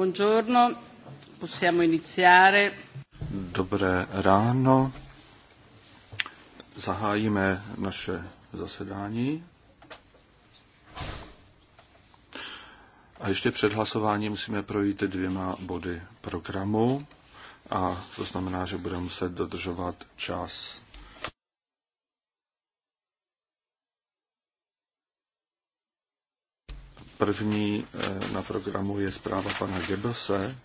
Buongiorno, possiamo iniziare. Dobré ráno. Zahájíme naše zasedání. A ještě před hlasováním musíme projít dvěma body programu a to znamená, že budeme muset dodržovat čas. První eh, na programu je zpráva pana Gebelse,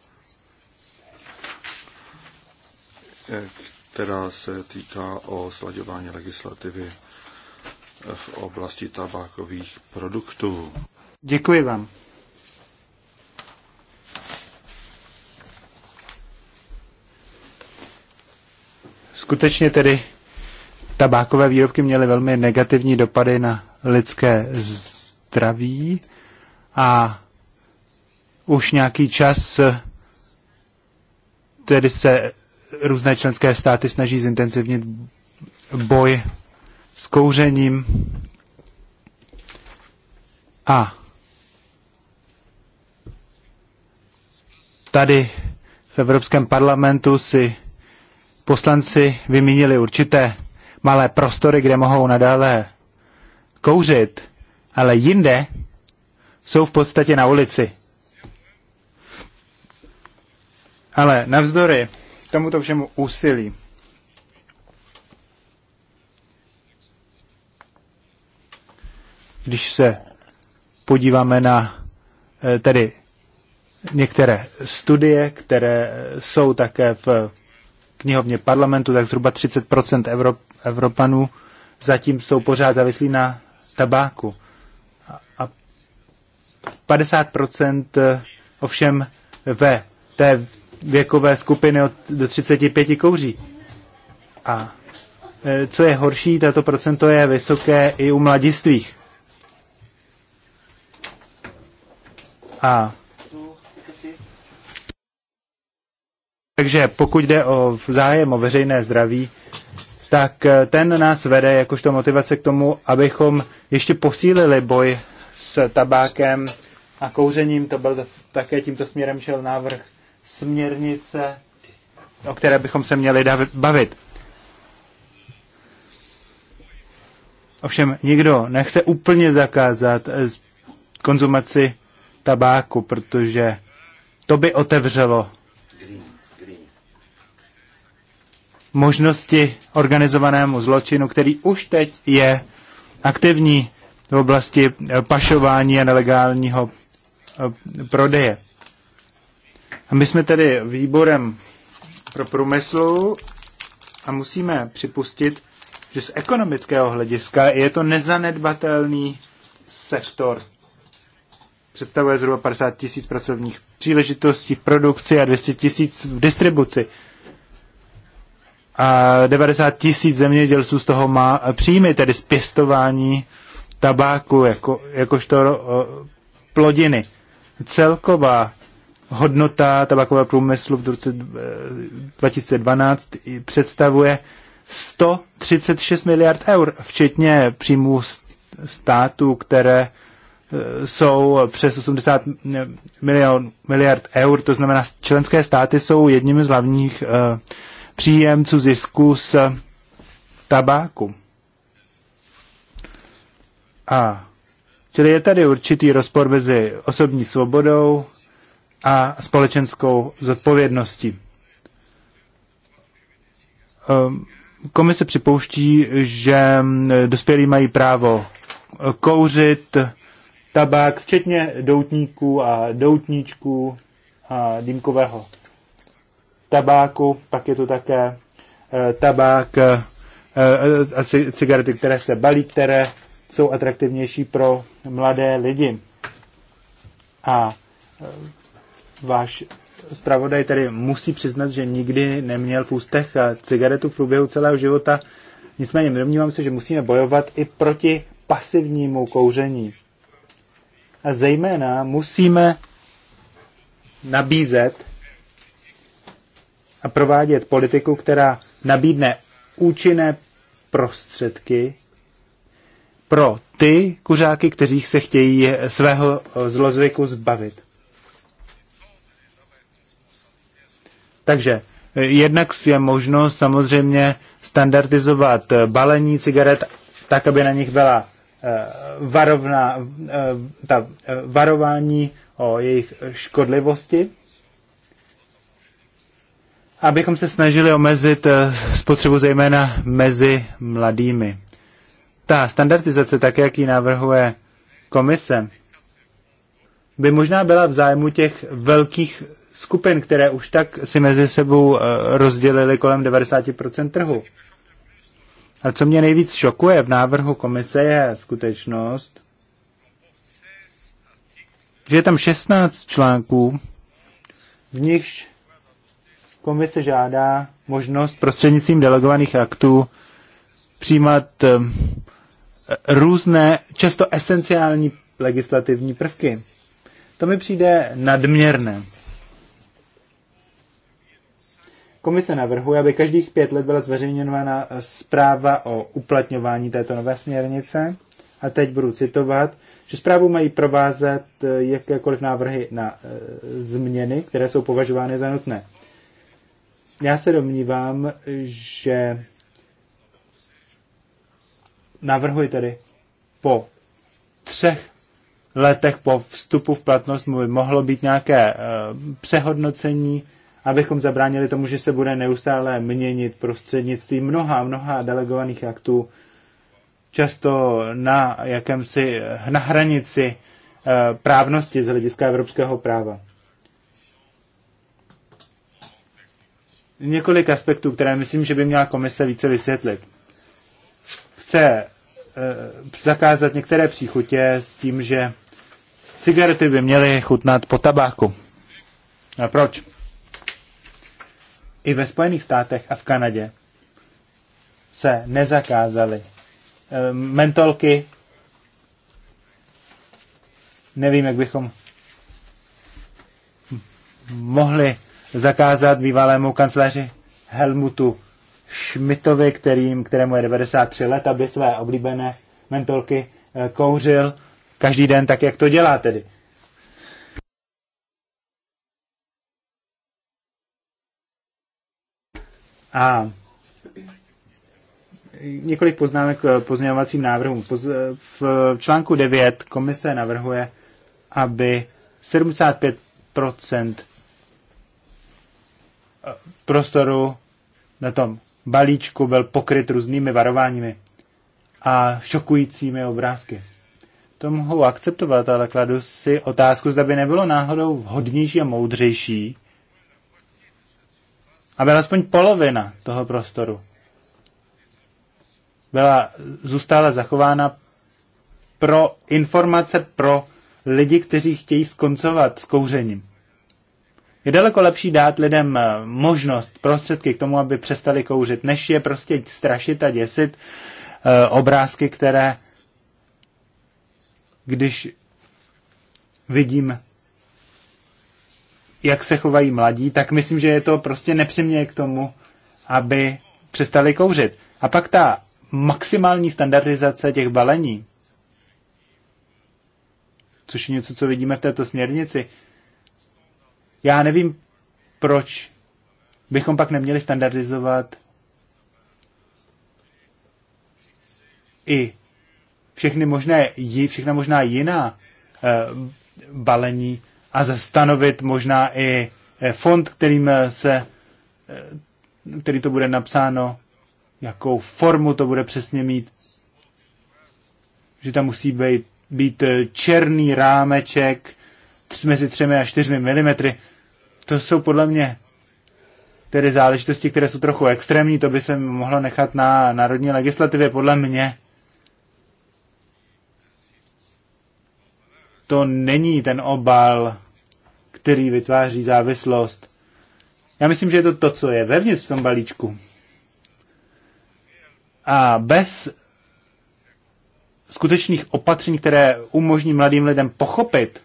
eh, která se týká o slaďování legislativy eh, v oblasti tabákových produktů. Děkuji vám. Skutečně tedy tabákové výrobky měly velmi negativní dopady na lidské zdraví a už nějaký čas tedy se různé členské státy snaží zintenzivnit boj s kouřením a tady v Evropském parlamentu si poslanci vymínili určité malé prostory, kde mohou nadále kouřit, ale jinde jsou v podstatě na ulici. Ale navzdory tomuto všemu úsilí, když se podíváme na eh, tedy některé studie, které jsou také v knihovně parlamentu, tak zhruba 30% Evrop, Evropanů zatím jsou pořád závislí na tabáku. 50% eh, ovšem ve té věkové skupiny od, do 35 kouří. A eh, co je horší, tato procento je vysoké i u mladistvých. A takže pokud jde o zájem o veřejné zdraví, tak eh, ten nás vede jakožto motivace k tomu, abychom ještě posílili boj s tabákem a kouřením. To byl také tímto směrem šel návrh směrnice, o které bychom se měli bavit. Ovšem nikdo nechce úplně zakázat eh, konzumaci tabáku, protože to by otevřelo možnosti organizovanému zločinu, který už teď je aktivní v oblasti eh, pašování a nelegálního prodeje. A my jsme tedy výborem pro průmyslu a musíme připustit, že z ekonomického hlediska je to nezanedbatelný sektor. Představuje zhruba 50 tisíc pracovních příležitostí v produkci a 200 tisíc v distribuci. A 90 tisíc zemědělců z toho má příjmy, tedy z pěstování tabáku jako, jakožto plodiny celková hodnota tabakového průmyslu v roce 2012 eh, představuje 136 miliard eur, včetně příjmů států, které eh, jsou přes 80 milion, miliard eur, to znamená členské státy jsou jedním z hlavních uh, příjemců zisku z tabáku. A Čili je tady určitý rozpor mezi osobní svobodou a společenskou zodpovědností. Ehm, komise připouští, že mm, dospělí mají právo eh, kouřit tabák, včetně doutníků a doutníčků a dýmkového tabáku. Pak je tu také eh, tabák eh, a cigarety, které se balí, které jsou atraktivnější pro mladé lidi. A e, váš zpravodaj tedy musí přiznat, že nikdy neměl v ústech e, cigaretu v průběhu celého života. Nicméně domnívám se, že musíme bojovat i proti pasivnímu kouření. A zejména musíme nabízet a provádět politiku, která nabídne účinné prostředky pro ty kuřáky, kteří se chtějí svého eh, zlozvyku zbavit. Takže eh, jednak je možnost samozřejmě standardizovat eh, balení cigaret tak, aby na nich byla varovná, ta varování o jejich škodlivosti, abychom se snažili omezit spotřebu zejména mezi mladými ta standardizace, tak jak ji navrhuje komise, by možná byla v zájmu těch velkých skupin, které už tak si mezi sebou eh, rozdělili kolem 90% trhu. Ale co mě nejvíc šokuje v návrhu komise je skutečnost, že je tam 16 článků, v nichž komise žádá možnost prostřednictvím delegovaných aktů přijímat eh, různé, často esenciální legislativní prvky. To mi přijde nadměrné. Komise navrhuje, aby každých pět let byla zveřejněna zpráva o uplatňování této nové směrnice. A teď budu citovat, že zprávu mají provázet eh, jakékoliv návrhy na e, změny, které jsou považovány za nutné. Já se domnívám, že navrhuji tedy po třech letech po vstupu v platnost by mohlo být nějaké eh, přehodnocení, abychom zabránili tomu, že se bude neustále měnit prostřednictvím mnoha, mnoha delegovaných aktů, často na jakémsi, eh, na hranici eh, právnosti z hlediska evropského práva. Několik aspektů, které myslím, že by měla komise více vysvětlit chce eh, zakázat některé příchutě s tím, že cigarety by měly chutnat po tabáku. A proč? I ve Spojených státech a v Kanadě se nezakázaly eh, mentolky. Nevím, jak bychom mohli zakázat bývalému kancléři Helmutu Schmidtovi, kterým, kterému je 93 let, aby své oblíbené mentolky eh, kouřil každý den tak, jak to dělá tedy. A několik poznámek k pozměňovacím návrhům. V článku 9 komise navrhuje, aby 75 eh, prostoru na tom balíčku byl pokryt různými varováními a šokujícími obrázky. To mohu akceptovat, ale kladu si otázku, zda by nebylo náhodou vhodnější a moudřejší, aby alespoň polovina toho prostoru byla, zůstala zachována pro informace pro lidi, kteří chtějí skoncovat s kouřením. Je daleko lepší dát lidem eh, možnost, prostředky k tomu, aby přestali kouřit, než je prostě strašit a děsit e, obrázky, které, když vidím, jak se chovají mladí, tak myslím, že je to prostě nepřiměje k tomu, aby přestali kouřit. A pak ta maximální standardizace těch balení, což je něco, co vidíme v této směrnici, já nevím, proč bychom pak neměli standardizovat i všechny možné, všechna možná jiná eh, balení a zastanovit možná i eh, fond, kterým eh, se, který to bude napsáno, jakou formu to bude přesně mít, že tam musí být, být černý rámeček mezi třemi a čtyřmi milimetry to jsou podle mě tedy záležitosti, které jsou trochu extrémní, to by se mohlo nechat na národní legislativě, podle mě. To není ten obal, který vytváří závislost. Já myslím, že je to to, co je vevnitř v tom balíčku. A bez skutečných opatření, které umožní mladým lidem pochopit,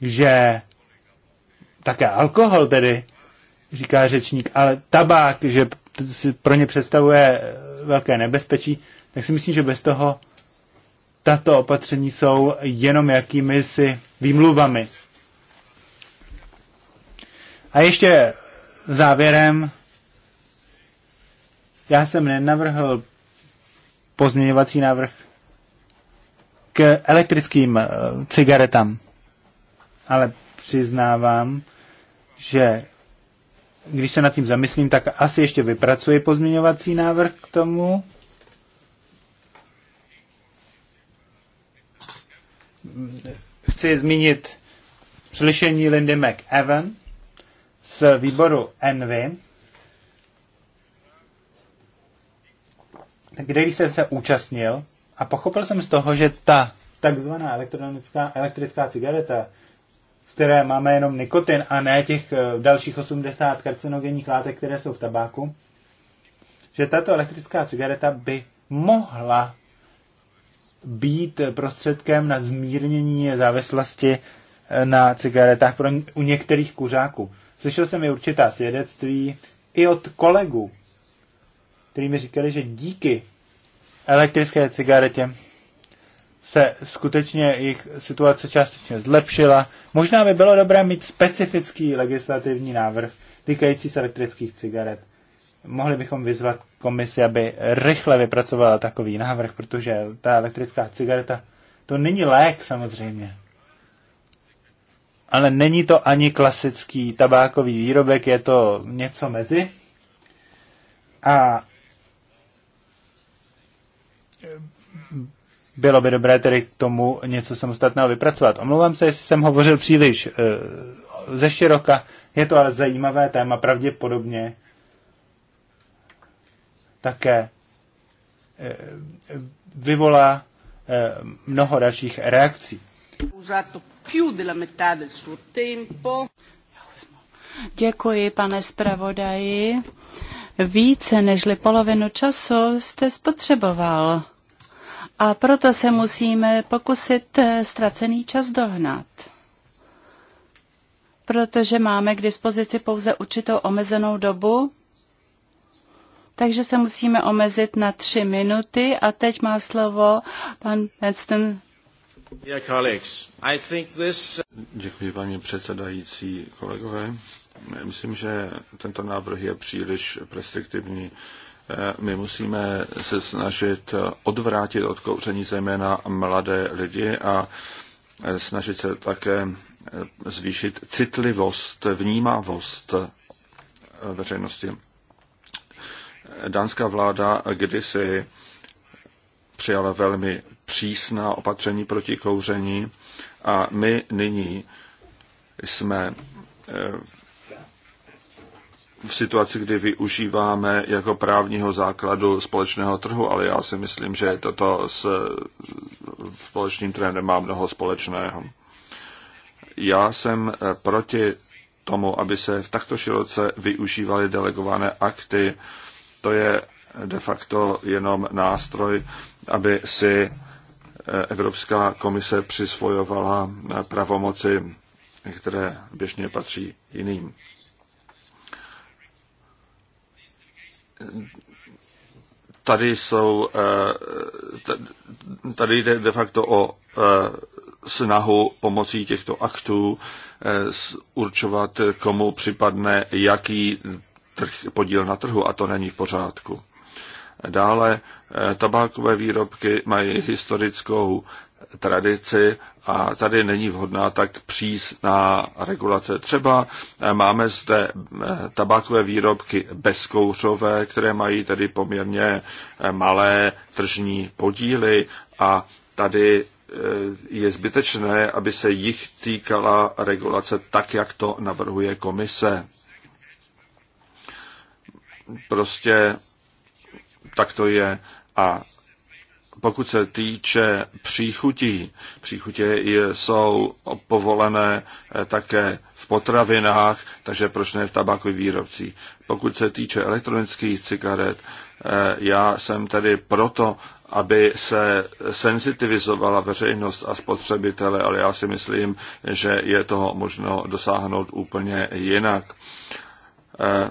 že také alkohol tedy, říká řečník, ale tabák, že pro ně představuje velké nebezpečí, tak si myslím, že bez toho tato opatření jsou jenom jakými si výmluvami. A ještě závěrem, já jsem nenavrhl pozměňovací návrh k elektrickým eh, cigaretám, ale přiznávám, že když se nad tím zamyslím, tak asi ještě vypracuji pozměňovací návrh k tomu. Chci zmínit slyšení Lindy McEwan z výboru Envy, kde jsem se účastnil a pochopil jsem z toho, že ta takzvaná elektronická, elektrická cigareta, které máme jenom nikotin a ne těch eh, dalších 80 karcinogenních látek, které jsou v tabáku, že tato elektrická cigareta by mohla být prostředkem na zmírnění závislosti eh, na cigaretách pro, u některých kuřáků. Slyšel jsem i určitá svědectví i od kolegů, kteří mi říkali, že díky elektrické cigaretě se skutečně jejich situace částečně zlepšila. Možná by bylo dobré mít specifický legislativní návrh týkající se elektrických cigaret. Mohli bychom vyzvat komisi, aby rychle vypracovala takový návrh, protože ta elektrická cigareta to není lék samozřejmě. Ale není to ani klasický tabákový výrobek, je to něco mezi. A bylo by dobré tedy k tomu něco samostatného vypracovat. Omlouvám se, jestli jsem hovořil příliš e, ze široka. Je to ale zajímavé téma, pravděpodobně také e, vyvolá e, mnoho dalších reakcí. Děkuji, pane zpravodaji. Více nežli polovinu času jste spotřeboval. A proto se musíme pokusit eh, ztracený čas dohnat. Protože máme k dispozici pouze určitou omezenou dobu, takže se musíme omezit na tři minuty a teď má slovo pan Medston. Uh, Děkuji, paní předsedající, kolegové. Myslím, že tento návrh je příliš restriktivní. Eh, my musíme se snažit eh, odvrátit od kouření zejména mladé lidi a eh, snažit se také zvýšit citlivost, vnímavost veřejnosti. Dánská vláda kdysi přijala velmi přísná opatření proti kouření a my nyní jsme v situaci, kdy využíváme jako právního základu společného trhu, ale já si myslím, že toto s společným trhem nemá mnoho společného. Já jsem eh, proti tomu, aby se v takto široce využívaly delegované akty. To je de facto jenom nástroj, aby si eh, Evropská komise přisvojovala eh, pravomoci, které běžně patří jiným. tady jsou, eh, tady jde de facto o eh, snahu pomocí těchto aktů eh, určovat, komu připadne jaký trh, podíl na trhu a to není v pořádku. Dále tabákové výrobky mají historickou tradici a tady není vhodná tak přísná regulace. Třeba eh, máme zde eh, tabákové výrobky bezkouřové, které mají tedy poměrně eh, malé tržní podíly a tady je zbytečné, aby se jich týkala regulace tak, jak to navrhuje komise. Prostě tak to je. A pokud se týče příchutí, příchutě jsou povolené eh, také v potravinách, takže proč ne v tabákových výrobcích. Pokud se týče elektronických cigaret, eh, já jsem tedy proto, aby se senzitivizovala veřejnost a spotřebitele, ale já si myslím, že je toho možno dosáhnout úplně jinak. Eh,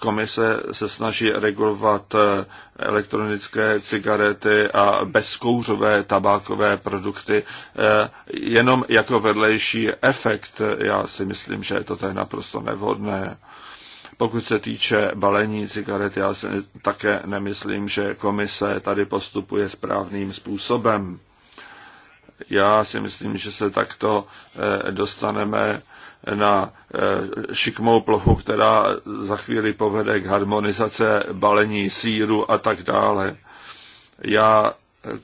komise se snaží regulovat eh, elektronické cigarety a bezkouřové tabákové produkty eh, jenom jako vedlejší efekt. Já si myslím, že to je naprosto nevhodné. Pokud se týče balení cigaret, já si také nemyslím, že komise tady postupuje správným způsobem. Já si myslím, že se takto eh, dostaneme na e, šikmou plochu, která za chvíli povede k harmonizace balení síru a tak dále. Já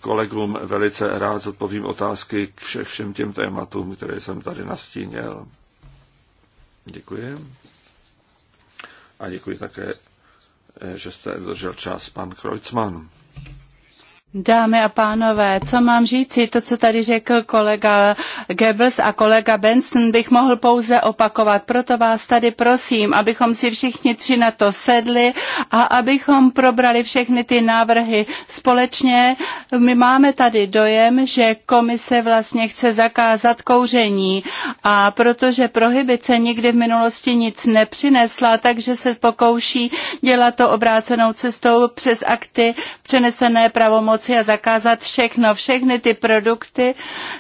kolegům velice rád zodpovím otázky k všech, všem těm tématům, které jsem tady nastínil. Děkuji. A děkuji také, e, že jste držel čas pan Kreutzmann. Dámy a pánové, co mám říci? To, co tady řekl kolega Goebbels a kolega Benson, bych mohl pouze opakovat. Proto vás tady prosím, abychom si všichni tři na to sedli a abychom probrali všechny ty návrhy společně. My máme tady dojem, že komise vlastně chce zakázat kouření a protože prohybice nikdy v minulosti nic nepřinesla, takže se pokouší dělat to obrácenou cestou přes akty přenesené pravomoci regulaci a zakázat všechno, všechny ty produkty,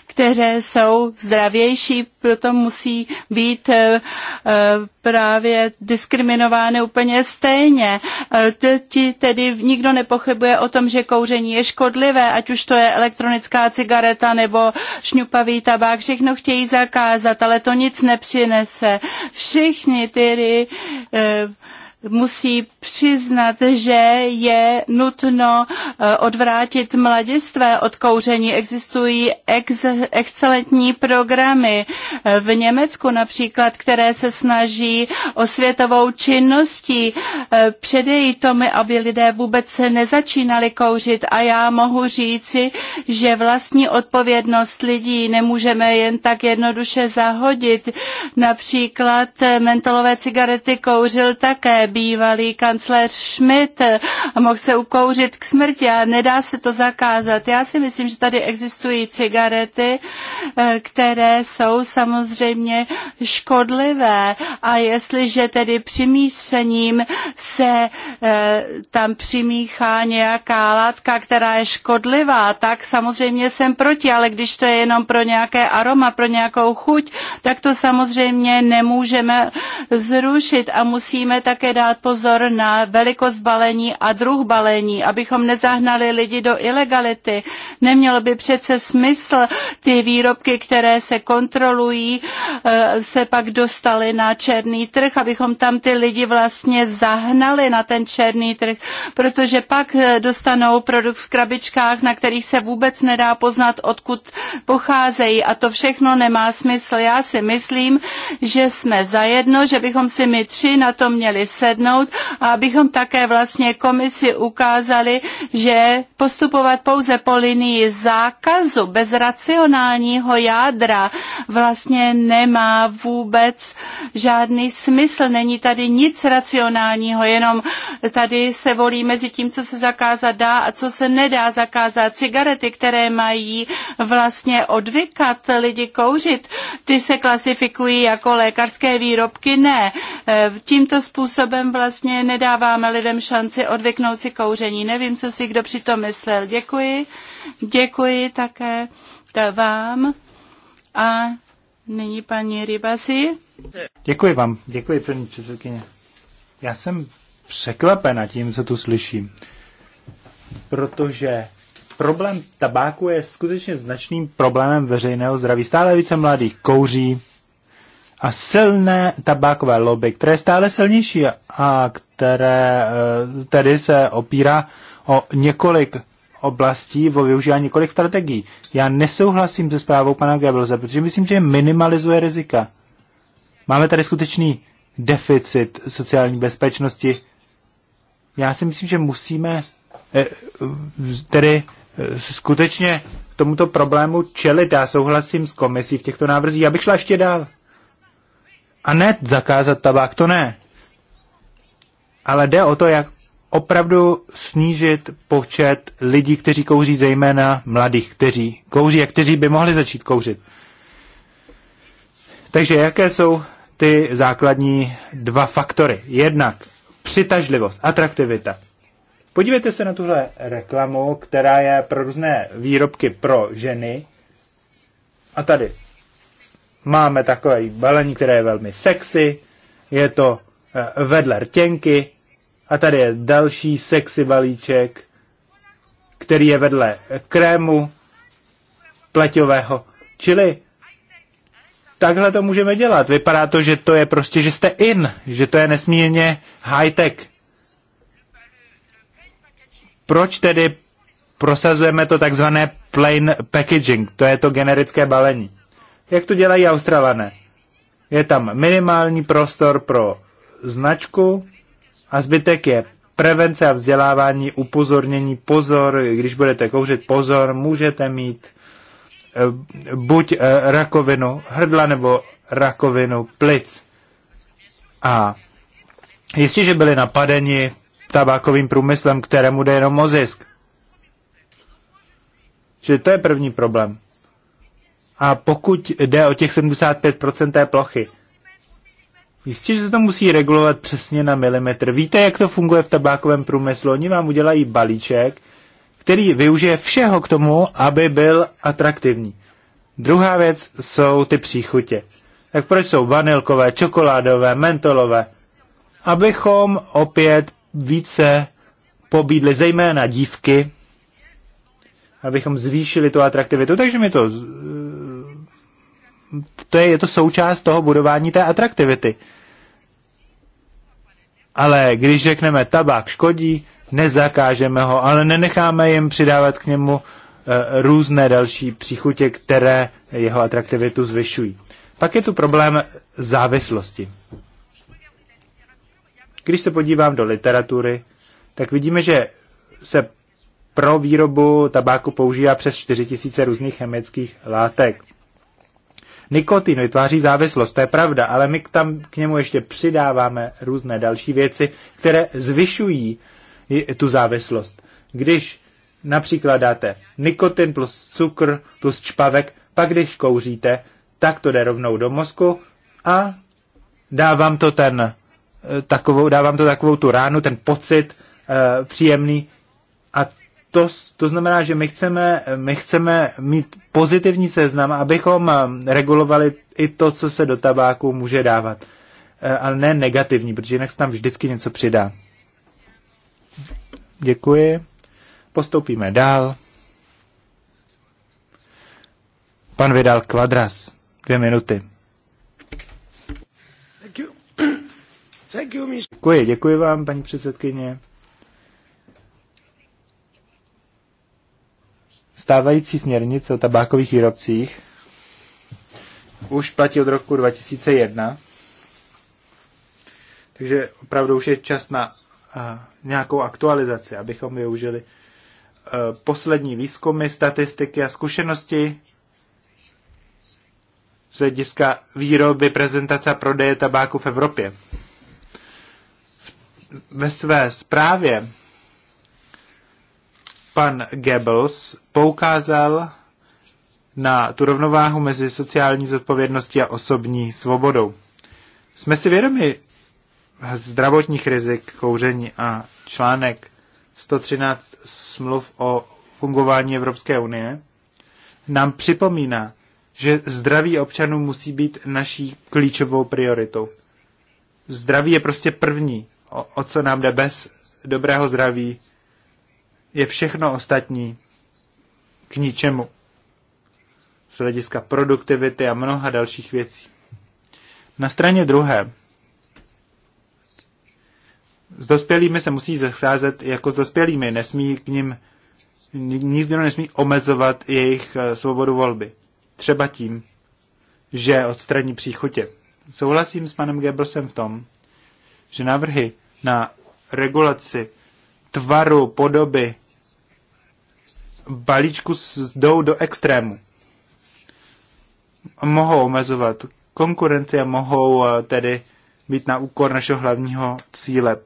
které jsou zdravější, proto musí být eh, eh, právě diskriminovány úplně stejně. Eh, ti tedy nikdo nepochybuje o tom, že kouření je škodlivé, ať už to je elektronická cigareta nebo šňupavý tabák, všechno chtějí zakázat, ale to nic nepřinese. Všichni tedy musí přiznat, že je nutno eh, odvrátit mladistvé od kouření. Existují ex- excelentní programy eh, v Německu například, které se snaží o světovou činností eh, předejí tomu, aby lidé vůbec se nezačínali kouřit. A já mohu říci, že vlastní odpovědnost lidí nemůžeme jen tak jednoduše zahodit. Například mentolové cigarety kouřil také bývalý kancléř Schmidt mohl se ukouřit k smrti a nedá se to zakázat. Já si myslím, že tady existují cigarety, eh, které jsou samozřejmě škodlivé a jestliže tedy přimísením se eh, tam přimíchá nějaká látka, která je škodlivá, tak samozřejmě jsem proti, ale když to je jenom pro nějaké aroma, pro nějakou chuť, tak to samozřejmě nemůžeme zrušit a musíme také dát pozor na velikost balení a druh balení, abychom nezahnali lidi do ilegality. Nemělo by přece smysl ty výrobky, které se kontrolují, eh, se pak dostaly na černý trh, abychom tam ty lidi vlastně zahnali na ten černý trh, protože pak eh, dostanou produkt v krabičkách, na kterých se vůbec nedá poznat, odkud pocházejí a to všechno nemá smysl. Já si myslím, že jsme zajedno, že bychom si my tři na to měli se sednout a abychom také vlastně komisi ukázali, že postupovat pouze po linii zákazu bez racionálního jádra vlastně nemá vůbec žádný smysl. Není tady nic racionálního, jenom tady se volí mezi tím, co se zakázat dá a co se nedá zakázat. Cigarety, které mají vlastně odvykat lidi kouřit, ty se klasifikují jako lékařské výrobky, ne. Tímto způsobem způsobem vlastně nedáváme lidem šanci odvyknout si kouření. Nevím, co si kdo přitom myslel. Děkuji. Děkuji také vám. A nyní paní Rybasi. Děkuji vám. Děkuji, paní předsedkyně. Já jsem překvapena tím, co tu slyším. Protože problém tabáku je skutečně značným problémem veřejného zdraví. Stále více mladých kouří, a silné tabákové lobby, které je stále silnější a které eh, tedy se opírá o několik oblastí, o využívání několik strategií. Já nesouhlasím se zprávou pana Gebelze, protože myslím, že minimalizuje rizika. Máme tady skutečný deficit sociální bezpečnosti. Já si myslím, že musíme eh, tedy eh, skutečně tomuto problému čelit. Já souhlasím s komisí v těchto návrzích. Já bych šla ještě dál. A ne zakázat tabák, to ne. Ale jde o to, jak opravdu snížit počet lidí, kteří kouří, zejména mladých, kteří kouří a kteří by mohli začít kouřit. Takže jaké jsou ty základní dva faktory? Jednak přitažlivost, atraktivita. Podívejte se na tuhle reklamu, která je pro různé výrobky pro ženy. A tady Máme takové balení, které je velmi sexy, je to eh, vedle rtěnky a tady je další sexy balíček, který je vedle krému pleťového. Čili takhle to můžeme dělat. Vypadá to, že to je prostě, že jste in, že to je nesmírně high-tech. Proč tedy prosazujeme to takzvané plain packaging, to je to generické balení? jak to dělají Australané. Je tam minimální prostor pro značku a zbytek je prevence a vzdělávání, upozornění, pozor, když budete kouřit, pozor, můžete mít eh, buď eh, rakovinu hrdla nebo rakovinu plic. A jestliže byli napadeni tabákovým průmyslem, kterému jde jenom o zisk. Čili to je první problém. A pokud jde o těch 75% té plochy, jistě, že se to musí regulovat přesně na milimetr. Víte, jak to funguje v tabákovém průmyslu? Oni vám udělají balíček, který využije všeho k tomu, aby byl atraktivní. Druhá věc jsou ty příchutě. Tak proč jsou vanilkové, čokoládové, mentolové? Abychom opět více pobídli zejména dívky, abychom zvýšili tu atraktivitu. Takže mi to, to je, je to součást toho budování té atraktivity. Ale když řekneme, tabák škodí, nezakážeme ho, ale nenecháme jim přidávat k němu eh, různé další příchutě, které jeho atraktivitu zvyšují. Pak je tu problém závislosti. Když se podívám do literatury, tak vidíme, že se pro výrobu tabáku používá přes 4000 různých chemických látek. Nikotin vytváří závislost, to je pravda, ale my tam k němu ještě přidáváme různé další věci, které zvyšují tu závislost. Když například dáte nikotin plus cukr plus čpavek, pak když kouříte, tak to jde rovnou do mozku a dávám to ten eh, takovou, dávám to takovou tu ránu, ten pocit e, příjemný, to, to znamená, že my chceme, my chceme mít pozitivní seznam, abychom eh, regulovali i to, co se do tabáku může dávat. Eh, ale ne negativní, protože jinak se tam vždycky něco přidá. Děkuji. Postoupíme dál. Pan Vidal Kvadras. Dvě minuty. děkuji, děkuji vám, paní předsedkyně. Stávající směrnice o tabákových výrobcích už platí od roku 2001, takže opravdu už je čas na eh, nějakou aktualizaci, abychom využili eh, poslední výzkumy, statistiky a zkušenosti z hlediska výroby, prezentace a prodeje tabáku v Evropě. Ve své zprávě pan Goebbels poukázal na tu rovnováhu mezi sociální zodpovědností a osobní svobodou. Jsme si vědomi zdravotních rizik kouření a článek 113 smluv o fungování Evropské unie nám připomíná, že zdraví občanů musí být naší klíčovou prioritou. Zdraví je prostě první, o, o co nám jde. Bez dobrého zdraví je všechno ostatní k ničemu. Z hlediska produktivity a mnoha dalších věcí. Na straně druhé, s dospělými se musí zacházet jako s dospělými, nesmí k ním, nikdo nesmí omezovat jejich eh, svobodu volby. Třeba tím, že odstraní příchutě. Souhlasím s panem Goebbelsem v tom, že návrhy na regulaci tvaru, podoby balíčku jdou do extrému. Mohou omezovat konkurenci a mohou eh, tedy být na úkor našeho hlavního cíle.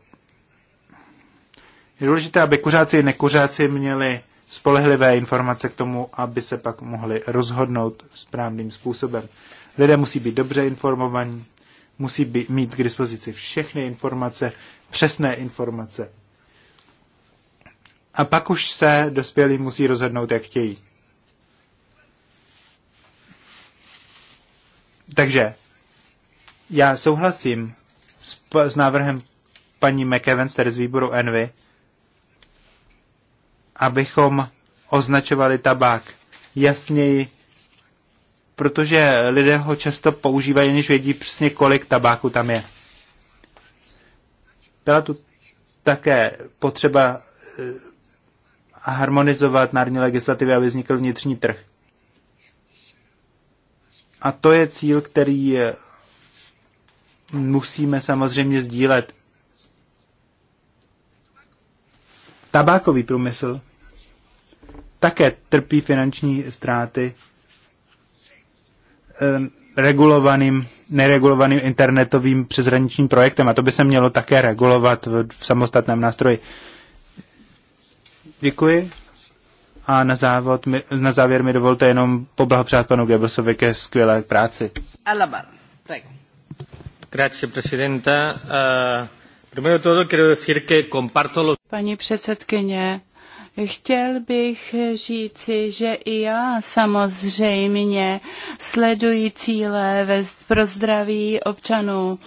Je důležité, aby kuřáci i nekuřáci měli spolehlivé informace k tomu, aby se pak mohli rozhodnout správným způsobem. Lidé musí být dobře informovaní, musí být, mít k dispozici všechny informace, přesné informace. A pak už se dospělí musí rozhodnout, jak chtějí. Takže já souhlasím s, s návrhem paní McEvans, tedy z výboru Envy, abychom označovali tabák jasněji, protože lidé ho často používají, než vědí přesně, kolik tabáku tam je. Byla tu také potřeba eh, harmonizovat národní legislativy, aby vznikl vnitřní trh. A to je cíl, který musíme samozřejmě sdílet. Tabákový průmysl také trpí finanční ztráty ehm, regulovaným, neregulovaným internetovým přeshraničním projektem a to by se mělo také regulovat v, v samostatném nástroji. Děkuji. A na, závod, na závěr mi dovolte jenom poblahopřát panu Goebbelsovi ke skvělé práci. Alabar, tak. Grazie, presidenta. Uh... Paní předsedkyně, Chtěl bych říci, že i já samozřejmě sleduji cíle pro zdraví občanů.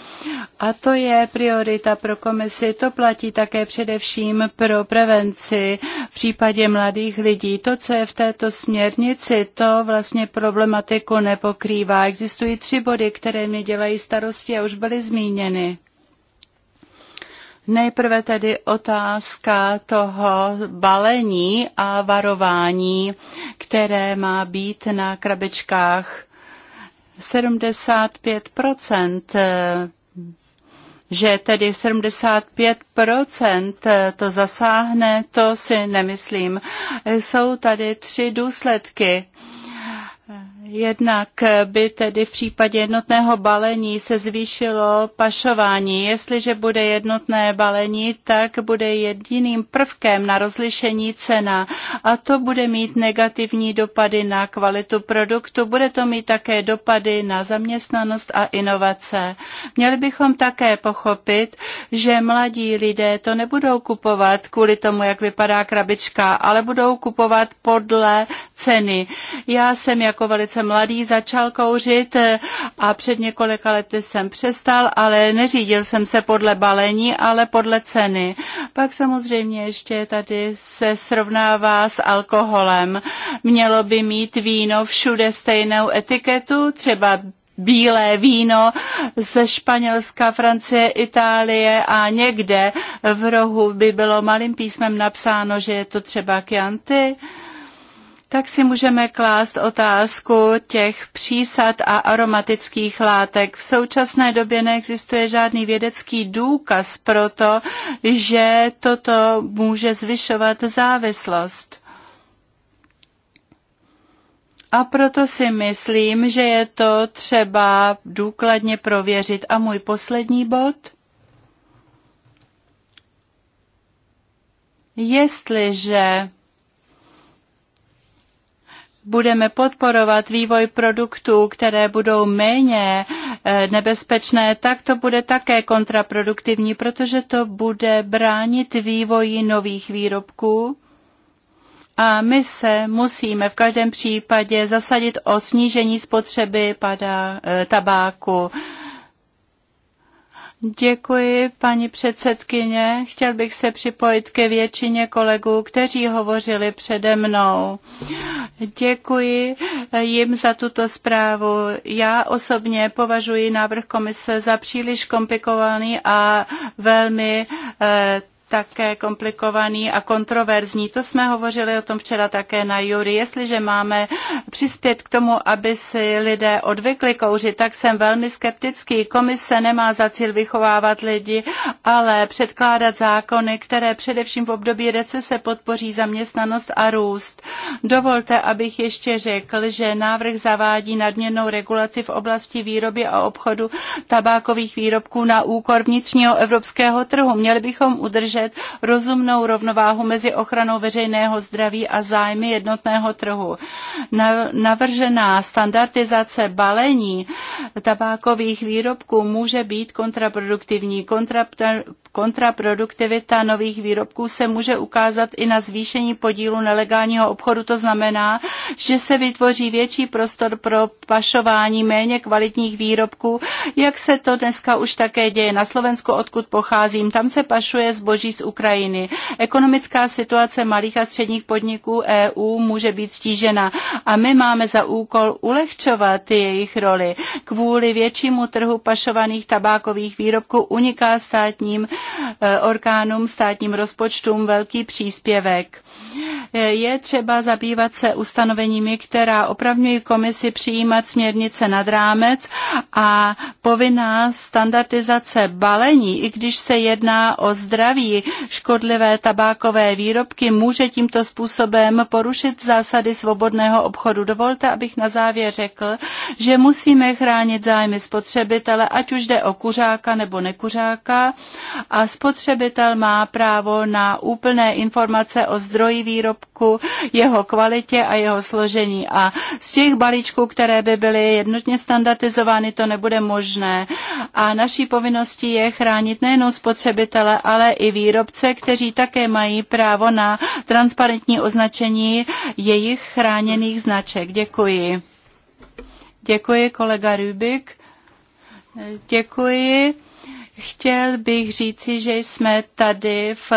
A to je priorita pro komisi. To platí také především pro prevenci v případě mladých lidí. To, co je v této směrnici, to vlastně problematiku nepokrývá. Existují tři body, které mě dělají starosti a už byly zmíněny. Nejprve tedy otázka toho balení a varování, které má být na krabičkách 75 že tedy 75% to zasáhne, to si nemyslím. Jsou tady tři důsledky Jednak by tedy v případě jednotného balení se zvýšilo pašování. Jestliže bude jednotné balení, tak bude jediným prvkem na rozlišení cena a to bude mít negativní dopady na kvalitu produktu. Bude to mít také dopady na zaměstnanost a inovace. Měli bychom také pochopit, že mladí lidé to nebudou kupovat kvůli tomu, jak vypadá krabička, ale budou kupovat podle ceny. Já jsem jako velice jsem mladý začal kouřit eh, a před několika lety jsem přestal, ale neřídil jsem se podle balení, ale podle ceny. Pak samozřejmě ještě tady se srovnává s alkoholem. Mělo by mít víno všude stejnou etiketu, třeba bílé víno ze Španělska, Francie, Itálie a někde v rohu by bylo malým písmem napsáno, že je to třeba Chianti tak si můžeme klást otázku těch přísad a aromatických látek. V současné době neexistuje žádný vědecký důkaz pro to, že toto může zvyšovat závislost. A proto si myslím, že je to třeba důkladně prověřit. A můj poslední bod? Jestliže budeme podporovat vývoj produktů, které budou méně eh, nebezpečné, tak to bude také kontraproduktivní, protože to bude bránit vývoji nových výrobků. A my se musíme v každém případě zasadit o snížení spotřeby pada, eh, tabáku. Děkuji, paní předsedkyně. Chtěl bych se připojit ke většině kolegů, kteří hovořili přede mnou. Děkuji jim za tuto zprávu. Já osobně považuji návrh komise za příliš komplikovaný a velmi eh, také komplikovaný a kontroverzní. To jsme hovořili o tom včera také na Jury. Jestliže máme přispět k tomu, aby si lidé odvykli kouřit, tak jsem velmi skeptický. Komise nemá za cíl vychovávat lidi, ale předkládat zákony, které především v období recese podpoří zaměstnanost a růst. Dovolte, abych ještě řekl, že návrh zavádí nadměrnou regulaci v oblasti výroby a obchodu tabákových výrobků na úkor vnitřního evropského trhu. Měli bychom udržet nacházet rozumnou rovnováhu mezi ochranou veřejného zdraví a zájmy jednotného trhu. Navržená standardizace balení tabákových výrobků může být kontraproduktivní. Kontraproduktivita nových výrobků se může ukázat i na zvýšení podílu nelegálního obchodu. To znamená, že se vytvoří větší prostor pro pašování méně kvalitních výrobků, jak se to dneska už také děje na Slovensku, odkud pocházím. Tam se pašuje zboží z Ukrajiny. Ekonomická situace malých a středních podniků EU může být stížena a my máme za úkol ulehčovat jejich roli. Kvůli většímu trhu pašovaných tabákových výrobků uniká státním e, orgánům, státním rozpočtům velký příspěvek. E, je třeba zabývat se ustanoveními, která opravňují komisi přijímat směrnice nad rámec a povinná standardizace balení, i když se jedná o zdraví škodlivé tabákové výrobky, může tímto způsobem porušit zásady svobodného obchodu. Dovolte, abych na závěr řekl, že musíme chránit zájmy spotřebitele, ať už jde o kuřáka nebo nekuřáka a spotřebitel má právo na úplné informace o zdroji výrobku, jeho kvalitě a jeho složení. A z těch balíčků, které by byly jednotně standardizovány, to nebude možné. A naší povinností je chránit nejenom spotřebitele, ale i výrobky výrobce, kteří také mají právo na transparentní označení jejich chráněných značek. Děkuji. Děkuji, kolega Rubik. Děkuji. Chtěl bych říci, že jsme tady v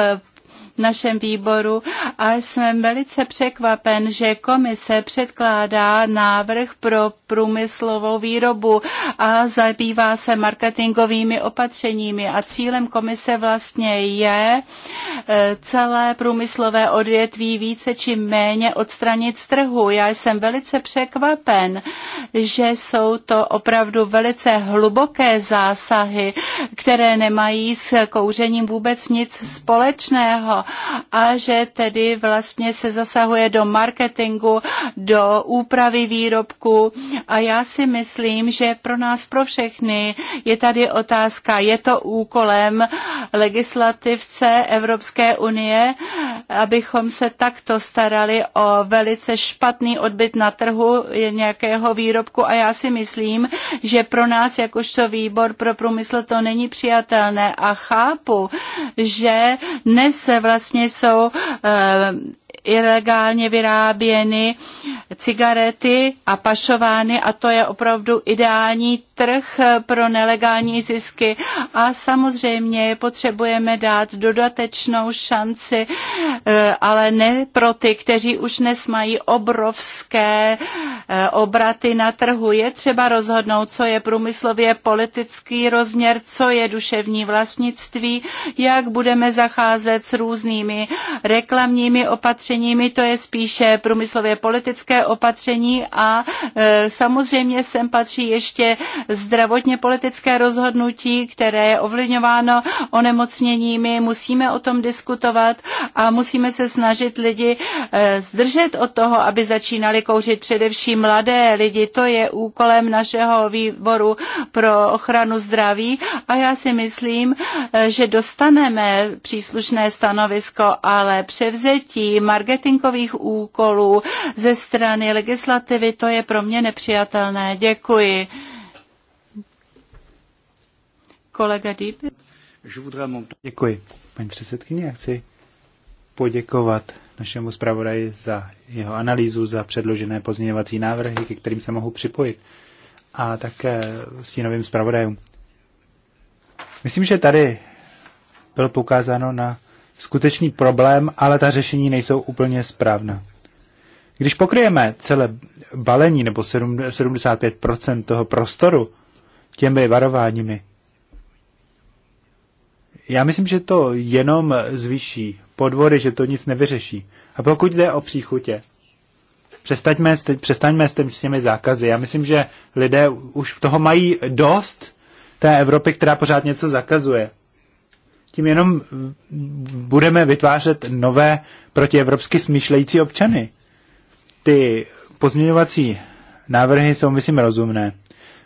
v našem výboru a jsem velice překvapen, že komise předkládá návrh pro průmyslovou výrobu a zabývá se marketingovými opatřeními a cílem komise vlastně je eh, celé průmyslové odvětví více či méně odstranit z trhu. Já jsem velice překvapen, že jsou to opravdu velice hluboké zásahy, které nemají s kouřením vůbec nic společného a že tedy vlastně se zasahuje do marketingu, do úpravy výrobku a já si myslím, že pro nás, pro všechny je tady otázka, je to úkolem legislativce Evropské unie, abychom se takto starali o velice špatný odbyt na trhu nějakého výrobku a já si myslím, že pro nás, jakožto výbor pro průmysl, to není přijatelné a chápu, že dnes se vlastně vlastně jsou eh, ilegálně vyráběny cigarety a pašovány a to je opravdu ideální trh eh, pro nelegální zisky a samozřejmě potřebujeme dát dodatečnou šanci, eh, ale ne pro ty, kteří už dnes mají obrovské eh, obraty na trhu. Je třeba rozhodnout, co je průmyslově politický rozměr, co je duševní vlastnictví, jak budeme zacházet s různými reklamními opatřeními, opatřeními, to je spíše průmyslově politické opatření a e, samozřejmě sem patří ještě zdravotně politické rozhodnutí, které je ovlivňováno onemocněními. Musíme o tom diskutovat a musíme se snažit lidi e, zdržet od toho, aby začínali kouřit především mladé lidi. To je úkolem našeho výboru pro ochranu zdraví a já si myslím, e, že dostaneme příslušné stanovisko, ale převzetí Margaret marketingových úkolů ze strany legislativy, to je pro mě nepřijatelné. Děkuji. Kolega Deep. Děkuji, paní předsedkyně. Já chci poděkovat našemu zpravodaji za jeho analýzu, za předložené pozměňovací návrhy, ke kterým se mohu připojit. A také stínovým zpravodajům. Myslím, že tady bylo poukázáno na skutečný problém, ale ta řešení nejsou úplně správná. Když pokryjeme celé balení nebo 75% toho prostoru těmi varováními, já myslím, že to jenom zvýší podvody, že to nic nevyřeší. A pokud jde o příchutě, přestaňme, přestaňme s, s těmi zákazy. Já myslím, že lidé už toho mají dost, té Evropy, která pořád něco zakazuje tím jenom budeme vytvářet nové protievropsky smýšlející občany. Ty pozměňovací návrhy jsou, myslím, rozumné.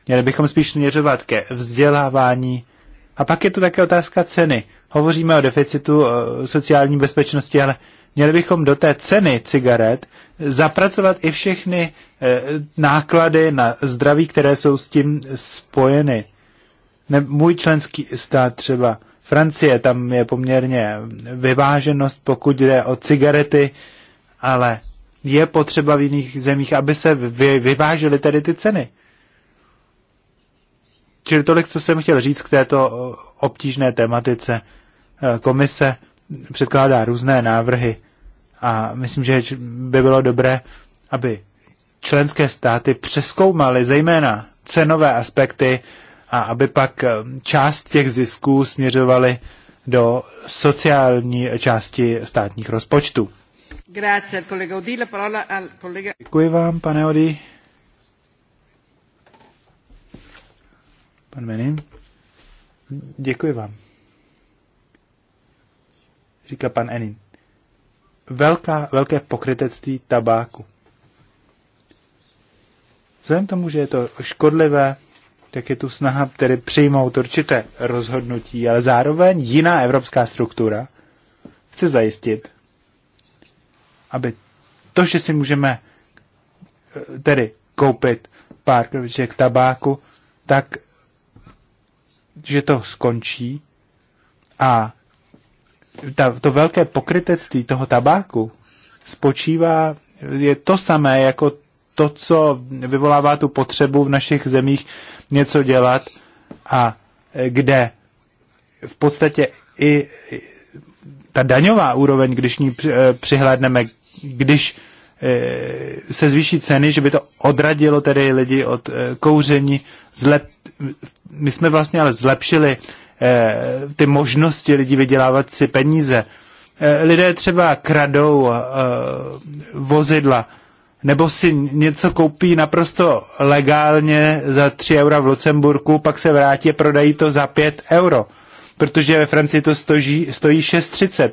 Měli bychom spíš směřovat ke vzdělávání. A pak je tu také otázka ceny. Hovoříme o deficitu sociální bezpečnosti, ale měli bychom do té ceny cigaret zapracovat i všechny e, náklady na zdraví, které jsou s tím spojeny. Ne, můj členský stát třeba Francie, tam je poměrně vyváženost, pokud jde o cigarety, ale je potřeba v jiných zemích, aby se vy, vyvážely tedy ty ceny. Čili tolik, co jsem chtěl říct k této eh, obtížné tematice. Eh, komise předkládá různé návrhy a myslím, že by bylo dobré, aby členské státy přeskoumaly zejména cenové aspekty a aby pak eh, část těch zisků směřovaly do sociální části státních rozpočtů. Děkuji vám, pane Odi. Pan Menin. Děkuji vám. Říká pan Enin. Velká, velké pokrytectví tabáku. Vzhledem tomu, že je to škodlivé tak je tu snaha tedy přijmout určité rozhodnutí, ale zároveň jiná evropská struktura chce zajistit, aby to, že si můžeme eh, tedy koupit pár krviček tabáku, tak že to skončí a ta, to velké pokrytectví toho tabáku spočívá, je to samé jako to, co vyvolává tu potřebu v našich zemích něco dělat a e, kde v podstatě i ta daňová úroveň, když ní e, přihlédneme, když e, se zvýší ceny, že by to odradilo tedy lidi od kouření. Zlep... My jsme vlastně ale zlepšili ty možnosti lidí vydělávat si peníze. Lidé třeba kradou vozidla, nebo si něco koupí naprosto legálně za 3 eura v Lucemburku, pak se vrátí a prodají to za 5 euro, protože ve Francii to stoží, stojí 6,30.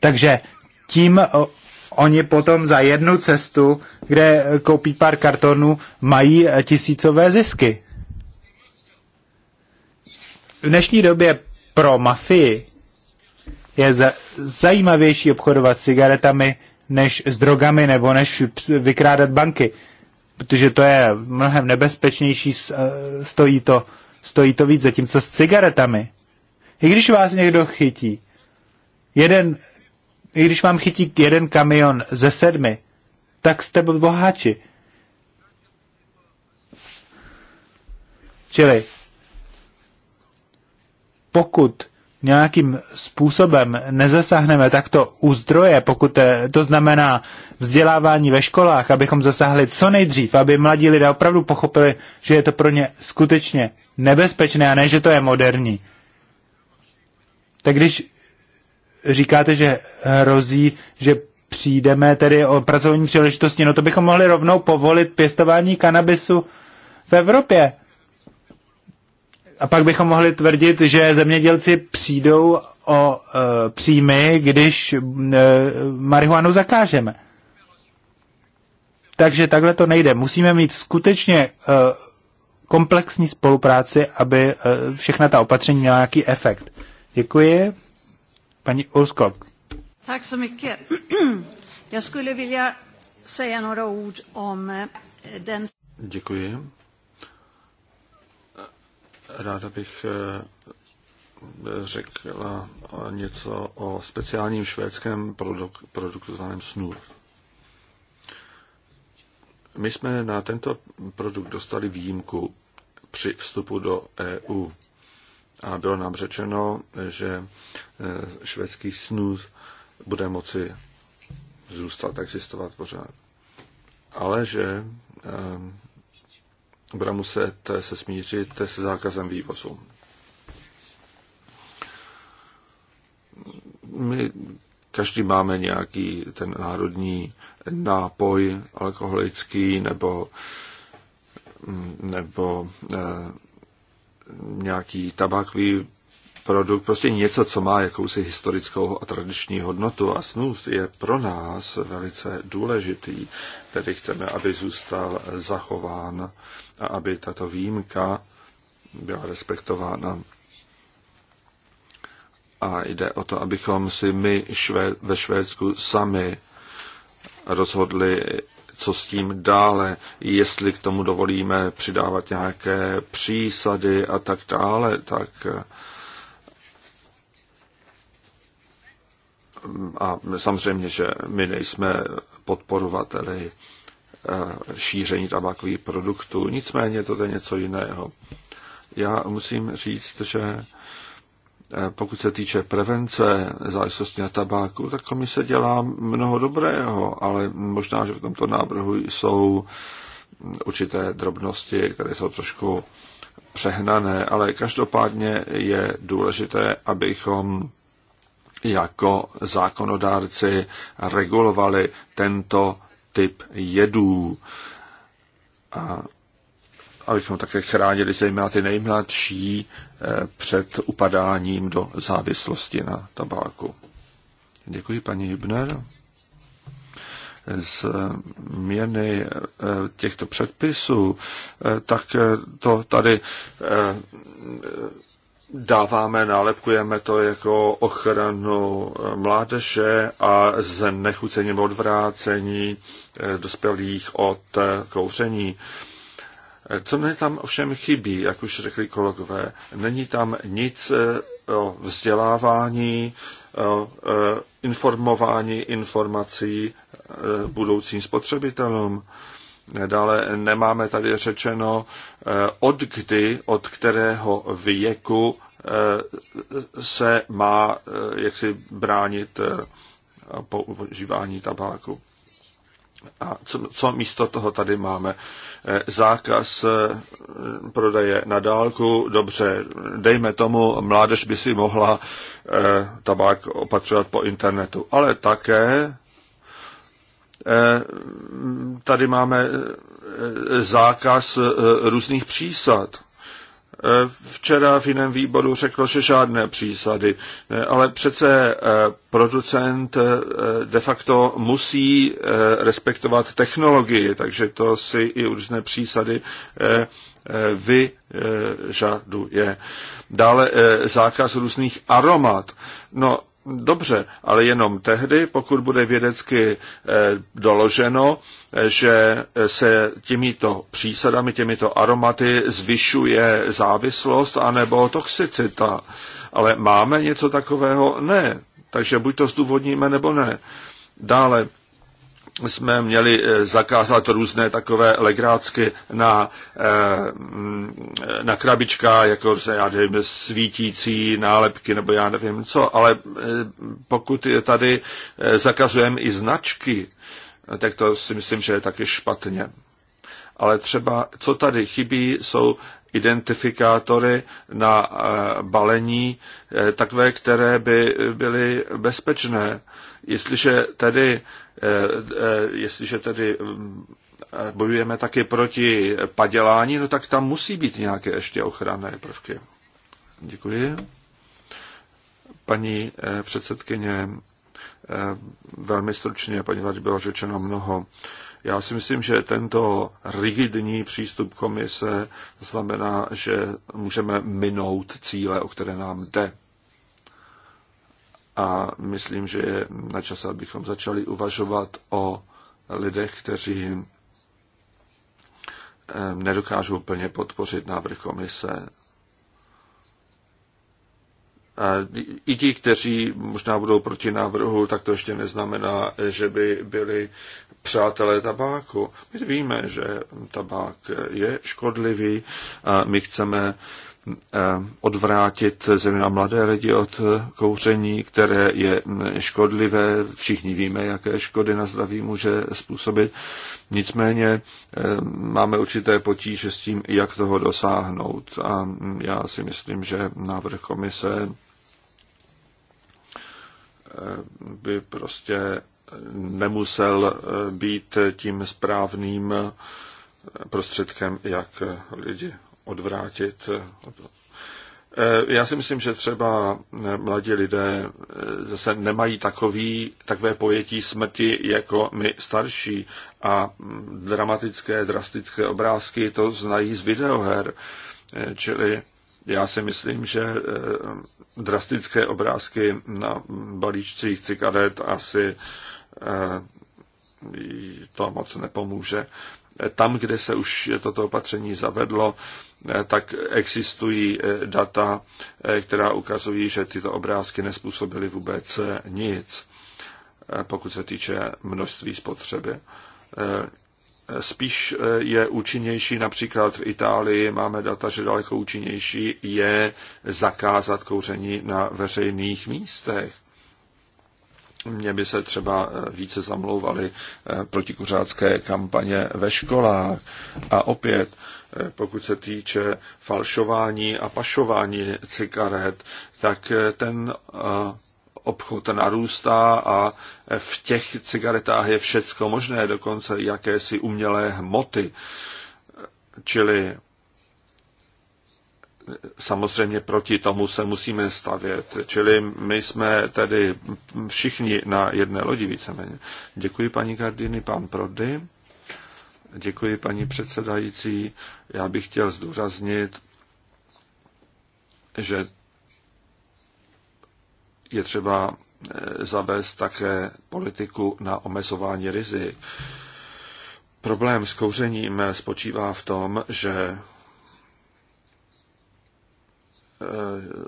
Takže tím oni potom za jednu cestu, kde koupí pár kartonů, mají tisícové zisky. V dnešní době pro mafii je zajímavější obchodovat s cigaretami než s drogami nebo než vykrádat banky, protože to je mnohem nebezpečnější, eh, stojí to, stojí to víc, zatímco s cigaretami. I když vás někdo chytí, jeden, i když vám chytí jeden kamion ze sedmi, tak jste boháči. Čili pokud nějakým způsobem nezasáhneme takto u zdroje, pokud eh, to znamená vzdělávání ve školách, abychom zasáhli co nejdřív, aby mladí lidé opravdu pochopili, že je to pro ně skutečně nebezpečné a ne, že to je moderní. Tak když říkáte, že hrozí, že přijdeme tedy o pracovní příležitosti, no to bychom mohli rovnou povolit pěstování kanabisu v Evropě. A pak bychom mohli tvrdit, že zemědělci přijdou o e, příjmy, když e, marihuanu zakážeme. Takže takhle to nejde. Musíme mít skutečně e, komplexní spolupráci, aby e, všechna ta opatření měla nějaký efekt. Děkuji. Paní Ulskok. Tak se mycket. skulle vilja säga några ord om eh, den... Děkuji. Ráda bych eh, řekla něco o speciálním švédském produk- produktu zvaném Snur. My jsme na tento produkt dostali výjimku při vstupu do EU. A bylo nám řečeno, že eh, švédský snus bude moci zůstat existovat pořád. Ale že eh, bude muset se smířit se zákazem vývozu. My každý máme nějaký ten národní nápoj alkoholický nebo, nebo eh, nějaký tabakový produkt, prostě něco, co má jakousi historickou a tradiční hodnotu a snus je pro nás velice důležitý, tedy chceme, aby zůstal zachován eh, a aby tato výjimka byla respektována. A jde o to, abychom si my šve, ve Švédsku sami rozhodli, co s tím dále, jestli k tomu dovolíme přidávat nějaké přísady a tak dále, tak a samozřejmě, že my nejsme podporovateli Eh, šíření tabákových produktů. Nicméně to je něco jiného. Já musím říct, že eh, pokud se týče prevence závislosti na tabáku, tak komise dělá mnoho dobrého, ale možná, že v tomto návrhu jsou určité drobnosti, které jsou trošku přehnané, ale každopádně je důležité, abychom jako zákonodárci regulovali tento typ jedů. A abychom také chránili zejména ty nejmladší eh, před upadáním do závislosti na tabáku. Děkuji, paní Hübner. Změny eh, těchto předpisů, eh, tak to tady dáváme, nálepkujeme to jako ochranu mládeže a znechucením odvrácení eh, dospělých od eh, kouření. Eh, co mi tam ovšem chybí, jak už řekli kolegové, není tam nic o vzdělávání, o informování informací budoucím spotřebitelům. Dále nemáme tady řečeno, eh, od kdy, od kterého věku eh, se má eh, jaksi bránit používání tabáku. A co, co místo toho tady máme? Zákaz prodeje na dálku, dobře, dejme tomu, mládež by si mohla tabák opatřovat po internetu, ale také Eh, tady máme eh, zákaz eh, různých přísad. Včera v jiném výboru řekl, že žádné přísady, ale přece producent de facto musí respektovat technologii, takže to si i různé přísady vyžaduje. Dále zákaz různých aromat. No, Dobře, ale jenom tehdy, pokud bude vědecky eh, doloženo, eh, že eh, se těmito přísadami, těmito aromaty zvyšuje závislost anebo toxicita. Ale máme něco takového? Ne. Takže buď to zdůvodníme, nebo ne. Dále jsme měli eh, zakázat různé takové legrácky na, eh, mm, na krabička, jako se, já nevím, svítící nálepky nebo já nevím co, ale eh, pokud tady zakazujeme i značky, tak to si myslím, že je taky špatně ale třeba, co tady chybí, jsou identifikátory na eh, balení, eh, takové, které by byly bezpečné. Jestliže tedy, eh, jestliže tedy mm, bojujeme taky proti padělání, no tak tam musí být nějaké ještě ochranné prvky. Děkuji. Paní předsedkyně, Eh, velmi stručně, poněvadž bylo řečeno mnoho. Já si myslím, že tento rigidní přístup komise znamená, že můžeme minout cíle, o které nám jde. A myslím, že je na čase, abychom začali uvažovat o lidech, kteří eh, nedokážou plně podpořit návrh komise. I ti, kteří možná budou proti návrhu, tak to ještě neznamená, že by byli přátelé tabáku. My víme, že tabák je škodlivý a my chceme eh, odvrátit zejména mladé lidi od kouření, které je mm, škodlivé. Všichni víme, jaké škody na zdraví může způsobit. Nicméně eh, máme určité potíže s tím, jak toho dosáhnout. A já si myslím, že návrh komise by prostě nemusel eh, být tím správným eh, prostředkem, jak eh, lidi odvrátit. Já si myslím, že třeba mladí lidé zase nemají takový, takové pojetí smrti jako my starší a mm, dramatické, drastické obrázky to znají z videoher. Čili já si myslím, že eh, drastické obrázky na balíčcích cigaret asi eh, to moc nepomůže. Tam, kde se už toto opatření zavedlo, eh, tak existují data, která ukazují, že tyto obrázky nespůsobily vůbec nic, pokud se týče množství spotřeby. Spíš eh, je účinnější, například v Itálii máme data, že daleko účinnější je zakázat kouření na veřejných místech. Mně by se třeba eh, více zamlouvaly eh, protikuřácké kampaně ve školách. A opět, pokud se týče falšování a pašování cigaret, tak ten obchod narůstá a v těch cigaretách je všecko možné, dokonce jakési umělé hmoty. Čili samozřejmě proti tomu se musíme stavět. Čili my jsme tedy všichni na jedné lodi víceméně. Děkuji paní Gardiny, pan Prody. Děkuji paní předsedající. Já bych chtěl zdůraznit, že je třeba eh, zavést také politiku na omezování rizik. Problém s kouřením spočívá v tom, že eh,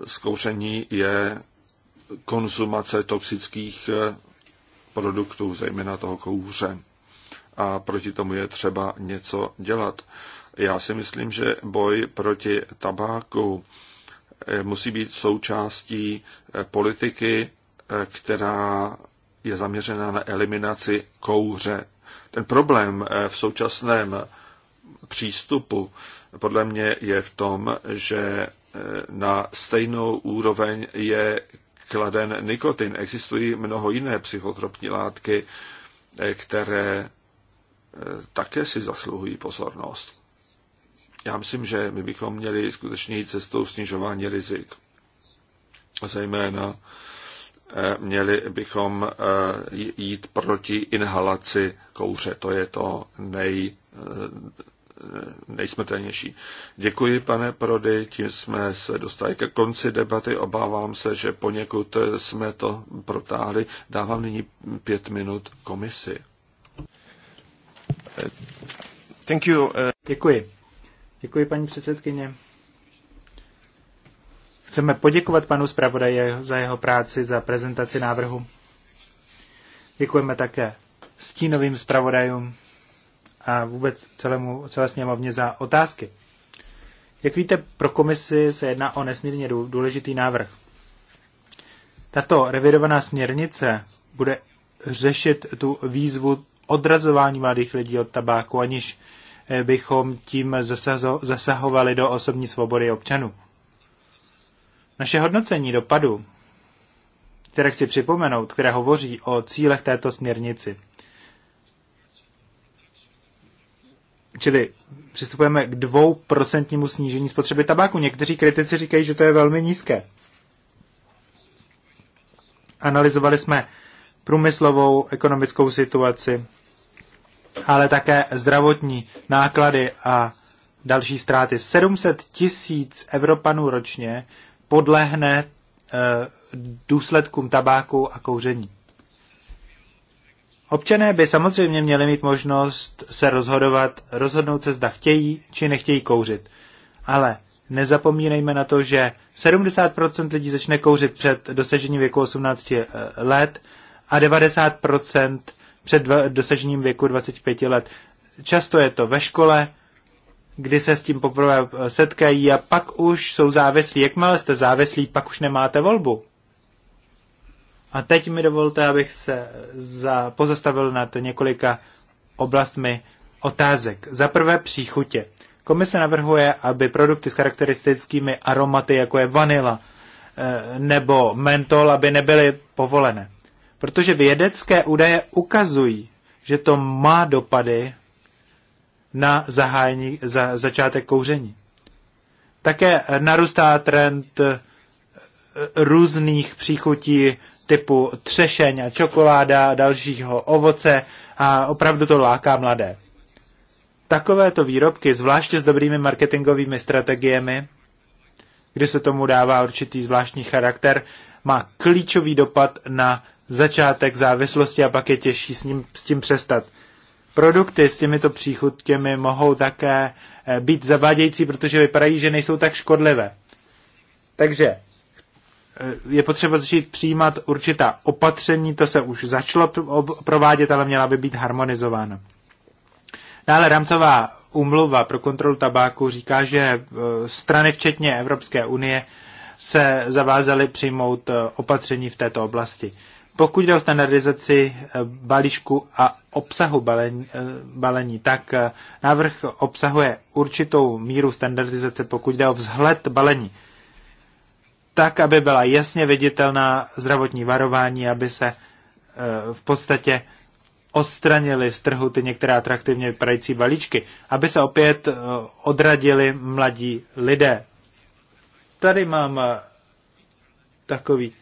zkouření je konzumace toxických eh, produktů, zejména toho kouře. A proti tomu je třeba něco dělat. Já si myslím, že boj proti tabáku Eh, musí být součástí eh, politiky, eh, která je zaměřena na eliminaci kouře. Ten problém v současném přístupu podle mě je v tom, že na stejnou úroveň je kladen nikotin. Existují mnoho jiné psychotropní látky, které také si zasluhují pozornost já myslím, že my bychom měli skutečně jít cestou snižování rizik. Zejména eh, měli bychom eh, jít proti inhalaci kouře. To je to nej, eh, nejsmrtelnější. Děkuji, pane Prody, tím jsme se dostali ke konci debaty. Obávám se, že poněkud jsme to protáhli. Dávám nyní pět minut komisi. Thank you. Děkuji. Děkuji, paní předsedkyně. Chceme poděkovat panu zpravodaji za jeho práci, za prezentaci návrhu. Děkujeme také stínovým zpravodajům a vůbec celému, celé sněmovně za otázky. Jak víte, pro komisi se jedná o nesmírně důležitý návrh. Tato revidovaná směrnice bude řešit tu výzvu odrazování mladých lidí od tabáku, aniž Eh, bychom tím zasahovali do osobní svobody občanů. Naše hodnocení dopadu, které chci připomenout, které hovoří o cílech této směrnici, čili přistupujeme k dvouprocentnímu snížení spotřeby tabáku. Někteří kritici říkají, že to je velmi nízké. Analyzovali jsme průmyslovou, ekonomickou situaci, ale také zdravotní náklady a další ztráty. 700 tisíc Evropanů ročně podlehne eh, důsledkům tabáku a kouření. Občané by samozřejmě měli mít možnost se rozhodovat, rozhodnout se, zda chtějí či nechtějí kouřit. Ale nezapomínejme na to, že 70% lidí začne kouřit před dosažením věku 18 eh, let a 90% před dosažením věku 25 let. Často je to ve škole, kdy se s tím poprvé eh, setkají a pak už jsou závislí. Jakmile jste závislí, pak už nemáte volbu. A teď mi dovolte, abych se eh, za, pozastavil nad několika oblastmi otázek. Za prvé příchutě. Komise navrhuje, aby produkty s charakteristickými aromaty, jako je vanila eh, nebo mentol, aby nebyly povolené. Protože vědecké údaje ukazují, že to má dopady na zahájení, za, začátek kouření. Také narůstá trend eh, různých příchutí typu třešeň a čokoláda a dalšího ovoce a opravdu to láká mladé. Takovéto výrobky, zvláště s dobrými marketingovými strategiemi, kdy se tomu dává určitý zvláštní charakter, má klíčový dopad na začátek závislosti a pak je těžší s, ním, s tím přestat. Produkty s těmito příchutkami mohou také eh, být zavádějící, protože vypadají, že nejsou tak škodlivé. Takže eh, je potřeba začít přijímat určitá opatření, to se už začalo provádět, ale měla by být harmonizována. Dále rámcová umluva pro kontrolu tabáku říká, že eh, strany včetně Evropské unie se zavázaly přijmout opatření v této oblasti. Pokud jde o standardizaci eh, balíčku a obsahu balení, eh, balení, tak eh, návrh obsahuje určitou míru standardizace, pokud jde o vzhled balení, tak, aby byla jasně viditelná zdravotní varování, aby se v podstatě odstranili z trhu ty některé atraktivně vypadající balíčky, aby se opět odradili mladí lidé. Tady mám takový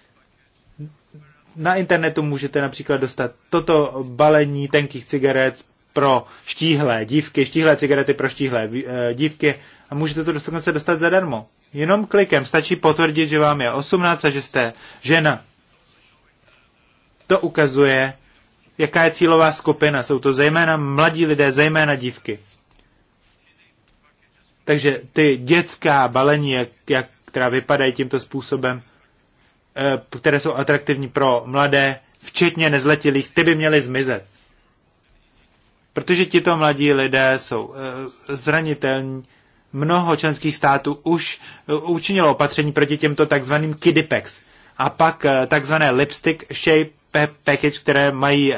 na internetu můžete například dostat toto balení tenkých cigaret pro štíhlé dívky, štíhlé cigarety pro štíhlé eh, dívky a můžete to dokonce dostat zadarmo. Jenom klikem stačí potvrdit, že vám je 18 a že jste žena. To ukazuje, jaká je cílová skupina. Jsou to zejména mladí lidé, zejména dívky. Takže ty dětská balení, jak, jak, která vypadají tímto způsobem, Eh, které jsou atraktivní pro mladé, včetně nezletilých, ty by měly zmizet. Protože tito mladí lidé jsou eh, zranitelní. Mnoho členských států už eh, učinilo opatření proti těmto takzvaným kidipex. A pak takzvané lipstick shape package, které mají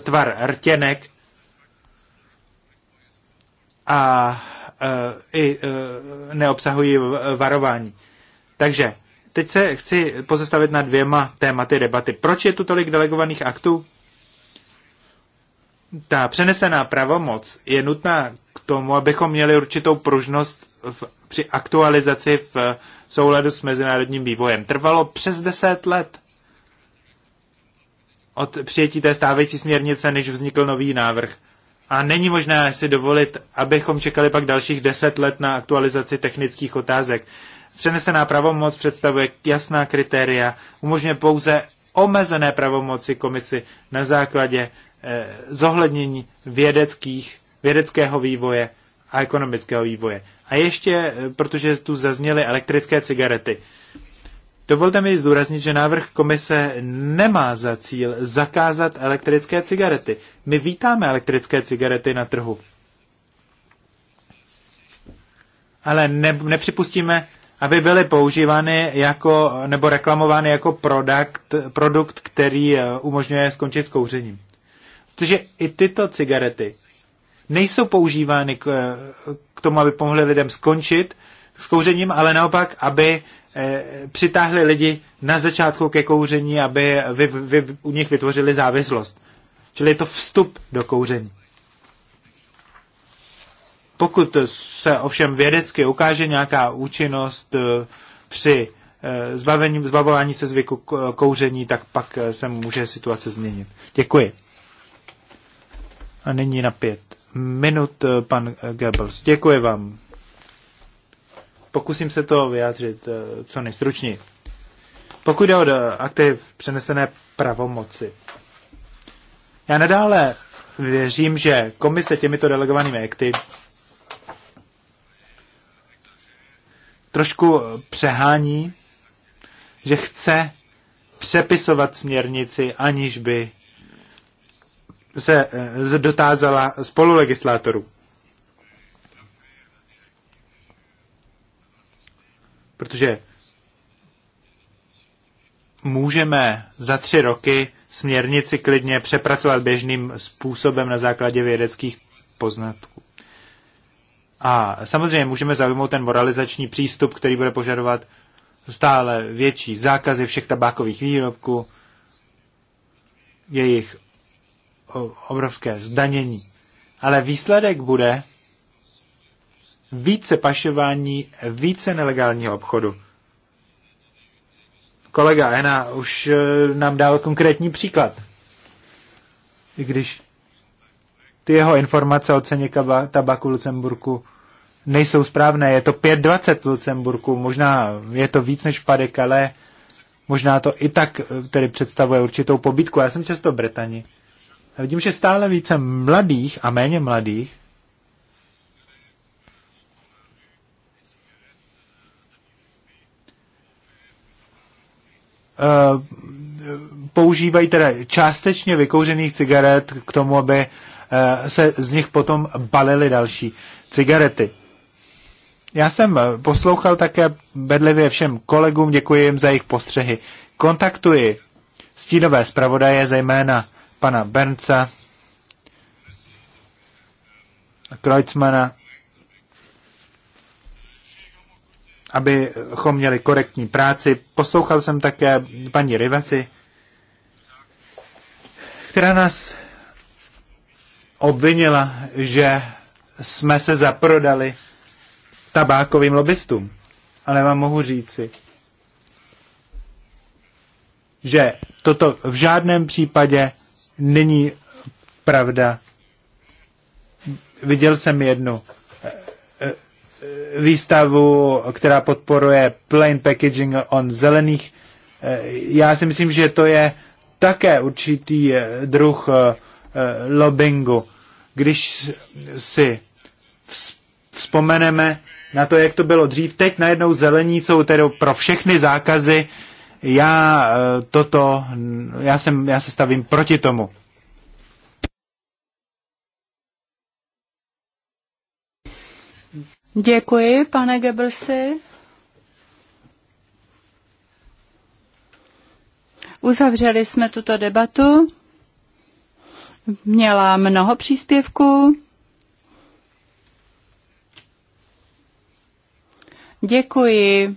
tvar rtěnek. A i neobsahují varování. Takže Teď se chci pozastavit na dvěma tématy debaty. Proč je tu tolik delegovaných aktů? Ta přenesená pravomoc je nutná k tomu, abychom měli určitou pružnost v, při aktualizaci v souladu s mezinárodním vývojem. Trvalo přes deset let od přijetí té stávající směrnice, než vznikl nový návrh. A není možné si dovolit, abychom čekali pak dalších deset let na aktualizaci technických otázek. Přenesená pravomoc představuje jasná kritéria, umožňuje pouze omezené pravomoci komisi na základě eh, zohlednění vědeckých, vědeckého vývoje a ekonomického vývoje. A ještě, eh, protože tu zazněly elektrické cigarety, dovolte mi zdůraznit, že návrh komise nemá za cíl zakázat elektrické cigarety. My vítáme elektrické cigarety na trhu. Ale ne, nepřipustíme aby byly používány jako, nebo reklamovány jako produkt, produkt, který eh, umožňuje skončit s kouřením. Protože i tyto cigarety nejsou používány k, eh, k tomu, aby pomohly lidem skončit s kouřením, ale naopak, aby eh, přitáhli lidi na začátku ke kouření, aby vy, vy, u nich vytvořili závislost. Čili je to vstup do kouření. Pokud se ovšem vědecky ukáže nějaká účinnost eh, při eh, zbavení, zbavování se zvyku eh, kouření, tak pak se může situace změnit. Děkuji. A nyní na pět minut pan Goebbels. Děkuji vám. Pokusím se to vyjádřit co nejstručněji. Pokud jde o aktiv přenesené pravomoci, já nadále věřím, že komise těmito delegovanými akty trošku eh, přehání, že chce přepisovat směrnici, aniž by se eh, dotázala spolulegislátorů. Protože můžeme za tři roky směrnici klidně přepracovat běžným způsobem na základě vědeckých poznatků. A samozřejmě můžeme zaujmout ten moralizační přístup, který bude požadovat stále větší zákazy všech tabákových výrobků, jejich obrovské zdanění. Ale výsledek bude více pašování, více nelegálního obchodu. Kolega Ena už e, nám dal konkrétní příklad. I když ty jeho informace o ceně tabaku v Lucemburku nejsou správné. Je to 5,20 v Lucemburku, možná je to víc než v Padek, ale možná to i tak eh, tedy představuje určitou pobytku. Já jsem často v Bretani a vidím, že stále více mladých a méně mladých eh, používají teda částečně vykouřených cigaret k tomu, aby Eh, se z nich potom balily další cigarety. Já jsem eh, poslouchal také bedlivě všem kolegům, děkuji jim za jejich postřehy. Kontaktuji stínové zpravodaje, zejména pana Bernca, Kreutzmana, abychom měli korektní práci. Poslouchal jsem také paní Rivaci, která nás obvinila, že jsme se zaprodali tabákovým lobbystům. Ale vám mohu říci, že toto v žádném případě není pravda. Viděl jsem jednu eh, eh, výstavu, která podporuje plain packaging on zelených. Eh, já si myslím, že to je také určitý druh Eh, lobbingu. Když si vzpomeneme na to, jak to bylo dřív, teď najednou zelení jsou tedy pro všechny zákazy. Já eh, toto, já, jsem, já se stavím proti tomu. Děkuji, pane Gebelsi. Uzavřeli jsme tuto debatu měla mnoho příspěvků. Děkuji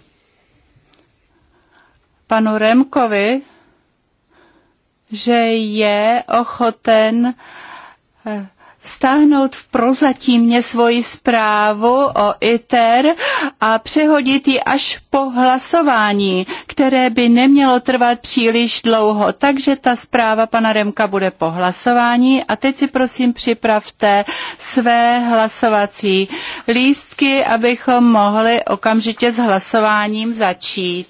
panu Remkovi, že je ochoten eh, stáhnout v prozatímně svoji zprávu o ITER a přehodit ji až po hlasování, které by nemělo trvat příliš dlouho. Takže ta zpráva pana Remka bude po hlasování a teď si prosím připravte své hlasovací lístky, abychom mohli okamžitě s hlasováním začít.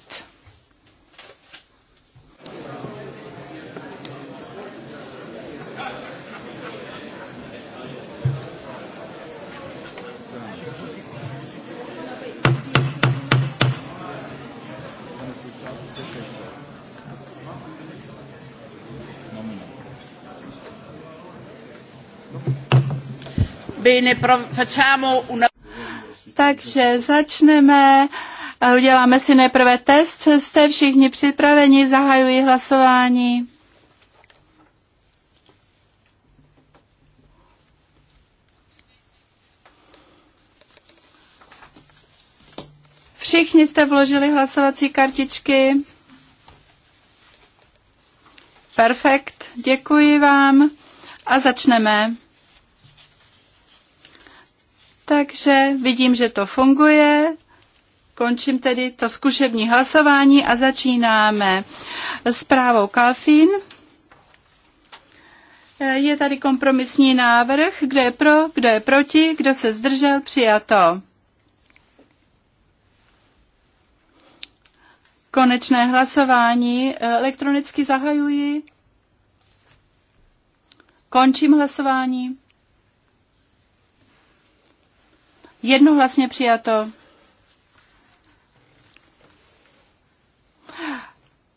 facciamo una... Takže začneme. Eh, uděláme si nejprve test. Jste všichni připraveni? Zahajuji hlasování. Všichni jste vložili hlasovací kartičky. Perfekt, děkuji vám a začneme. Takže vidím, že to funguje. Končím tedy to zkušební hlasování a začínáme s právou Kalfín. Je tady kompromisní návrh, kdo je pro, kdo je proti, kdo se zdržel, přijato. Konečné hlasování eh, elektronicky zahajuji. Končím hlasování. Jednohlasně přijato.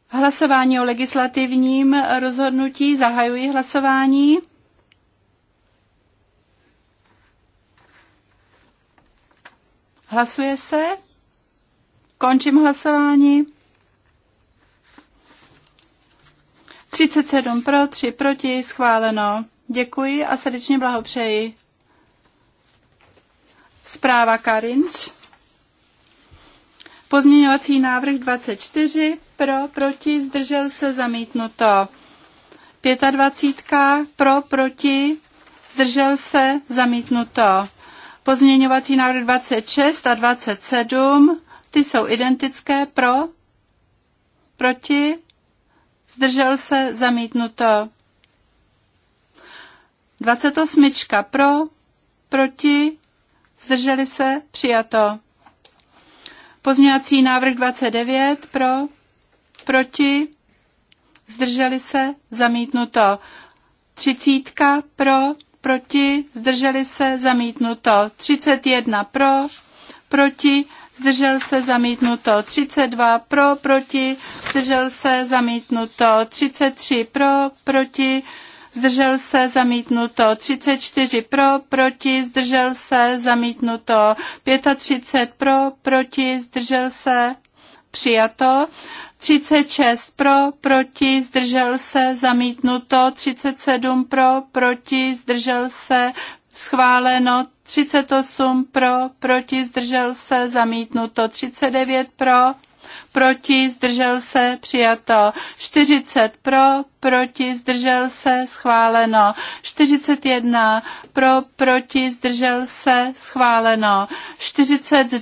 Hlasování o legislativním rozhodnutí. Zahajuji hlasování. Hlasuje se. Končím hlasování. 37 pro, 3 proti, schváleno. Děkuji a srdečně blahopřeji. Zpráva Karinč. Pozměňovací návrh 24 pro, proti, zdržel se, zamítnuto. 25 pro, proti, zdržel se, zamítnuto. Pozměňovací návrh 26 a 27, ty jsou identické pro, proti, zdržel se, zamítnuto. 28 pro, proti, Zdrželi se? Přijato. Pozměňovací návrh 29 pro, proti, zdrželi se, zamítnuto. Třicítka pro, proti, zdrželi se, zamítnuto. 31 pro, proti, zdržel se, zamítnuto. 32 pro, proti, zdržel se, zamítnuto. 33 pro, proti, zdržel se, zamítnuto 34 pro, proti, zdržel se, zamítnuto 35 pro, proti, zdržel se, přijato. 36 pro, proti, zdržel se, zamítnuto, 37 pro, proti, zdržel se, schváleno, 38 pro, proti, zdržel se, zamítnuto, 39 pro, proti, zdržel se, přijato. 40 pro, proti, zdržel se, schváleno. 41 pro, proti, zdržel se, schváleno. 42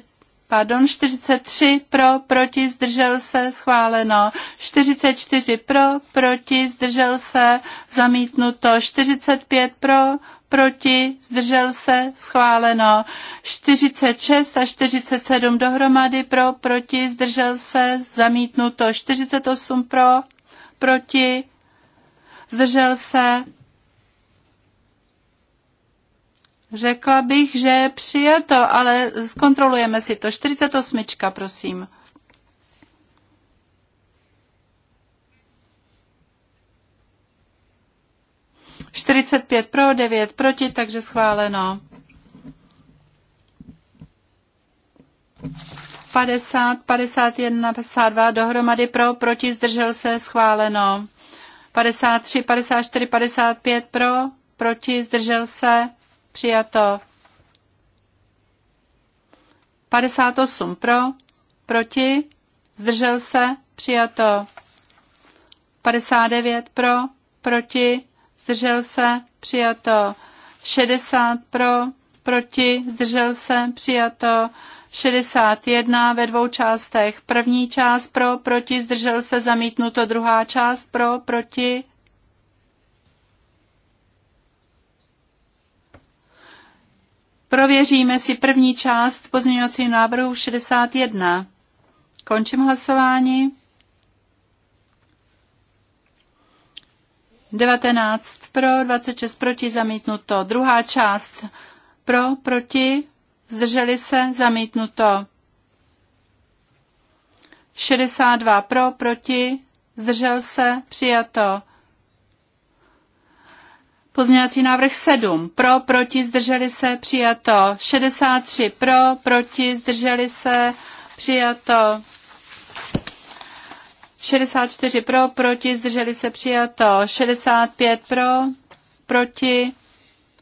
pardon, 43 pro, proti, zdržel se, schváleno. 44 pro, proti, zdržel se, zamítnuto. 45 pro, proti, zdržel se, schváleno. 46 a 47 dohromady pro, proti, zdržel se, zamítnuto. 48 pro, proti, zdržel se. Řekla bych, že přijato, ale zkontrolujeme si to. 48, prosím. 45 pro, 9 proti, takže schváleno. 50, 51, 52 dohromady pro, proti, zdržel se, schváleno. 53, 54, 55 pro, proti, zdržel se, přijato. 58 pro, proti, zdržel se, přijato. 59 pro, proti, zdržel se, přijato 60 pro, proti, zdržel se, přijato 61 ve dvou částech. První část pro, proti, zdržel se, zamítnuto, druhá část pro, proti. Prověříme si první část pozměňovacího návrhu 61. Končím hlasování. 19 pro, 26 proti, zamítnuto. Druhá část pro, proti, zdrželi se, zamítnuto. 62 pro, proti, zdržel se, přijato. Pozměňovací návrh 7. Pro, proti, zdrželi se, přijato. 63. Pro, proti, zdrželi se, přijato. 64 pro, proti, zdrželi se přijato. 65 pro, proti,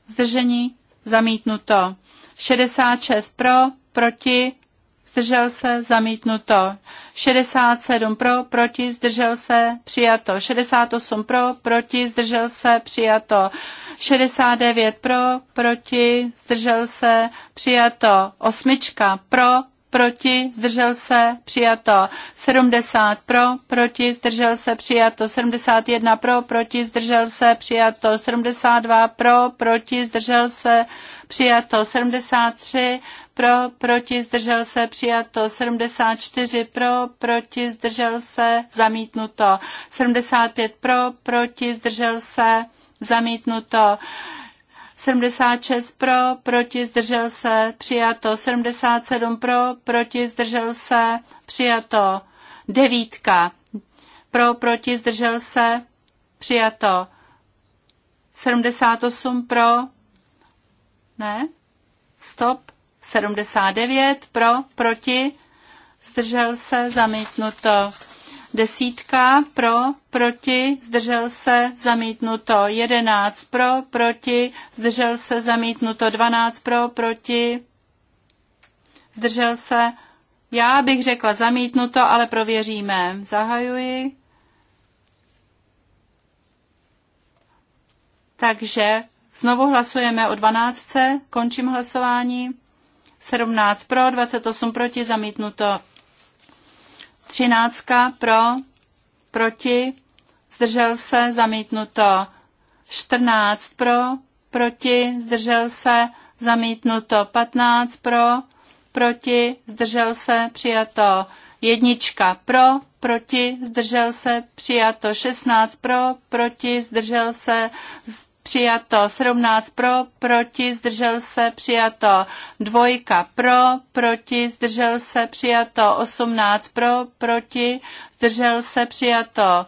zdržení, zamítnuto. 66 pro, proti, zdržel se, zamítnuto. 67 pro, proti, zdržel se, přijato. 68 pro, proti, zdržel se, přijato. 69 pro, proti, zdržel se, přijato. Osmička pro, proti, zdržel se, přijato 70 pro, proti, zdržel se, přijato 71 pro, proti, zdržel se, přijato 72 pro, proti, zdržel se, přijato 73 pro, proti, zdržel se, přijato 74 pro, proti, zdržel se, zamítnuto 75 pro, proti, zdržel se, zamítnuto 76 pro, proti, zdržel se, přijato. 77 pro, proti, zdržel se, přijato. Devítka pro, proti, zdržel se, přijato. 78 pro, ne, stop, 79 pro, proti, zdržel se, zamítnuto. Desítka pro, proti, zdržel se, zamítnuto. Jedenáct pro, proti, zdržel se, zamítnuto. Dvanáct pro, proti, zdržel se. Já bych řekla zamítnuto, ale prověříme. Zahajuji. Takže znovu hlasujeme o 12. Končím hlasování. 17 pro, 28 proti, zamítnuto Třináctka pro, proti, zdržel se, zamítnuto. Čtrnáct pro, proti, zdržel se, zamítnuto. patnáct pro, proti, zdržel se, přijato. Jednička pro, proti, zdržel se, přijato. šestnáct pro, proti, zdržel se, z přijato 17 pro, proti, zdržel se, přijato dvojka pro, proti, zdržel se, přijato 18 pro, proti, zdržel se, přijato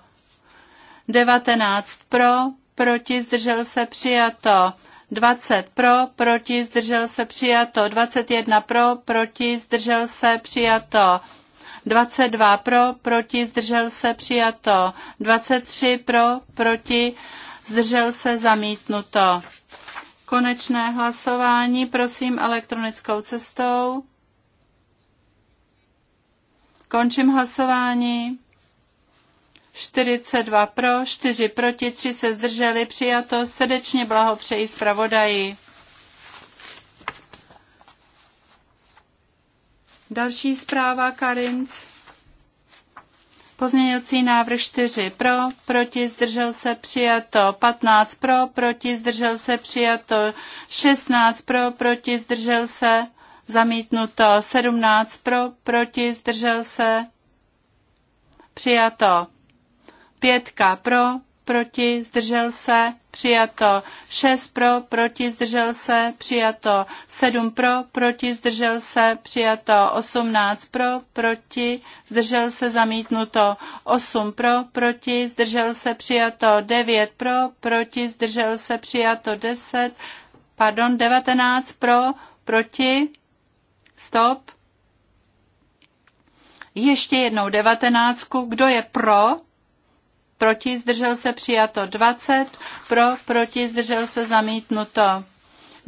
19 pro, proti, zdržel se, přijato 20 pro, proti, zdržel se, přijato 21 pro, proti, zdržel se, přijato 22 pro, proti, zdržel se, přijato 23 pro, proti, zdržel se, zamítnuto. Konečné hlasování, prosím, elektronickou cestou. Končím hlasování. 42 pro, 4 proti, 3 se zdrželi, přijato, srdečně blahopřeji zpravodaji. Další zpráva, Karinc. Pozměňovací návrh 4 pro, proti zdržel se přijato 15 pro, proti zdržel se přijato 16 pro, proti zdržel se zamítnuto 17 pro, proti zdržel se přijato 5 pro, proti, zdržel se, přijato. 6 pro, proti, zdržel se, přijato. 7 pro, proti, zdržel se, přijato. 18 pro, proti, zdržel se, zamítnuto. 8 pro, proti, zdržel se, přijato. 9 pro, proti, zdržel se, přijato. 10, pardon, 19 pro, proti, stop. Ještě jednou devatenáctku. Kdo je pro? proti, zdržel se přijato 20, pro, proti, zdržel se zamítnuto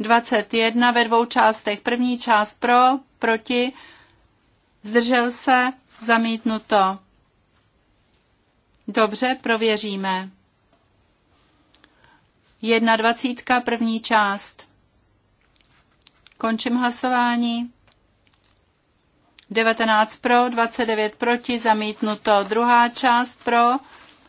21 ve dvou částech. První část pro, proti, zdržel se zamítnuto. Dobře, prověříme. 21. první část. Končím hlasování. 19 pro, 29 proti, zamítnuto. Druhá část pro,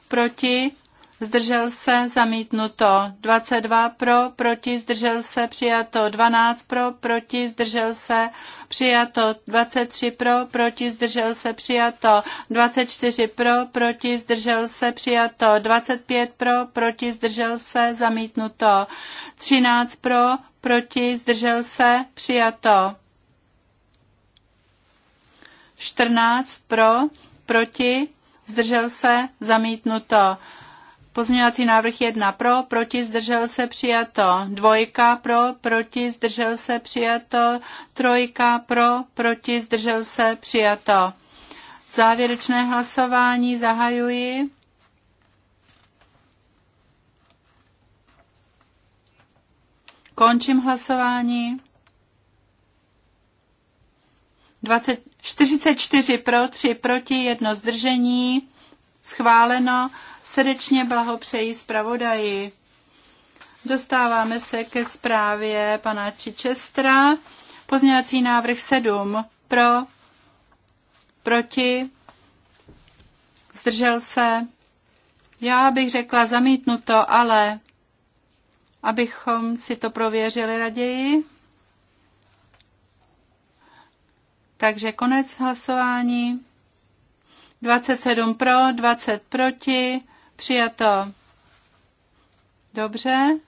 proti, zdržel se, zamítnuto 22 pro, proti, zdržel se, přijato 12 pro, proti, zdržel se, přijato 23 pro, proti, zdržel se, přijato 24 pro, proti, zdržel se, přijato 25 pro, proti, zdržel se, zamítnuto 13 pro, proti, zdržel se, přijato 14 pro, proti, zdržel se, zamítnuto. Pozměňovací návrh 1 pro, proti, zdržel se, přijato. Dvojka pro, proti, zdržel se, přijato. Trojka pro, proti, zdržel se, přijato. Závěrečné hlasování zahajuji. Končím hlasování. 20, 44 pro, 3 proti, jedno zdržení. Schváleno. Srdečně blahopřeji zpravodaji. Dostáváme se ke zprávě pana Čičestra. Pozměňovací návrh 7 pro, proti, zdržel se. Já bych řekla zamítnuto, ale abychom si to prověřili raději. Takže konec hlasování. 27 pro, 20 proti. Přijato. Dobře.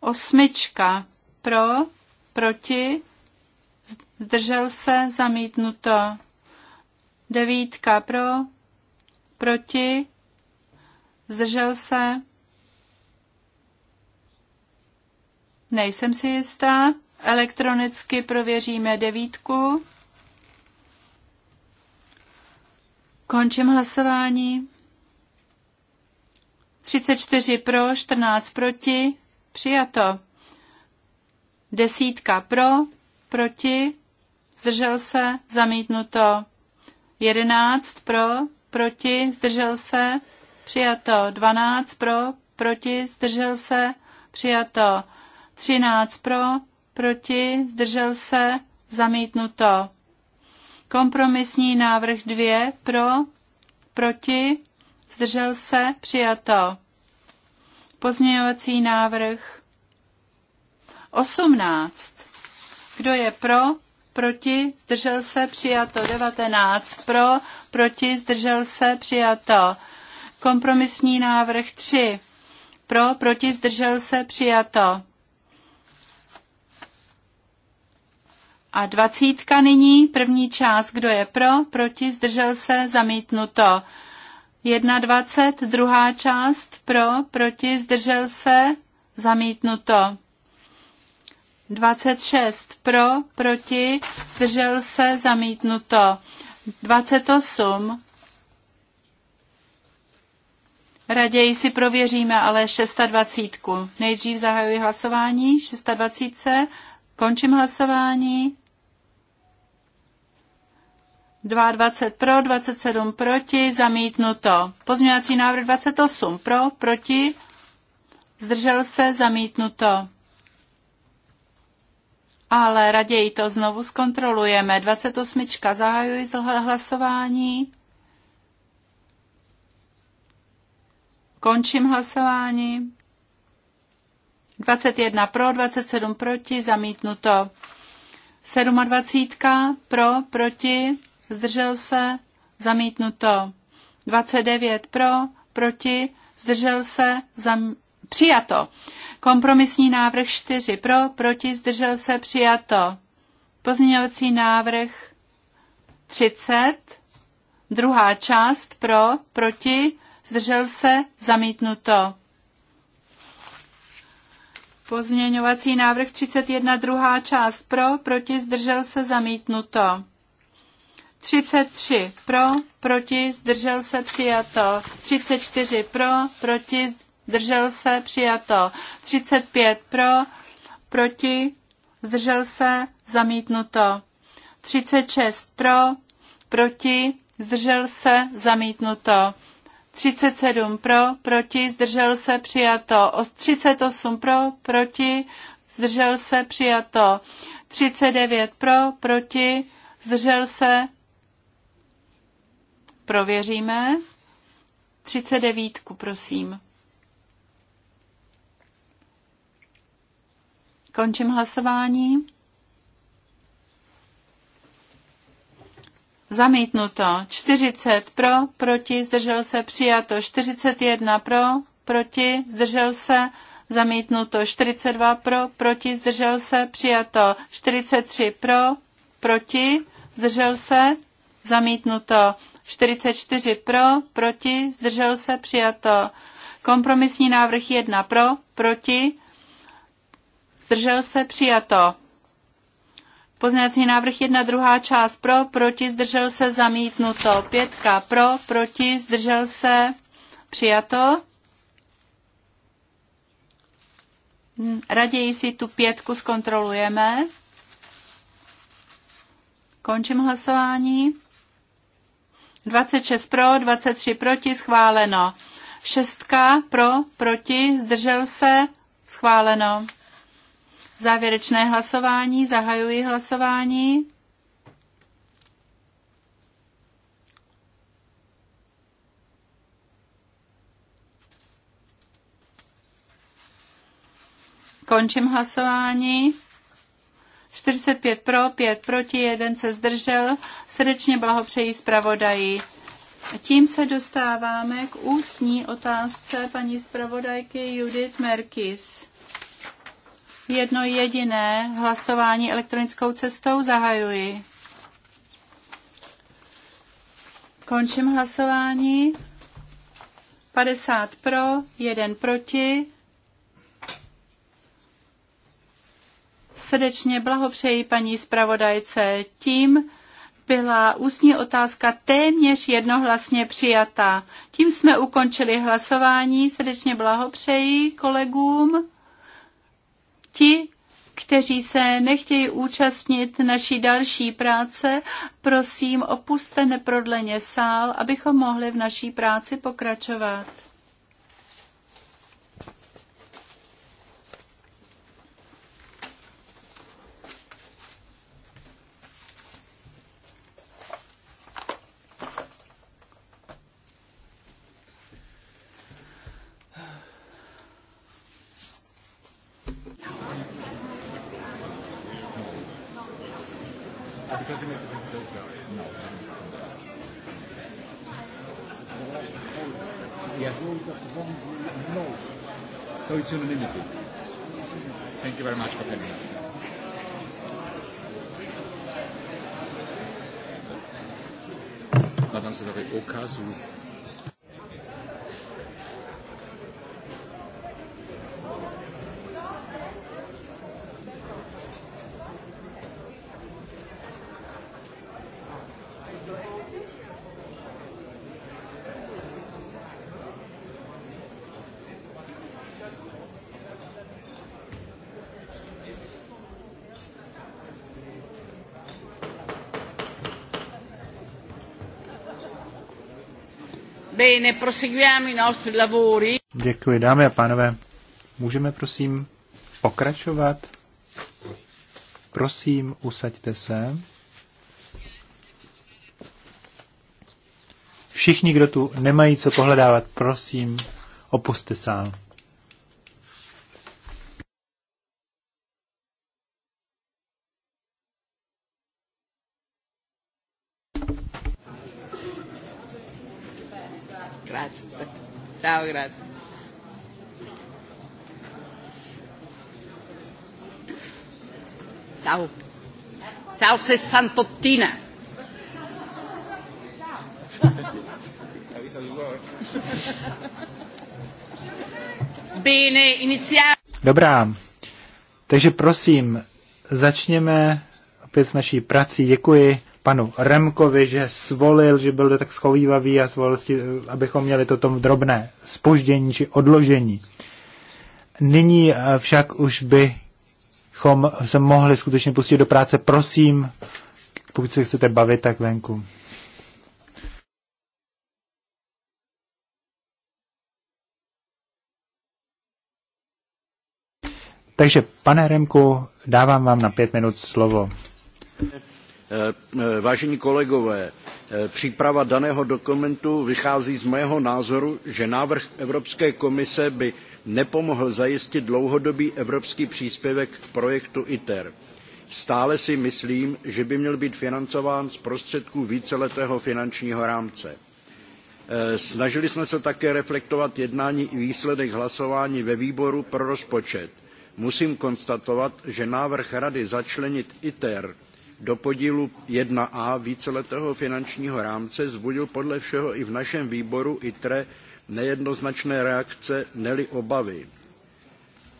Osmička pro, proti. Zdržel se, zamítnuto. Devítka pro, proti. Zdržel se. Nejsem si jistá. Elektronicky prověříme devítku. Končím hlasování. 34 pro, 14 proti. Přijato. Desítka pro, proti. Zdržel se, zamítnuto. 11 pro, proti, zdržel se. Přijato. 12 pro, proti, zdržel se. Přijato. 13 pro, proti, zdržel se, zamítnuto. Kompromisní návrh 2 pro, proti, zdržel se, přijato. Pozměňovací návrh 18. Kdo je pro, proti, zdržel se, přijato. 19. Pro, proti, zdržel se, přijato. Kompromisní návrh 3. Pro, proti, zdržel se, přijato. a dvacítka nyní, první část, kdo je pro, proti, zdržel se, zamítnuto. 21, druhá část, pro, proti, zdržel se, zamítnuto. 26, pro, proti, zdržel se, zamítnuto. 28, Raději si prověříme, ale 26. Nejdřív zahajuji hlasování, 26. Končím hlasování. 22 pro, 27 proti, zamítnuto. Pozměňovací návrh 28 pro, proti, zdržel se, zamítnuto. Ale raději to znovu zkontrolujeme. 28. zahajuji hlasování. Končím hlasování. 21 pro, 27 proti, zamítnuto. 27 pro, proti, zdržel se, zamítnuto. 29 pro, proti, zdržel se, zam... přijato. Kompromisní návrh 4 pro, proti, zdržel se, přijato. Pozměňovací návrh 30, druhá část pro, proti, zdržel se, zamítnuto. Pozměňovací návrh 31, druhá část pro, proti, zdržel se, zamítnuto. 33 pro, proti, zdržel se, přijato. 34 pro, proti, zdržel se, přijato. 35 pro, proti, zdržel se, zamítnuto. 36 pro, proti, zdržel se, zamítnuto. 37 pro, proti, zdržel se, přijato. 38 pro, proti, zdržel se, přijato. 39 pro, proti, zdržel se, Prověříme. 39, prosím. Končím hlasování. Zamítnuto. 40 pro, proti, zdržel se, přijato. 41 pro, proti, zdržel se, zamítnuto. 42 pro, proti, zdržel se, přijato. 43 pro, proti, zdržel se, zamítnuto. 44 pro, proti, zdržel se, přijato. Kompromisní návrh 1 pro, proti, zdržel se, přijato. Pozměňovací návrh 1, druhá část pro, proti, zdržel se, zamítnuto. Pětka pro, proti, zdržel se, přijato. Hm, raději si tu pětku zkontrolujeme. Končím hlasování. 26 pro, 23 proti, schváleno. Šestka pro, proti, zdržel se, schváleno. Závěrečné hlasování, zahajuji hlasování. Končím hlasování. 45 pro, 5 proti, 1 se zdržel. Srdečně blahopřeji zpravodaji. Tím se dostáváme k ústní otázce paní zpravodajky Judith Merkis. Jedno jediné hlasování elektronickou cestou zahajuji. Končím hlasování. 50 pro, 1 proti. Srdečně blahopřeji paní zpravodajce. Tím byla ústní otázka téměř jednohlasně přijata. Tím jsme ukončili hlasování. Srdečně blahopřeji kolegům. Ti, kteří se nechtějí účastnit naší další práce, prosím opuste neprodleně sál, abychom mohli v naší práci pokračovat. vous okazu. proseguiamo i nostri lavori. Děkuji, dámy a pánové. Můžeme prosím pokračovat? Prosím, usaďte se. Všichni, kdo tu nemají co pohledávat, prosím, opuste sál. gracias. Ciao. Ciao sessantottina. Bene, iniziamo. Dobrá. Takže prosím, začněme opět s naší prací. Děkuji panu Remkovi, že svolil, že byl tak schovývavý a svolil, abychom měli toto drobné spoždění či odložení. Nyní eh, však už bychom se mohli skutečně pustit do práce. Prosím, pokud se chcete bavit, tak venku. Takže, pane Remku, dávám vám na pět minut slovo. Eh, eh, vážení kolegové, eh, příprava daného dokumentu vychází z mého názoru, že návrh Evropské komise by nepomohl zajistit dlouhodobý evropský příspěvek k projektu ITER. Stále si myslím, že by měl být financován z prostředků víceletého finančního rámce. Snažili jsme se také reflektovat jednání i výsledek hlasování ve výboru pro rozpočet. Musím konstatovat, že návrh Rady začlenit ITER do podílu 1a víceletého finančního rámce zbudil podle všeho i v našem výboru ITRE nejednoznačné reakce, neli obavy.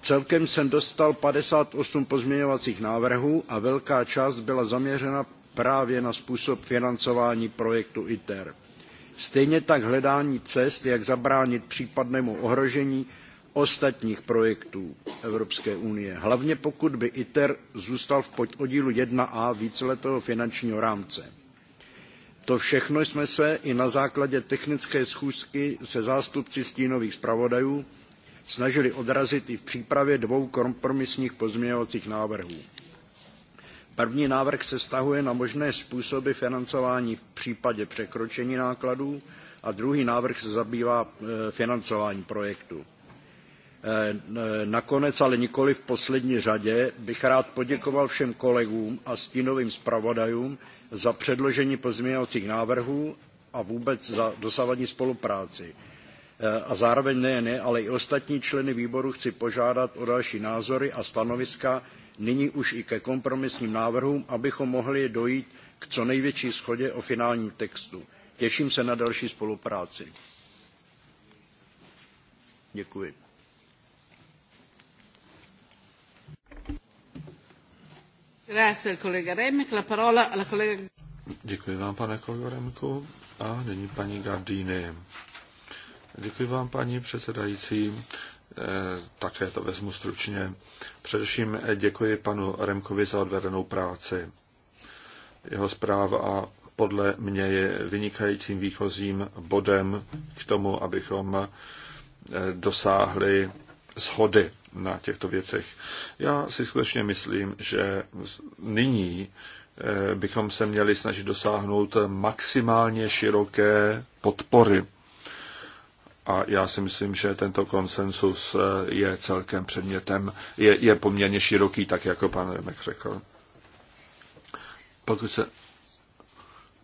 Celkem jsem dostal 58 pozměňovacích návrhů a velká část byla zaměřena právě na způsob financování projektu ITER. Stejně tak hledání cest, jak zabránit případnému ohrožení ostatních projektů Evropské unie, hlavně pokud by ITER zůstal v pododílu 1a víceletého finančního rámce. To všechno jsme se i na základě technické schůzky se zástupci stínových zpravodajů snažili odrazit i v přípravě dvou kompromisních pozměňovacích návrhů. První návrh se stahuje na možné způsoby financování v případě překročení nákladů a druhý návrh se zabývá e, financováním projektu. Eh, nakonec, ale nikoli v poslední řadě, bych rád poděkoval všem kolegům a stínovým zpravodajům za předložení pozměňovacích návrhů a vůbec za dosavadní spolupráci. Eh, a zároveň nejen ne, ale i ostatní členy výboru chci požádat o další názory a stanoviska, nyní už i ke kompromisním návrhům, abychom mohli dojít k co největší schodě o finálním textu. Těším se na další spolupráci. Děkuji. Děkuji vám, pane kolego Remku. A nyní paní Gardíny. Děkuji vám, paní předsedající. Eh, také to vezmu stručně. Především eh, děkuji panu Remkovi za odvedenou práci. Jeho zpráva podle mě je vynikajícím výchozím bodem k tomu, abychom eh, dosáhli shody na těchto věcech. Já si skutečně myslím, že nyní eh, bychom se měli snažit dosáhnout maximálně široké podpory. A já si myslím, že tento konsensus eh, je celkem předmětem, je, je poměrně široký, tak jako pan Remek řekl. Pokud se,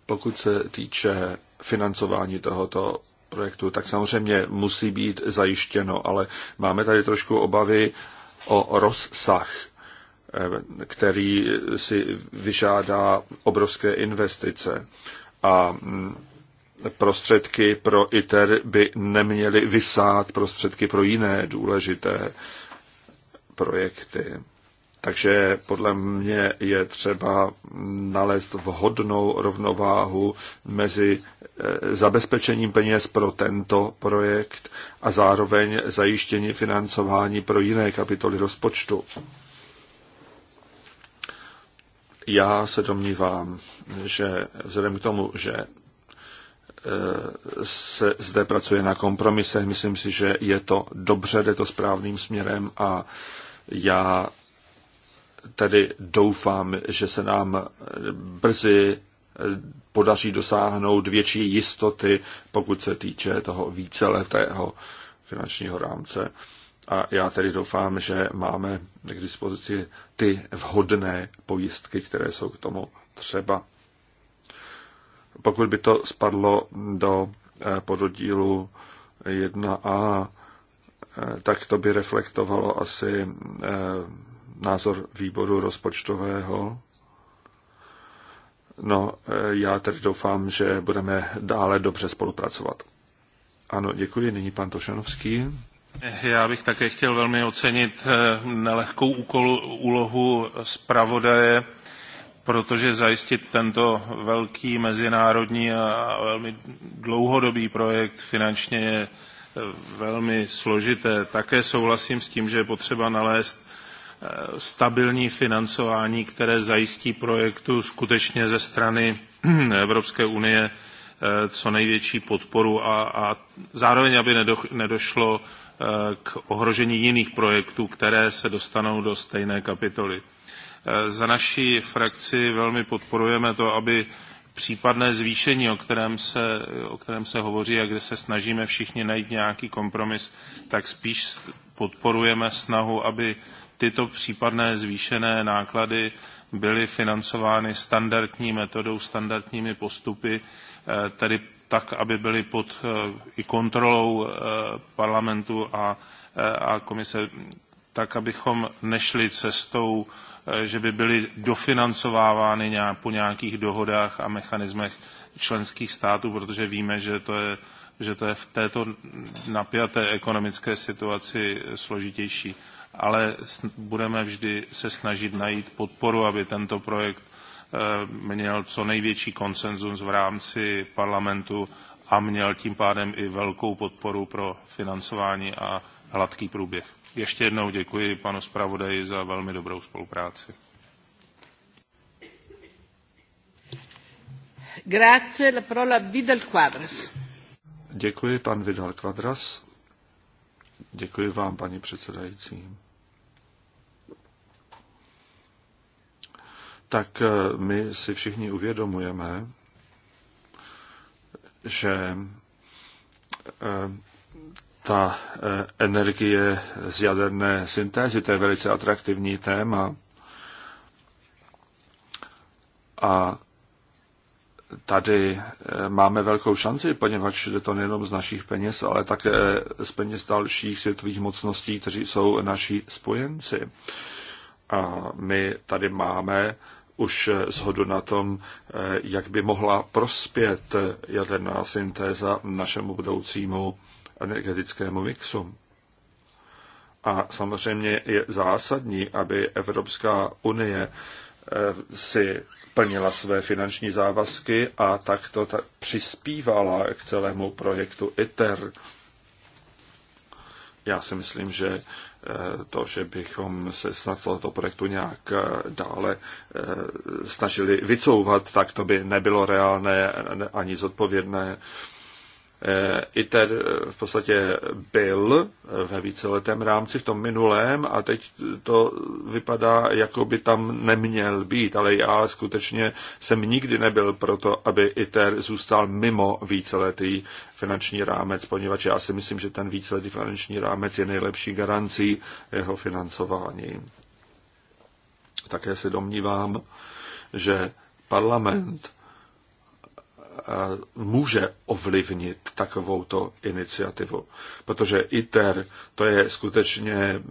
pokud se týče financování tohoto projektu, tak samozřejmě musí být zajištěno, ale máme tady trošku obavy o rozsah, eh, který si vyžádá obrovské investice. A mm, prostředky pro ITER by neměly vysát prostředky pro jiné důležité projekty. Takže podle mě je třeba nalézt vhodnou rovnováhu mezi eh, zabezpečením peněz pro tento projekt a zároveň zajištění financování pro jiné kapitoly rozpočtu. Já se domnívám, že vzhledem k tomu, že eh, se zde pracuje na kompromisech, myslím si, že je to dobře, jde to správným směrem a já tedy doufám, že se nám brzy eh, podaří dosáhnout větší jistoty, pokud se týče toho víceletého finančního rámce. A já tedy doufám, že máme k dispozici ty vhodné pojistky, které jsou k tomu třeba. Pokud by to spadlo do eh, pododílu 1a, eh, tak to by reflektovalo asi názor výboru rozpočtového. No, e, já tedy doufám, že budeme dále dobře spolupracovat. Ano, děkuji. Nyní pan Tošanovský. Já bych také chtěl velmi ocenit e, nelehkou úkolu, úlohu zpravodaje, protože zajistit tento velký mezinárodní a velmi dlouhodobý projekt finančně je e, velmi složité. Také souhlasím s tím, že je potřeba nalézt Eh, stabilní financování, které zajistí projektu skutečně ze strany Evropské unie eh, co největší podporu a, a zároveň, aby nedošlo eh, k ohrožení jiných projektů, které se dostanou do stejné kapitoly. Za naší frakci velmi podporujeme to, aby případné zvýšení, o kterém, se, o kterém se hovoří a kde se snažíme všichni najít nějaký kompromis, tak spíš podporujeme snahu, aby tyto případné zvýšené náklady byly financovány standardní metodou, standardními postupy, eh, tedy tak, aby byly pod eh, i kontrolou eh, parlamentu a, a komise, tak, abychom nešli cestou, že by byly dofinancovávány nějak, po nějakých dohodách a mechanismech členských států, protože víme, že to je, že to je v této napjaté ekonomické situaci složitější ale budeme vždy se snažit najít podporu, aby tento projekt eh, měl co největší konsenzus v rámci parlamentu a měl tím pádem i velkou podporu pro financování a hladký průběh. Ještě jednou děkuji panu zpravodaji za velmi dobrou spolupráci. Grazie, la parola Vidal Quadras. Děkuji, pan Vidal Quadras. Děkuji vám, paní předsedající. tak eh, my si všichni uvědomujeme, že eh, ta eh, energie z jaderné syntézy, to je velice atraktivní téma. A tady máme velkou šanci, poněvadž jde to nejenom z našich peněz, ale také z peněz dalších světových mocností, kteří jsou naši spojenci. A my tady máme už zhodu na tom, eh, jak by mohla prospět jaderná syntéza našemu budoucímu energetickému mixu. A samozřejmě je zásadní, aby Evropská unie eh, si plnila své finanční závazky a takto ta přispívala k celému projektu ITER. Já si myslím, že Eh, to, že bychom se snad tohoto projektu nějak eh, dále eh, snažili vycouvat, tak to by nebylo reálné ani zodpovědné. Eh, ITER eh, v podstatě byl eh, ve víceletém rámci v tom minulém a teď to vypadá, jako by tam neměl být, ale já skutečně jsem nikdy nebyl proto, aby ITER zůstal mimo víceletý finanční rámec, poněvadž já si myslím, že ten víceletý finanční rámec je nejlepší garancí jeho financování. Také se domnívám, že parlament Eh, může ovlivnit takovouto iniciativu. Protože ITER to je skutečně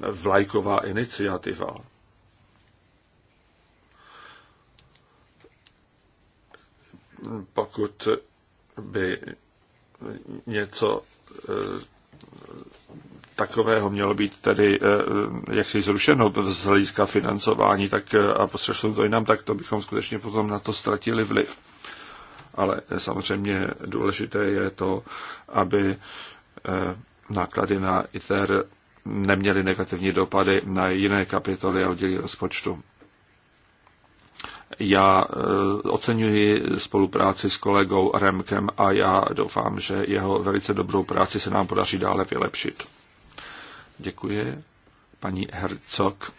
vlajková iniciativa. Pokud by něco eh, takového mělo být tedy eh, jaksi zrušeno z hlediska financování tak a postřešlo to jinam, tak to bychom skutečně potom na to ztratili vliv ale samozřejmě důležité je to, aby eh, náklady na ITER neměly negativní dopady na jiné kapitoly a oddělí rozpočtu. Já eh, oceňuji spolupráci s kolegou Remkem a já doufám, že jeho velice dobrou práci se nám podaří dále vylepšit. Děkuji, paní Hercok.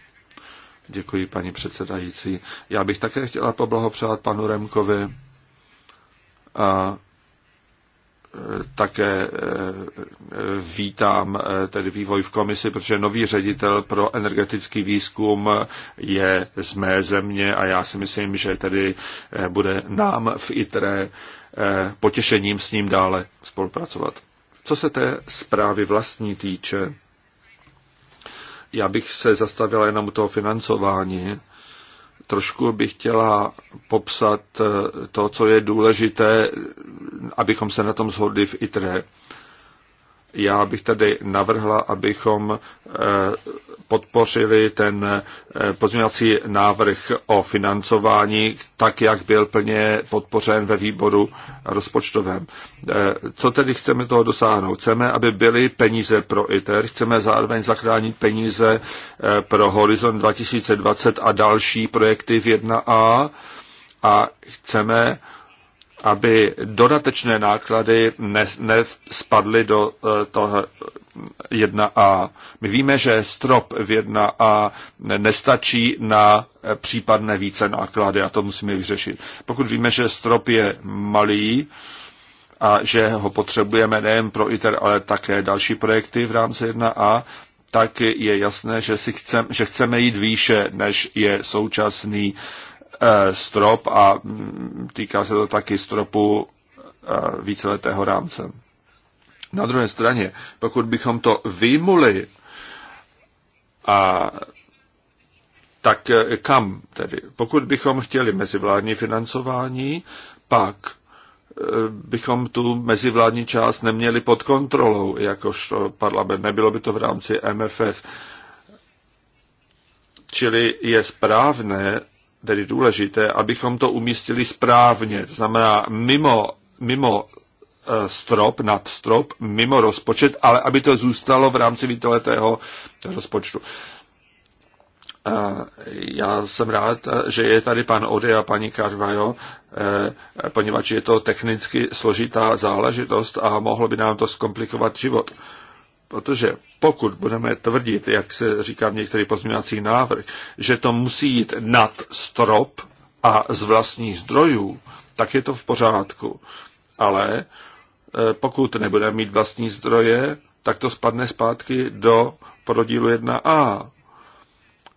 Děkuji, paní předsedající. Já bych také chtěla poblahopřát panu Remkovi a e, také e, vítám e, tedy vývoj v komisi, protože nový ředitel pro energetický výzkum je z mé země a já si myslím, že tedy bude nám v ITRE potěšením s ním dále spolupracovat. Co se té zprávy vlastní týče, já bych se zastavila jenom u toho financování trošku bych chtěla popsat eh, to, co je důležité, abychom se na tom shodli v ITRE já bych tady navrhla, abychom eh, podpořili ten eh, pozměňovací návrh o financování, tak jak byl plně podpořen ve výboru rozpočtovém. Eh, co tedy chceme toho dosáhnout? Chceme, aby byly peníze pro ITER, chceme zároveň zachránit peníze pro Horizon 2020 a další projekty v 1A a chceme, aby dodatečné náklady nespadly do eh, toho 1A. My víme, že strop v 1A nestačí na eh, případné více náklady a to musíme vyřešit. Pokud víme, že strop je malý, a že ho potřebujeme nejen pro ITER, ale také další projekty v rámci 1A, tak je jasné, že, si chcem, že chceme jít výše, než je současný Eh, strop a mm, týká se to taky stropu eh, víceletého rámce. Na druhé straně, pokud bychom to vyjmuli, a tak eh, kam tedy? Pokud bychom chtěli mezivládní financování, pak bychom tu mezivládní část neměli pod kontrolou, jakož parlament. Nebylo by to v rámci MFF. Čili je správné tedy důležité, abychom to umístili správně, to znamená mimo, mimo eh, strop, nad strop, mimo rozpočet, ale aby to zůstalo v rámci víteletého rozpočtu. Eh, já jsem rád, že je tady pan Ode a paní Karvajo, eh, poněvadž je to technicky složitá záležitost a mohlo by nám to zkomplikovat život. Protože pokud budeme tvrdit, jak se říká v některých pozměňovacích návrh, že to musí jít nad strop a z vlastních zdrojů, tak je to v pořádku. Ale e, pokud nebudeme mít vlastní zdroje, tak to spadne zpátky do podílu 1a.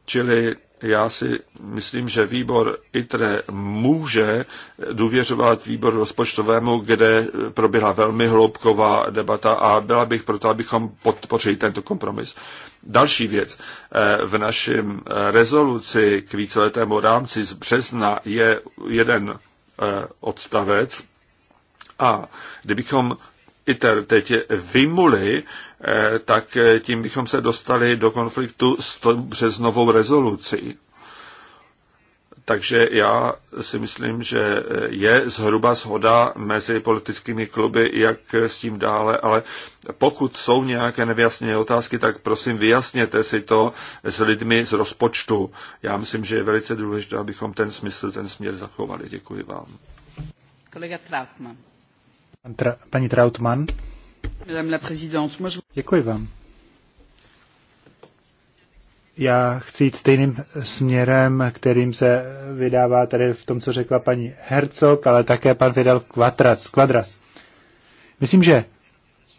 Čili já si myslím, že výbor ITRE může důvěřovat výboru rozpočtovému, kde proběhla velmi hloubková debata a byla bych proto, abychom podpořili tento kompromis. Další věc. Eh, v našem eh, rezoluci k víceletému rámci z března je jeden eh, odstavec a kdybychom ITER teď vymuli, Eh, tak eh, tím bychom se dostali do konfliktu s březnovou rezolucí. Takže já si myslím, že eh, je zhruba shoda mezi politickými kluby, jak s tím dále, ale pokud jsou nějaké nevyjasněné otázky, tak prosím vyjasněte si to s lidmi z rozpočtu. Já myslím, že je velice důležité, abychom ten smysl, ten směr zachovali. Děkuji vám. Kolega Trautmann. Paní Trautmann. Děkuji vám. Já chci jít stejným směrem, kterým se vydává tady v tom, co řekla paní Hercog, ale také pan Fidel Quadras. Myslím, že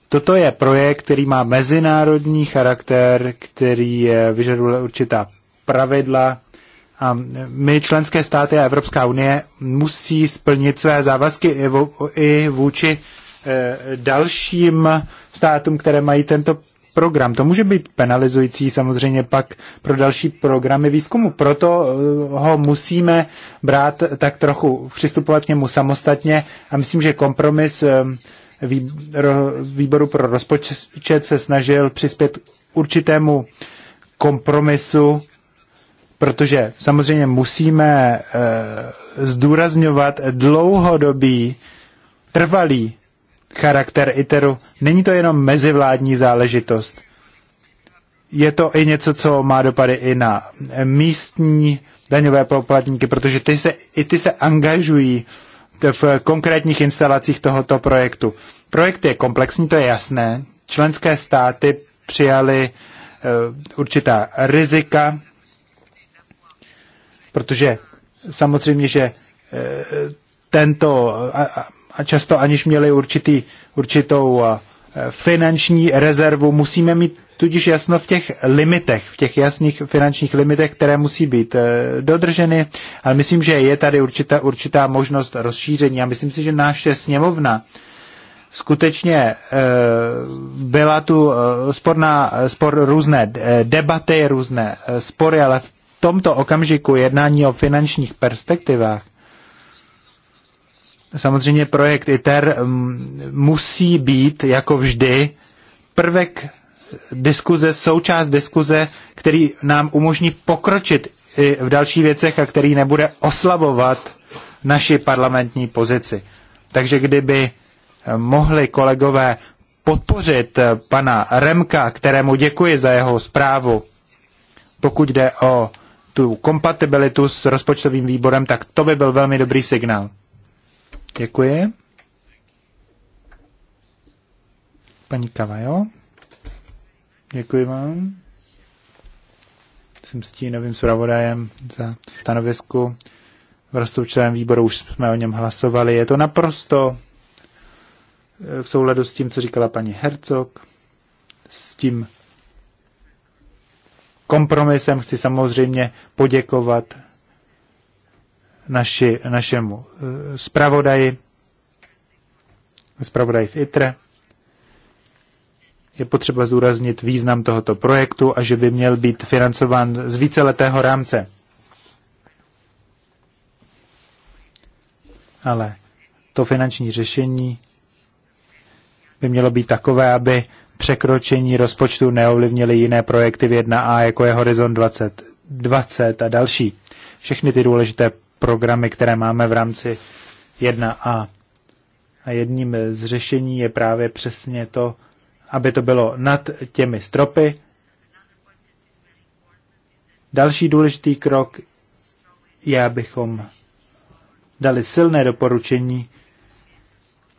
toto je projekt, který má mezinárodní charakter, který vyžaduje určitá pravidla, a my, členské státy a Evropská unie, musí splnit své závazky i, vůči Eh, dalším státům, které mají tento program. To může být penalizující samozřejmě pak pro další programy výzkumu. Proto eh, ho musíme brát tak trochu, přistupovat k němu samostatně a myslím, že kompromis eh, výboru pro rozpočet se snažil přispět určitému kompromisu, protože samozřejmě musíme zdůrazňovat dlouhodobý, trvalý charakter ITERu. Není to jenom mezivládní záležitost. Je to i něco, co má dopady i na místní daňové poplatníky, protože ty se, i ty se angažují v konkrétních instalacích tohoto projektu. Projekt je komplexní, to je jasné. Členské státy přijali eh, určitá rizika, protože samozřejmě, že eh, tento a často aniž měli určitý, určitou eh, finanční rezervu. Musíme mít tudíž jasno v těch limitech, v těch jasných finančních limitech, které musí být eh, dodrženy, ale myslím, že je tady určitá, určitá možnost rozšíření a myslím si, že naše sněmovna skutečně eh, byla tu sporná, spor různé debaty, různé spory, ale v tomto okamžiku jednání o finančních perspektivách Samozřejmě projekt ITER mm, musí být, jako vždy, prvek diskuze, součást diskuze, který nám umožní pokročit i v dalších věcech a který nebude oslabovat naši parlamentní pozici. Takže kdyby eh, mohli kolegové podpořit eh, pana Remka, kterému děkuji za jeho zprávu, pokud jde o tu kompatibilitu s rozpočtovým výborem, tak to by byl velmi dobrý signál. Děkuji. Paní Kavajo, děkuji vám. Jsem s tím novým zpravodajem za stanovisku. V rozpočtovém výboru už jsme o něm hlasovali. Je to naprosto eh, v souladu s tím, co říkala paní Hercog, s tím kompromisem chci samozřejmě poděkovat naši, našemu eh, zpravodaji, zpravodaji v ITRE. Je potřeba zdůraznit význam tohoto projektu a že by měl být financován z víceletého rámce. Ale to finanční řešení by mělo být takové, aby překročení rozpočtu neovlivnily jiné projekty v 1A, jako je Horizon 2020 a další. Všechny ty důležité programy, které máme v rámci 1A. A jedním z řešení je právě přesně to, aby to bylo nad těmi stropy. Další důležitý krok je, abychom dali silné doporučení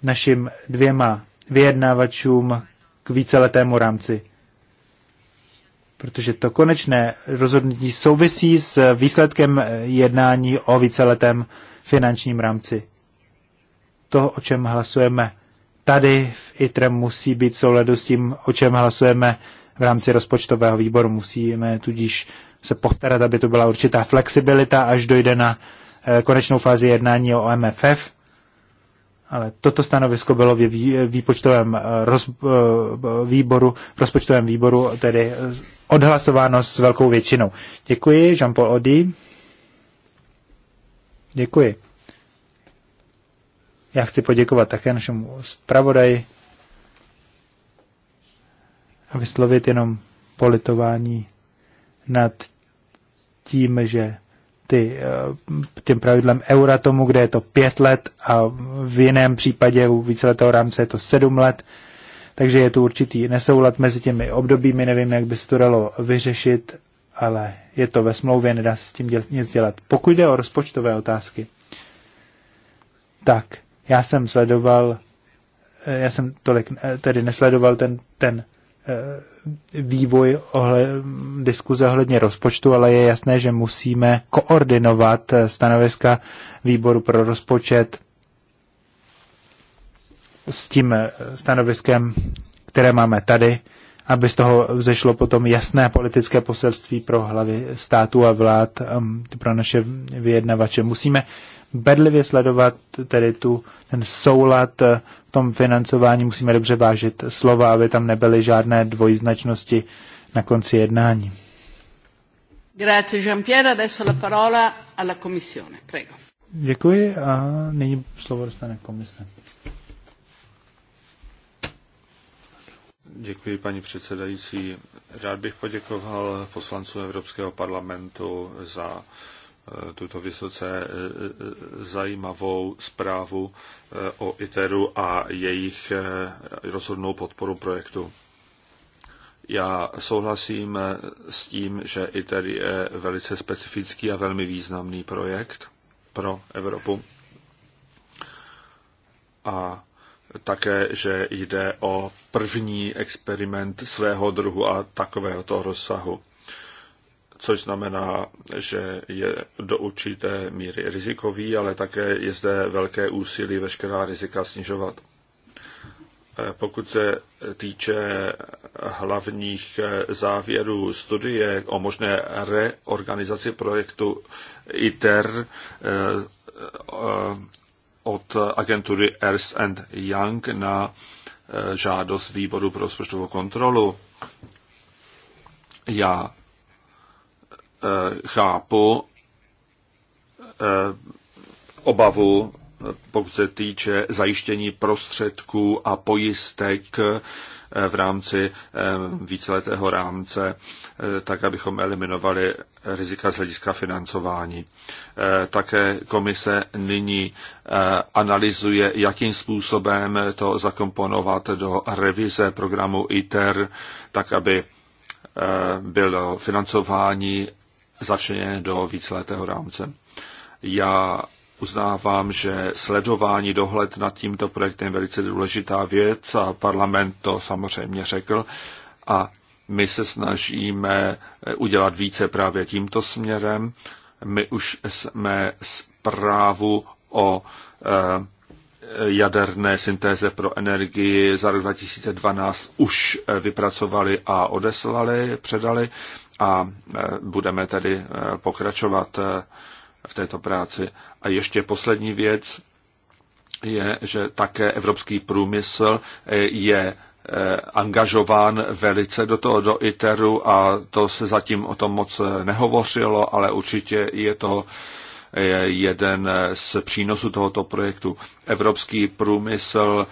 našim dvěma vyjednávačům k víceletému rámci protože to konečné rozhodnutí souvisí s výsledkem jednání o víceletém finančním rámci. To, o čem hlasujeme tady v ITREM, musí být v souhledu s tím, o čem hlasujeme v rámci rozpočtového výboru. Musíme tudíž se postarat, aby to byla určitá flexibilita, až dojde na eh, konečnou fázi jednání o MFF. Ale toto stanovisko bylo v výpočtovém eh, roz, eh, výboru, v rozpočtovém výboru tedy odhlasováno s velkou většinou. Děkuji, Jean-Paul Odi. Děkuji. Já chci poděkovat také našemu zpravodaji a vyslovit jenom politování nad tím, že ty, eh, tím pravidlem eura tomu, kde je to pět let a v jiném případě u víceletého rámce je to sedm let, takže je tu určitý nesoulad mezi těmi obdobími, nevím, jak by se to dalo vyřešit, ale je to ve smlouvě, nedá se s tím děl- nic dělat. Pokud jde o rozpočtové otázky, tak já jsem sledoval, eh, já jsem tolik eh, tedy nesledoval ten, ten eh, vývoj ohle, diskuze ohledně rozpočtu, ale je jasné, že musíme koordinovat stanoviska výboru pro rozpočet s tím eh, stanoviskem, které máme tady, aby z toho vzešlo potom jasné politické poselství pro hlavy států a vlád, ehm, pro naše vyjednavače. Musíme bedlivě sledovat tedy tu, ten soulad eh, v tom financování, musíme dobře vážit slova, aby tam nebyly žádné dvojznačnosti na konci jednání. Grazie Jean-Pierre, adesso la parola alla Commissione, prego. Děkuji a nyní slovo dostane komise. Děkuji, paní předsedající. Rád bych poděkoval poslancům Evropského parlamentu za e, tuto vysoce e, e, zajímavou zprávu o ITERu a jejich rozhodnou podporu projektu. Já souhlasím s tím, že ITER je velice specifický a velmi významný projekt pro Evropu. A také, že jde o první experiment svého druhu a takovéhoto rozsahu. Což znamená, že je do určité míry rizikový, ale také je zde velké úsilí veškerá rizika snižovat. E, pokud se týče hlavních e, závěrů studie o možné reorganizaci projektu ITER, e, od agentury Ernst and Young na e, žádost výboru pro rozpočtovou kontrolu. Já e, chápu e, obavu, pokud se týče zajištění prostředků a pojistek Eh, v rámci eh, víceletého rámce, eh, tak abychom eliminovali rizika z hlediska financování. Také komise nyní analyzuje, jakým způsobem to zakomponovat do revize programu ITER, tak aby bylo financování začleněné do víceletého rámce. Já uznávám, že sledování dohled nad tímto projektem je velice důležitá věc a parlament to samozřejmě řekl a my se snažíme eh, udělat více právě tímto směrem. My už jsme zprávu o eh, jaderné syntéze pro energii za rok 2012 už eh, vypracovali a odeslali, předali a budeme tedy pokračovat v této práci. A ještě poslední věc je, že také evropský průmysl eh, je eh, angažován velice do toho, do ITERu a to se zatím o tom moc eh, nehovořilo, ale určitě je to jeden z přínosů tohoto projektu. Evropský průmysl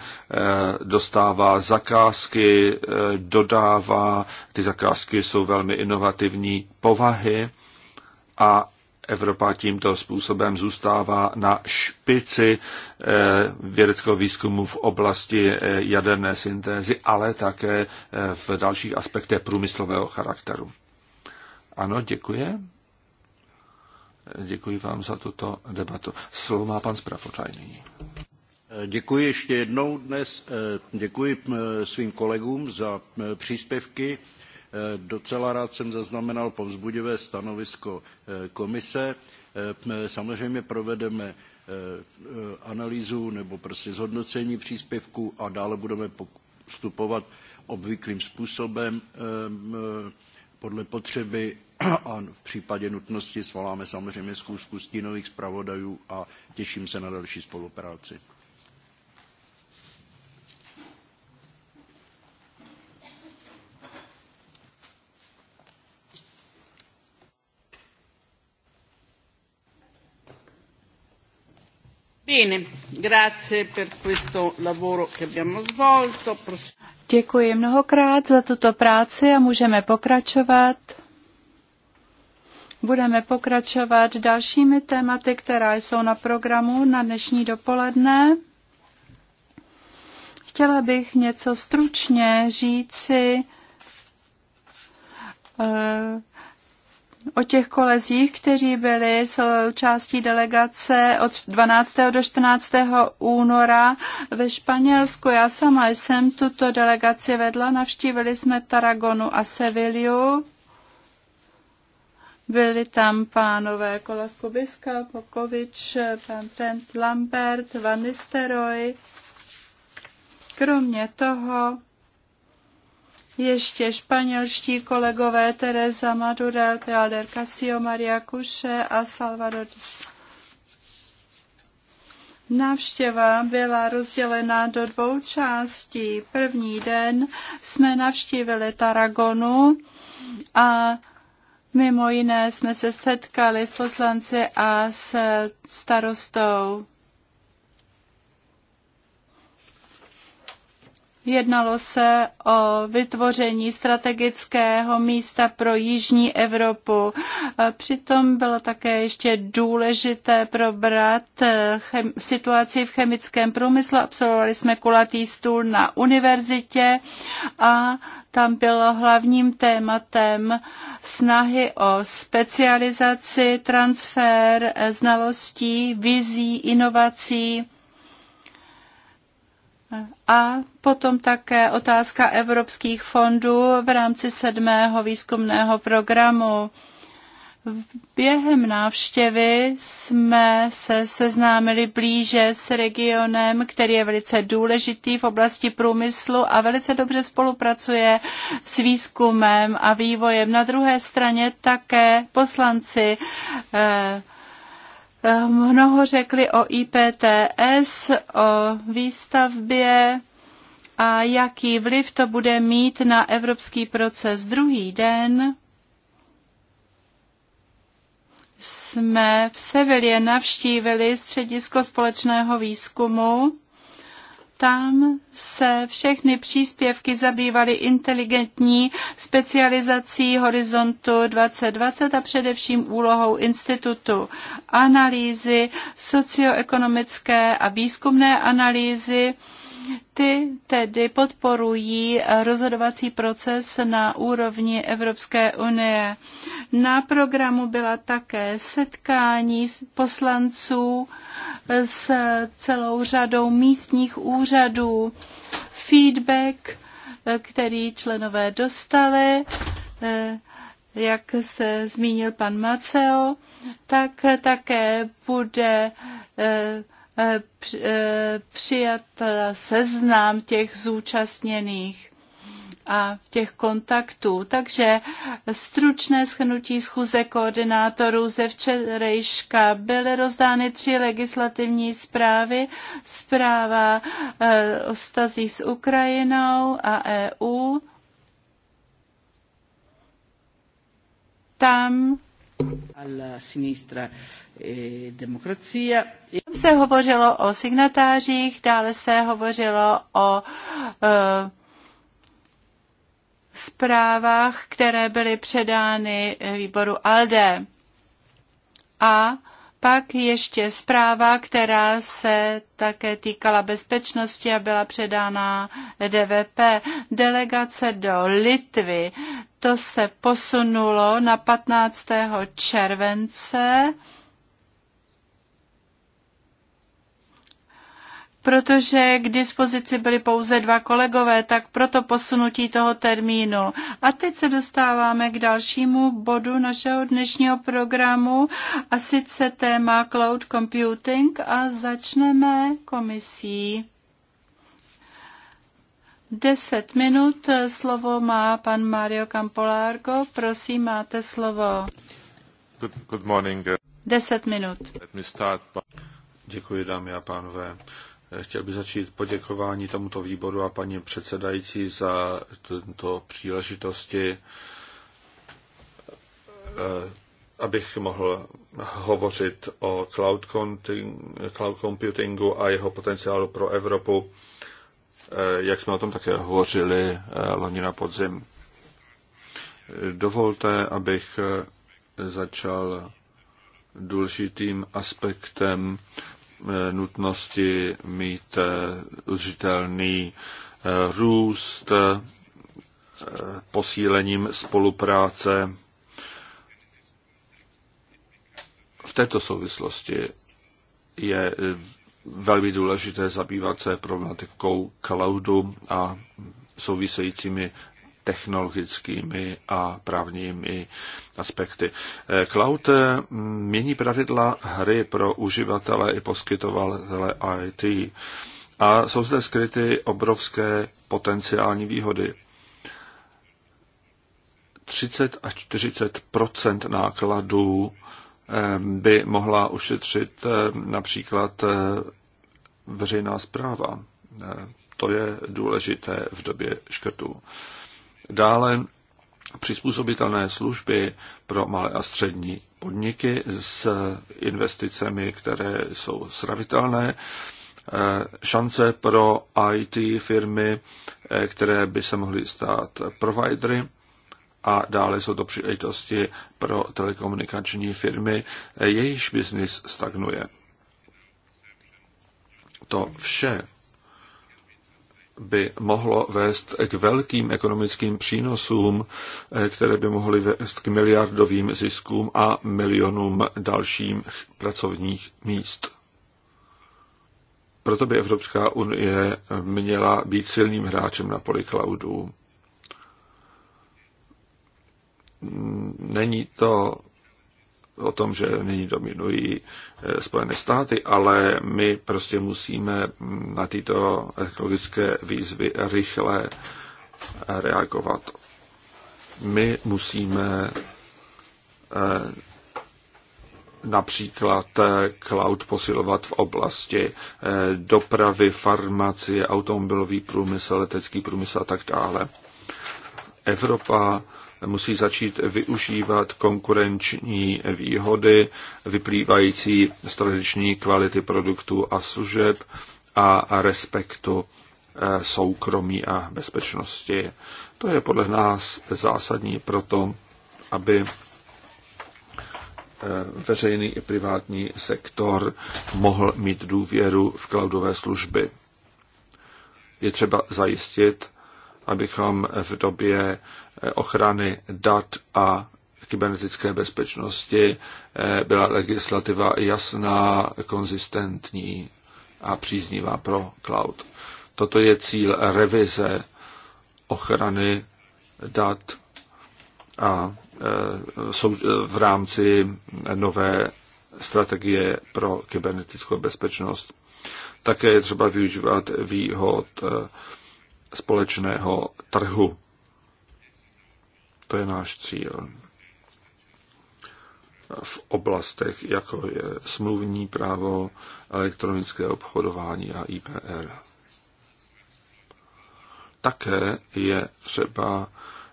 dostává zakázky, dodává, ty zakázky jsou velmi inovativní povahy a Evropa tímto způsobem zůstává na špici eh, vědeckého výzkumu v oblasti eh, jaderné syntézy, ale také eh, v dalších aspektech průmyslového charakteru. Ano, děkuji. Děkuji vám za tuto debatu. Slovo má pan zpravodaj nyní. Děkuji ještě jednou dnes. Děkuji svým kolegům za příspěvky. Eh, docela rád jsem zaznamenal povzbudivé stanovisko eh, komise. Eh, samozřejmě provedeme analýzu nebo prostě zhodnocení příspěvku a dále budeme postupovat obvyklým způsobem podle potřeby a v případě nutnosti svoláme samozřejmě schůzku stínových zpravodajů a těším se na další spolupráci. Děkuji mnohokrát za tuto práci a můžeme pokračovat. Budeme pokračovat dalšími tématy, která jsou na programu na dnešní dopoledne. Chtěla bych něco stručně říci. Uh, o těch kolezích, kteří byli součástí delegace od 12. do 14. února ve Španělsku. Já sama jsem tuto delegaci vedla, navštívili jsme Taragonu a Sevilju. Byli tam pánové Kolaskobiska, Pokovič, pan Tent Lambert, Van Nisteroy. Kromě toho ještě španělští kolegové Teresa Madurel, Pilar Casio, Maria Kuše a Salvador. Návštěva byla rozdělena do dvou částí. První den jsme navštívili Taragonu a mimo jiné jsme se setkali s poslanci a s starostou. Jednalo se o vytvoření strategického místa pro Jižní Evropu. Přitom bylo také ještě důležité probrat eh, chem- situaci v chemickém průmyslu. Absolvovali jsme kulatý stůl na univerzitě a tam bylo hlavním tématem snahy o specializaci, transfer eh, znalostí, vizí, inovací a potom také otázka evropských fondů v rámci sedmého výzkumného programu. Během návštěvy jsme se seznámili blíže s regionem, který je velice důležitý v oblasti průmyslu a velice dobře spolupracuje s výzkumem a vývojem. Na druhé straně také poslanci eh, Mnoho řekli o IPTS, o výstavbě a jaký vliv to bude mít na evropský proces. Druhý den jsme v Sevilě navštívili středisko společného výzkumu tam se všechny příspěvky zabývaly inteligentní specializací Horizontu 2020 a především úlohou institutu analýzy, socioekonomické a výzkumné analýzy, ty tedy podporují rozhodovací proces na úrovni Evropské unie. Na programu byla také setkání poslanců s celou řadou místních úřadů, feedback, který členové dostali, jak se zmínil pan Maceo, tak také bude eh, Eh, eh, přijat eh, seznam těch zúčastněných a těch kontaktů. Takže stručné schnutí schůze koordinátorů ze včerejška byly rozdány tři legislativní zprávy. Zpráva o stazích s Ukrajinou a EU. Tam alla sinistra demokracie. Se hovořilo o signatářích, dále se hovořilo o e, zprávách, které byly předány e, výboru ALDE. A pak ještě zpráva, která se také týkala bezpečnosti a byla předána DVP. Delegace do Litvy, to se posunulo na 15. července protože k dispozici byli pouze dva kolegové, tak proto posunutí toho termínu. A teď se dostáváme k dalšímu bodu našeho dnešního programu a sice téma cloud computing a začneme komisí. Deset minut slovo má pan Mario Campolargo. Prosím, máte slovo. Good, good morning. Deset minut. Děkuji, dámy a pánové. Chtěl bych začít poděkování tomuto výboru a paní předsedající za tento příležitosti, eh, abych mohl hovořit o cloud, cloud computingu a jeho potenciálu pro Evropu, eh, jak jsme o tom také hovořili eh, loni na podzim. Dovolte, abych začal důležitým aspektem Eh, nutnosti mít eh, udržitelný eh, růst posílením spolupráce. V této souvislosti je velmi důležité zabývat se problematikou cloudu a souvisejícími technologickými a právními aspekty. Cloud eh, mění pravidla hry pro uživatele i poskytovatele IT a jsou zde skryty obrovské potenciální výhody. 30 až 40 nákladů eh, by mohla ušetřit eh, například veřejná zpráva. To je důležité v době škrtů. Dále přizpůsobitelné služby pro malé a střední podniky s investicemi, které jsou sravitelné, eh, šance pro IT firmy, eh, které by se mohly stát providery a dále jsou to příležitosti pro telekomunikační firmy, eh, jejichž biznis stagnuje. To vše by mohlo vést k velkým ekonomickým přínosům, eh, které by mohly vést k miliardovým ziskům a milionům dalším pracovních míst. Proto by Evropská unie měla být silným hráčem na poli cloudu. Není to o tom, že nyní dominují Eh, Spojené státy, ale my prostě musíme mm, na tyto ekologické výzvy rychle reagovat. My musíme eh, například eh, cloud posilovat v oblasti dopravy, farmacie, automobilový průmysl, letecký průmysl a tak dále. Evropa musí začít využívat konkurenční výhody vyplývající z tradiční kvality produktů a služeb a respektu eh, soukromí a bezpečnosti. To je podle nás zásadní pro to, aby eh, veřejný i privátní sektor mohl mít důvěru v cloudové služby. Je třeba zajistit, abychom v době ochrany dat a kybernetické bezpečnosti eh, byla legislativa jasná, konzistentní a příznivá pro cloud. Toto je cíl revize ochrany dat a eh, v rámci nové strategie pro kybernetickou bezpečnost. Také je třeba využívat výhod eh, společného trhu to je náš cíl. V oblastech, jako je smluvní právo, elektronické obchodování a IPR. Také je třeba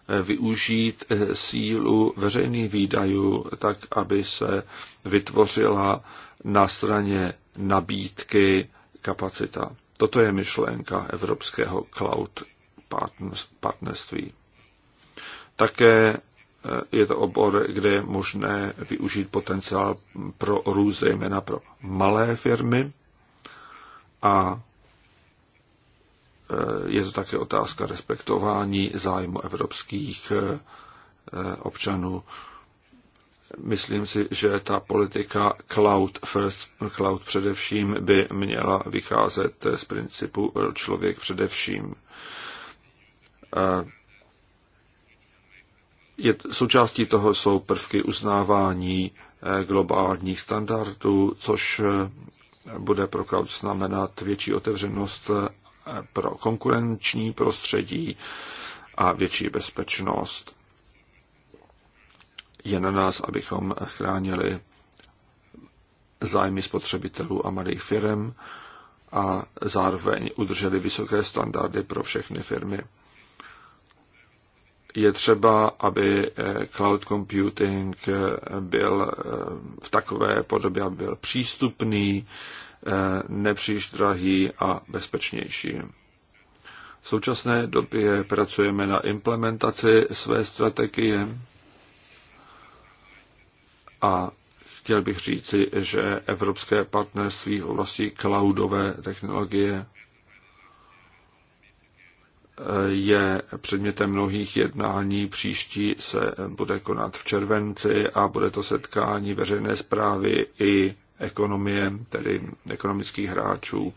eh, využít eh, sílu veřejných výdajů tak, aby se vytvořila na straně nabídky kapacita. Toto je myšlenka Evropského cloud partnerství. Také eh, je to obor, kde je možné využít potenciál pro růst, zejména pro malé firmy. A eh, je to také otázka respektování zájmu evropských eh, občanů. Myslím si, že ta politika cloud first, cloud především by měla vycházet z principu člověk především je, součástí toho jsou prvky uznávání eh, globálních standardů, což eh, bude pro cloud znamenat větší otevřenost eh, pro konkurenční prostředí a větší bezpečnost. Je na nás, abychom chránili zájmy spotřebitelů a malých firm a zároveň udrželi vysoké standardy pro všechny firmy je třeba, aby eh, cloud computing eh, byl eh, v takové podobě, aby byl přístupný, nepříliš drahý a bezpečnější. V současné době pracujeme na implementaci své strategie a chtěl bych říci, že Evropské partnerství v oblasti cloudové technologie je předmětem mnohých jednání. Příští se bude konat v červenci a bude to setkání veřejné zprávy i ekonomie, tedy ekonomických hráčů.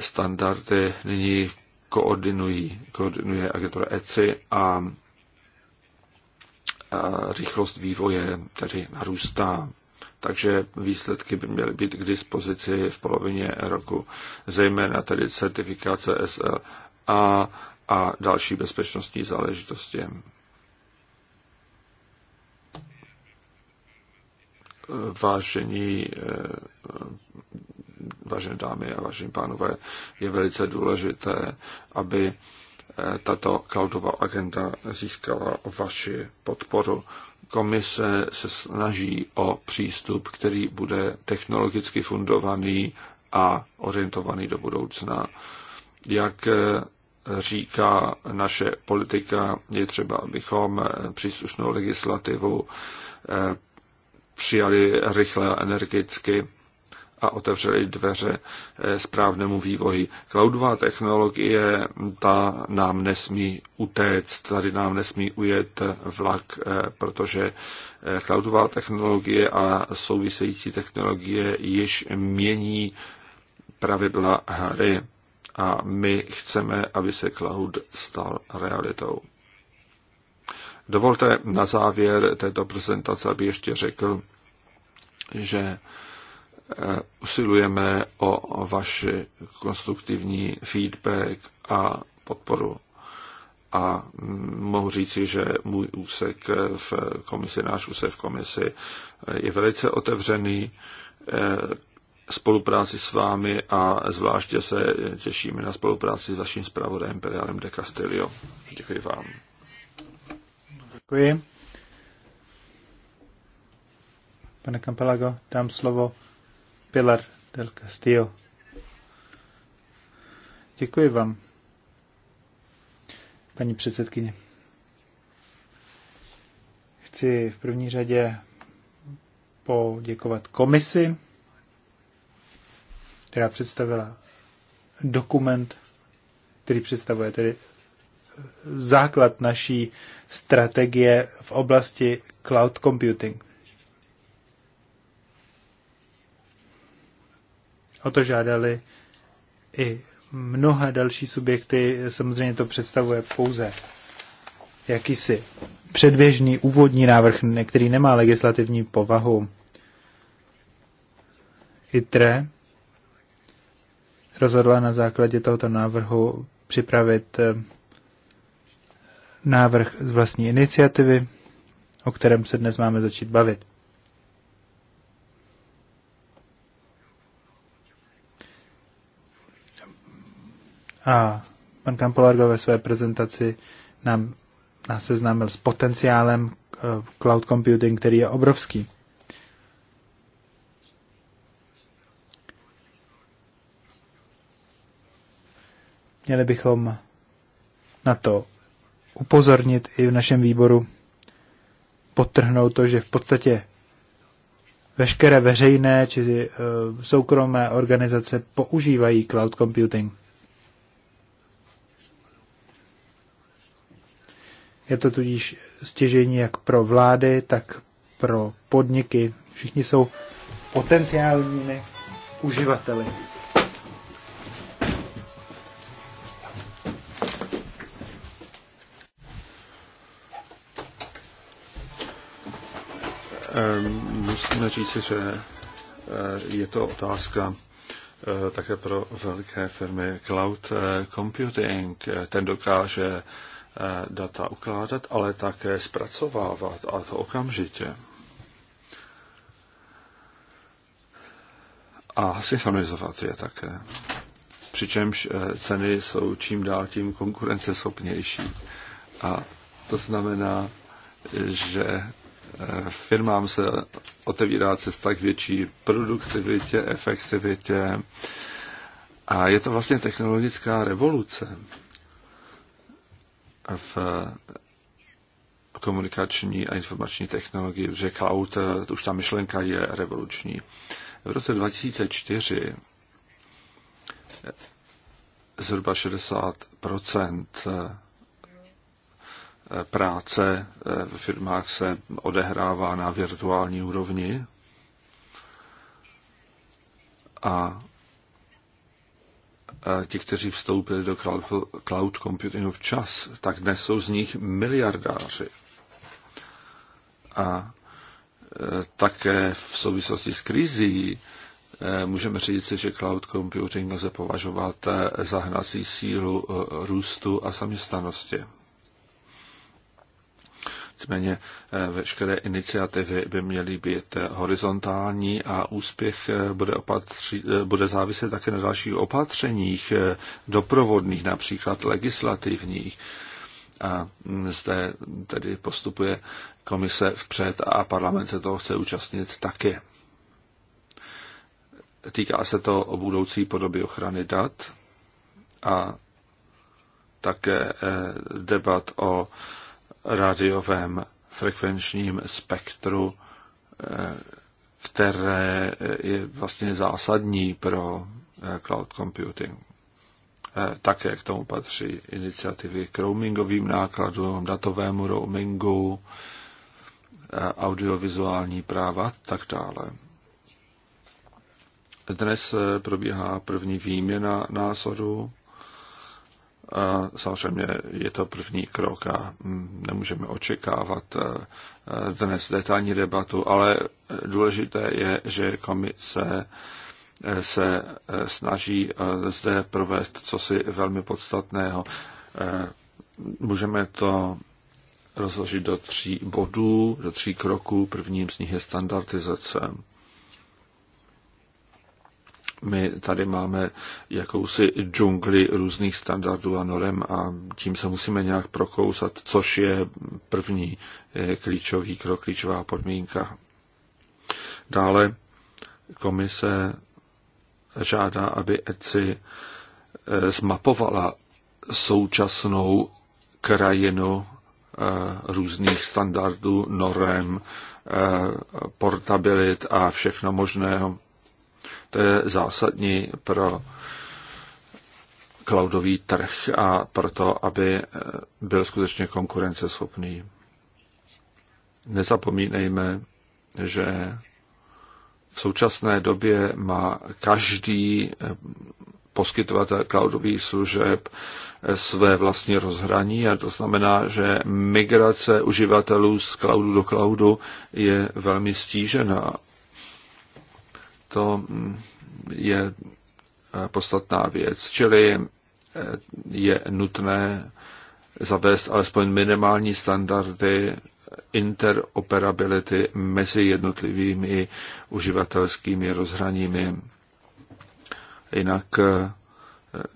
Standardy nyní koordinují, koordinuje agentura ECI a rychlost vývoje tedy narůstá takže výsledky by měly být k dispozici v polovině roku, zejména tedy certifikace SLA a další bezpečnostní záležitosti. Vážení, eh, vážené dámy a vážení pánové, je velice důležité, aby eh, tato cloudová agenda získala vaši podporu komise se snaží o přístup, který bude technologicky fundovaný a orientovaný do budoucna. Jak eh, říká naše politika, je třeba, abychom eh, příslušnou legislativu eh, přijali rychle a energicky a otevřeli dveře eh, správnému vývoji. Cloudová technologie, ta nám nesmí utéct, tady nám nesmí ujet vlak, eh, protože eh, cloudová technologie a související technologie již mění pravidla hry a my chceme, aby se cloud stal realitou. Dovolte na závěr této prezentace, aby ještě řekl, že Eh, usilujeme o vaši konstruktivní feedback a podporu. A mohu říci, že můj úsek v komisi, náš úsek v komisi eh, je velice otevřený eh, spolupráci s vámi a zvláště se těšíme na spolupráci s vaším zpravodajem Periálem de Castillo. Děkuji vám. Děkuji. Pane Campelago, dám slovo Pilar del Castillo. Děkuji vám, paní předsedkyně. Chci v první řadě poděkovat komisi, která představila dokument, který představuje tedy základ naší strategie v oblasti cloud computing. O to žádali i mnohé další subjekty. Samozřejmě to představuje pouze jakýsi předběžný úvodní návrh, který nemá legislativní povahu. ITRE rozhodla na základě tohoto návrhu připravit eh, návrh z vlastní iniciativy, o kterém se dnes máme začít bavit. A pan Kampolargo ve své prezentaci nám, nás seznámil s potenciálem eh, cloud computing, který je obrovský. Měli bychom na to upozornit i v našem výboru, podtrhnout to, že v podstatě veškeré veřejné či eh, soukromé organizace používají cloud computing. Je to tudíž stěžení jak pro vlády, tak pro podniky. Všichni jsou potenciálními uživateli. Ehm, musíme říct, že eh, je to otázka eh, také pro velké firmy. Cloud eh, computing, ten dokáže Eh, data ukládat, ale také zpracovávat a to okamžitě. A synchronizovat je také. Přičemž eh, ceny jsou čím dál tím konkurenceschopnější. A to znamená, že eh, firmám se otevírá cesta k větší produktivitě, efektivitě. A je to vlastně technologická revoluce v eh, komunikační a informační technologii, že cloud, eh, to už ta myšlenka je revoluční. V roce 2004 eh, zhruba 60 práce v firmách se odehrává na virtuální úrovni a ti, kteří vstoupili do cloud computingu včas, tak dnes jsou z nich miliardáři. A e, také v souvislosti s krizí e, můžeme říct, že cloud computing lze považovat za hnací sílu e, růstu a zaměstnanosti. Nicméně eh, veškeré iniciativy by měly být eh, horizontální a úspěch eh, bude, opatři, bude záviset také na dalších opatřeních, doprovodných, například legislativních. A mm, zde tedy postupuje komise vpřed a parlament se toho chce účastnit také. Týká se to o budoucí podoby ochrany dat a také debat o rádiovém frekvenčním spektru, eh, které je vlastně zásadní pro eh, cloud computing. Eh, také k tomu patří iniciativy k roamingovým nákladům, datovému roamingu, audiovizuální práva a tak dále. Dnes probíhá první výměna názorů a samozřejmě je to první krok a nemůžeme očekávat eh, dnes detailní debatu, ale důležité je, že komise eh, se eh, snaží zde provést cosi velmi podstatného. Můžeme to rozložit do tří bodů, do tří kroků. Prvním z nich je standardizace my tady máme jakousi džungli různých standardů a norem a tím se musíme nějak prokousat, což je první eh, klíčový krok, klíčová podmínka. Dále komise žádá, aby ECI eh, zmapovala současnou krajinu eh, různých standardů, norem, portabilit a všechno možného to je zásadní pro cloudový trh a pro to, aby eh, byl skutečně konkurenceschopný. Nezapomínejme, že v současné době má každý eh, poskytovatel cloudových služeb eh, své vlastní rozhraní a to znamená, že migrace uživatelů z cloudu do cloudu je velmi stížená to je podstatná věc. Čili eh, je nutné zavést alespoň minimální standardy interoperability mezi jednotlivými uživatelskými rozhraními. Jinak eh, eh,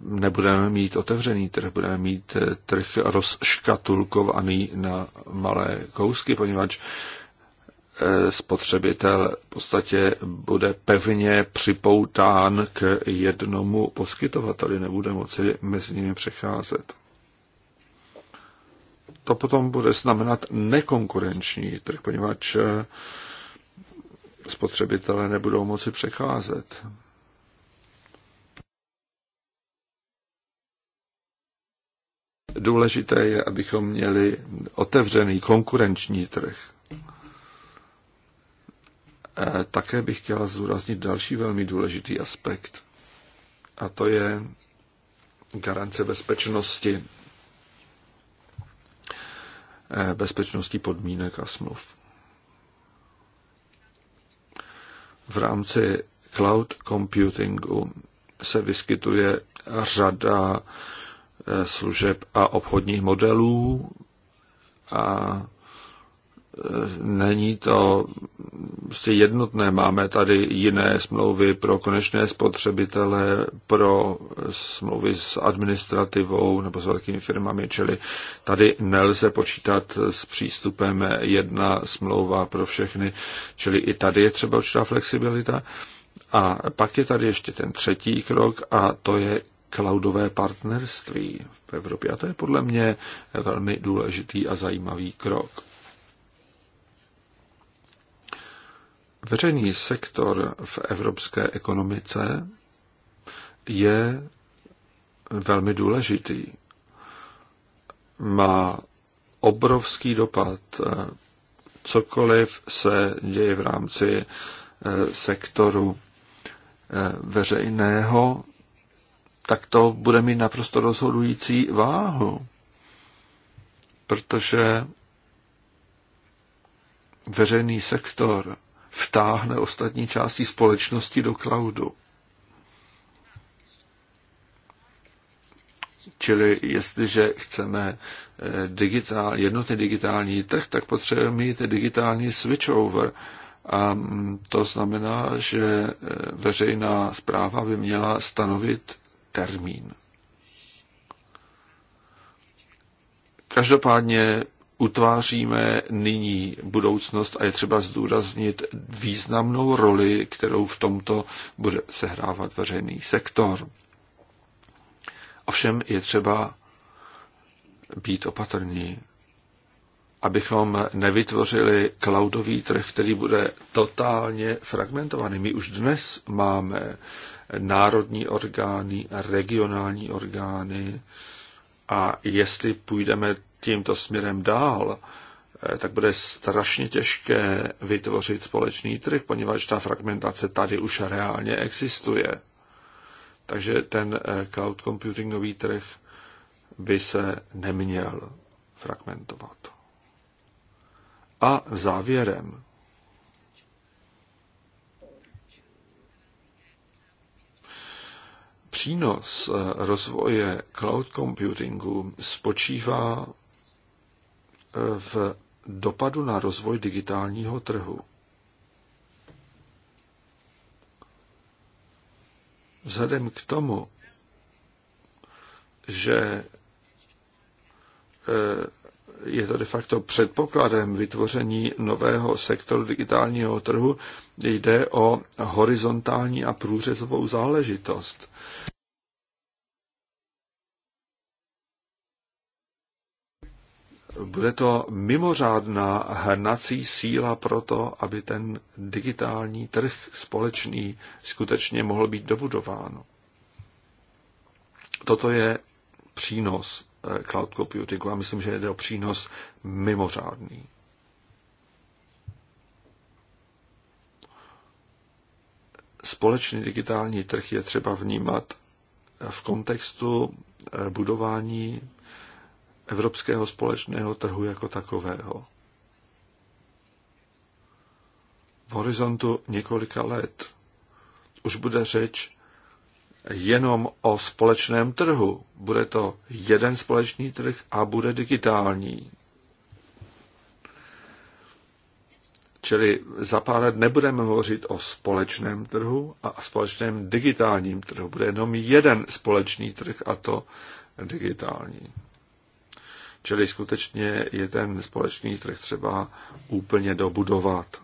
nebudeme mít otevřený trh, budeme mít trh rozškatulkovaný na malé kousky, poněvadž Eh, spotřebitel v podstatě bude pevně připoután k jednomu poskytovateli, nebude moci mezi nimi přecházet. To potom bude znamenat nekonkurenční trh, poněvadž eh, spotřebitelé nebudou moci přecházet. Důležité je, abychom měli otevřený konkurenční trh Eh, také bych chtěla zdůraznit další velmi důležitý aspekt, a to je garance bezpečnosti, eh, bezpečnosti podmínek a smluv. V rámci cloud computingu se vyskytuje řada eh, služeb a obchodních modelů a není to prostě jednotné. Máme tady jiné smlouvy pro konečné spotřebitele, pro smlouvy s administrativou nebo s velkými firmami, čili tady nelze počítat s přístupem jedna smlouva pro všechny, čili i tady je třeba určitá flexibilita. A pak je tady ještě ten třetí krok a to je cloudové partnerství v Evropě. A to je podle mě velmi důležitý a zajímavý krok. Veřejný sektor v evropské ekonomice je velmi důležitý. Má obrovský dopad. Cokoliv se děje v rámci eh, sektoru eh, veřejného, tak to bude mít naprosto rozhodující váhu, protože veřejný sektor vtáhne ostatní části společnosti do cloudu. Čili jestliže chceme eh, digitál, jednotný digitální trh, tak potřebujeme mít digitální switchover. A mm, to znamená, že eh, veřejná zpráva by měla stanovit termín. Každopádně utváříme nyní budoucnost a je třeba zdůraznit významnou roli, kterou v tomto bude sehrávat veřejný sektor. Ovšem je třeba být opatrní, abychom nevytvořili cloudový trh, který bude totálně fragmentovaný. My už dnes máme národní orgány, regionální orgány, a jestli půjdeme tímto směrem dál, eh, tak bude strašně těžké vytvořit společný trh, poněvadž ta fragmentace tady už reálně existuje. Takže ten eh, cloud computingový trh by se neměl fragmentovat. A závěrem Přínos eh, rozvoje cloud computingu spočívá eh, v dopadu na rozvoj digitálního trhu. Vzhledem k tomu, že eh, je to de facto předpokladem vytvoření nového sektoru digitálního trhu, jde o horizontální a průřezovou záležitost. Bude to mimořádná hnací síla pro to, aby ten digitální trh společný skutečně mohl být dobudován. Toto je přínos Eh, cloud computingu a myslím, že jde o přínos mimořádný. Společný digitální trh je třeba vnímat v kontextu eh, budování evropského společného trhu jako takového. V horizontu několika let už bude řeč jenom o společném trhu. Bude to jeden společný trh a bude digitální. Čili za pár let nebudeme hovořit o společném trhu a společném digitálním trhu. Bude jenom jeden společný trh a to digitální. Čili skutečně je ten společný trh třeba úplně dobudovat.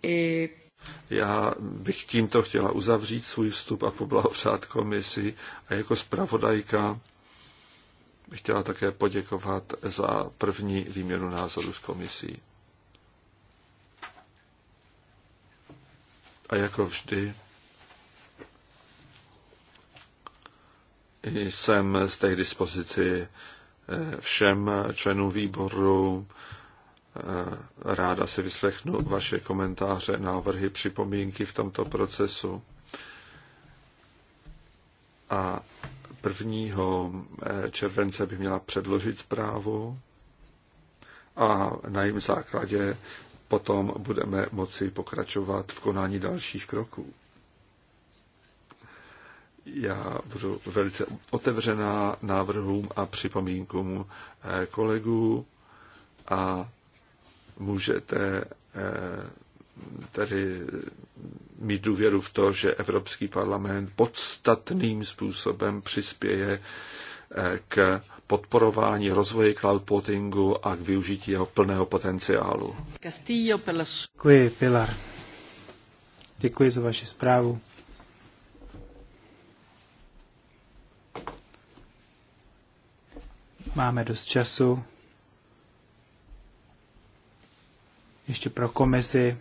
Eh, Já bych tímto chtěla uzavřít svůj vstup a poblahopřát komisi a jako zpravodajka bych chtěla také poděkovat za první výměnu názoru s komisí. A jako vždy jsem z té dispozici eh, všem členům výboru, Eh, ráda si vyslechnu vaše komentáře, návrhy, připomínky v tomto procesu. A 1. Eh, července bych měla předložit zprávu a na jejím základě potom budeme moci pokračovat v konání dalších kroků. Já budu velice otevřená návrhům a připomínkům eh, kolegů a můžete eh, tedy mít důvěru v to, že Evropský parlament podstatným způsobem přispěje eh, k podporování rozvoje cloudportingu a k využití jeho plného potenciálu. Děkuji, Pilar. Děkuji za vaši zprávu. Máme dost času. ještě pro komisi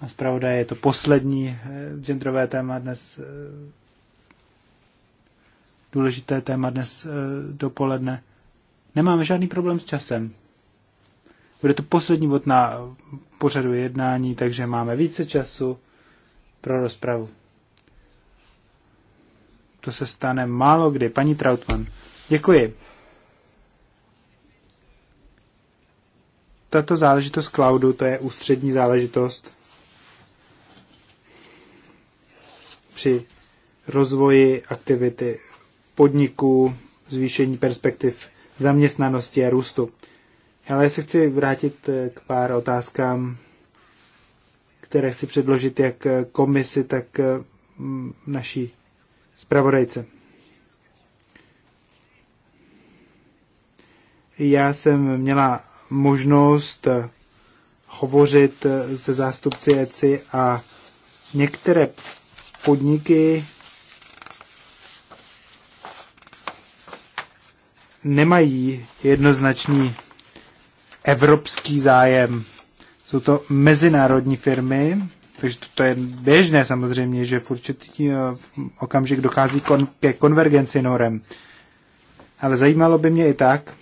a zpravodaj je to poslední eh, genderové téma dnes, eh, důležité téma dnes eh, dopoledne. Nemáme žádný problém s časem. Bude to poslední bod na pořadu jednání, takže máme více času pro rozpravu. To se stane málo kdy. Paní Trautmann, děkuji. tato záležitost cloudu, to je ústřední záležitost při rozvoji aktivity podniků, zvýšení perspektiv zaměstnanosti a růstu. Ale já se chci vrátit eh, k pár otázkám, které chci předložit jak eh, komisi, tak eh, naší zpravodajce. Já jsem měla možnost hovořit se zástupci ECI a některé podniky nemají jednoznačný evropský zájem. Jsou to mezinárodní firmy, takže to je běžné samozřejmě, že v určitý eh, okamžik dochází kon, ke konvergenci norem. Ale zajímalo by mě i tak,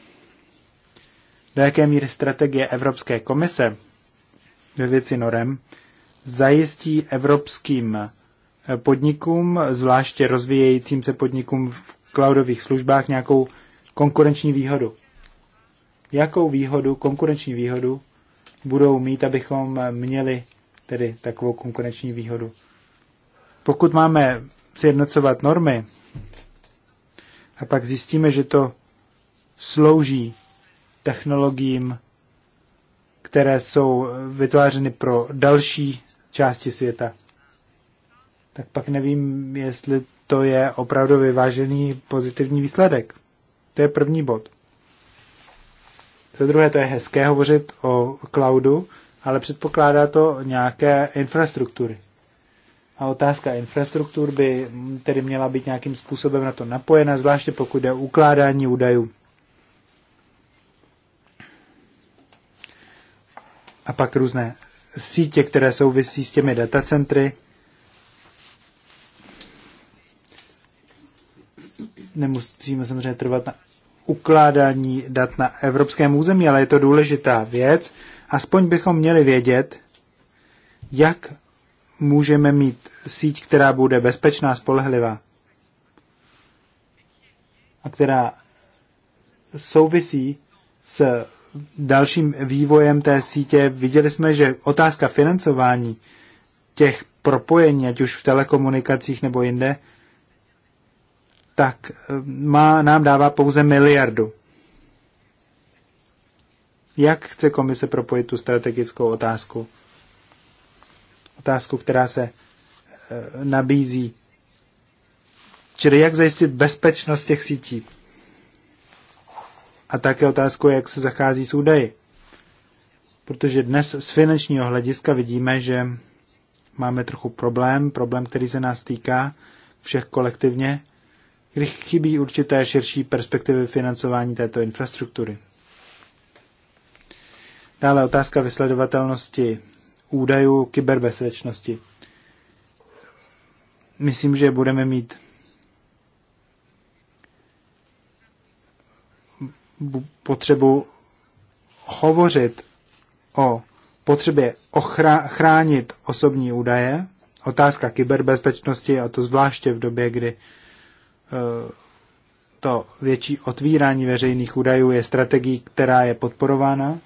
do jaké míry strategie Evropské komise ve věci norem zajistí evropským eh, podnikům, zvláště rozvíjejícím se podnikům v cloudových službách, nějakou konkurenční výhodu. Jakou výhodu, konkurenční výhodu budou mít, abychom měli tedy takovou konkurenční výhodu. Pokud máme sjednocovat normy a pak zjistíme, že to slouží technologiím, které jsou vytvářeny pro další části světa. Tak pak nevím, jestli to je opravdu vyvážený pozitivní výsledek. To je první bod. Za druhé, to je hezké hovořit o cloudu, ale předpokládá to nějaké infrastruktury. A otázka infrastruktur by tedy měla být nějakým způsobem na to napojena, zvláště pokud je o ukládání údajů. a pak různé sítě, které souvisí s těmi datacentry. Nemusíme samozřejmě trvat na ukládání dat na evropském území, ale je to důležitá věc. Aspoň bychom měli vědět, jak můžeme mít síť, která bude bezpečná, spolehlivá a která souvisí s dalším vývojem té sítě viděli jsme, že otázka financování těch propojení, ať už v telekomunikacích nebo jinde, tak eh, má, nám dává pouze miliardu. Jak chce komise propojit tu strategickou otázku? Otázku, která se eh, nabízí. Čili jak zajistit bezpečnost těch sítí? a také otázku, jak se zachází s údaji. Protože dnes z finančního hlediska vidíme, že máme trochu problém, problém, který se nás týká všech kolektivně, když chybí určité širší perspektivy financování této infrastruktury. Dále otázka vysledovatelnosti údajů kyberbezpečnosti. Myslím, že budeme mít potřebu hovořit o potřebě ochránit osobní údaje, otázka kyberbezpečnosti, a to zvláště v době, kdy eh, to větší otvírání veřejných údajů je strategií, která je podporována,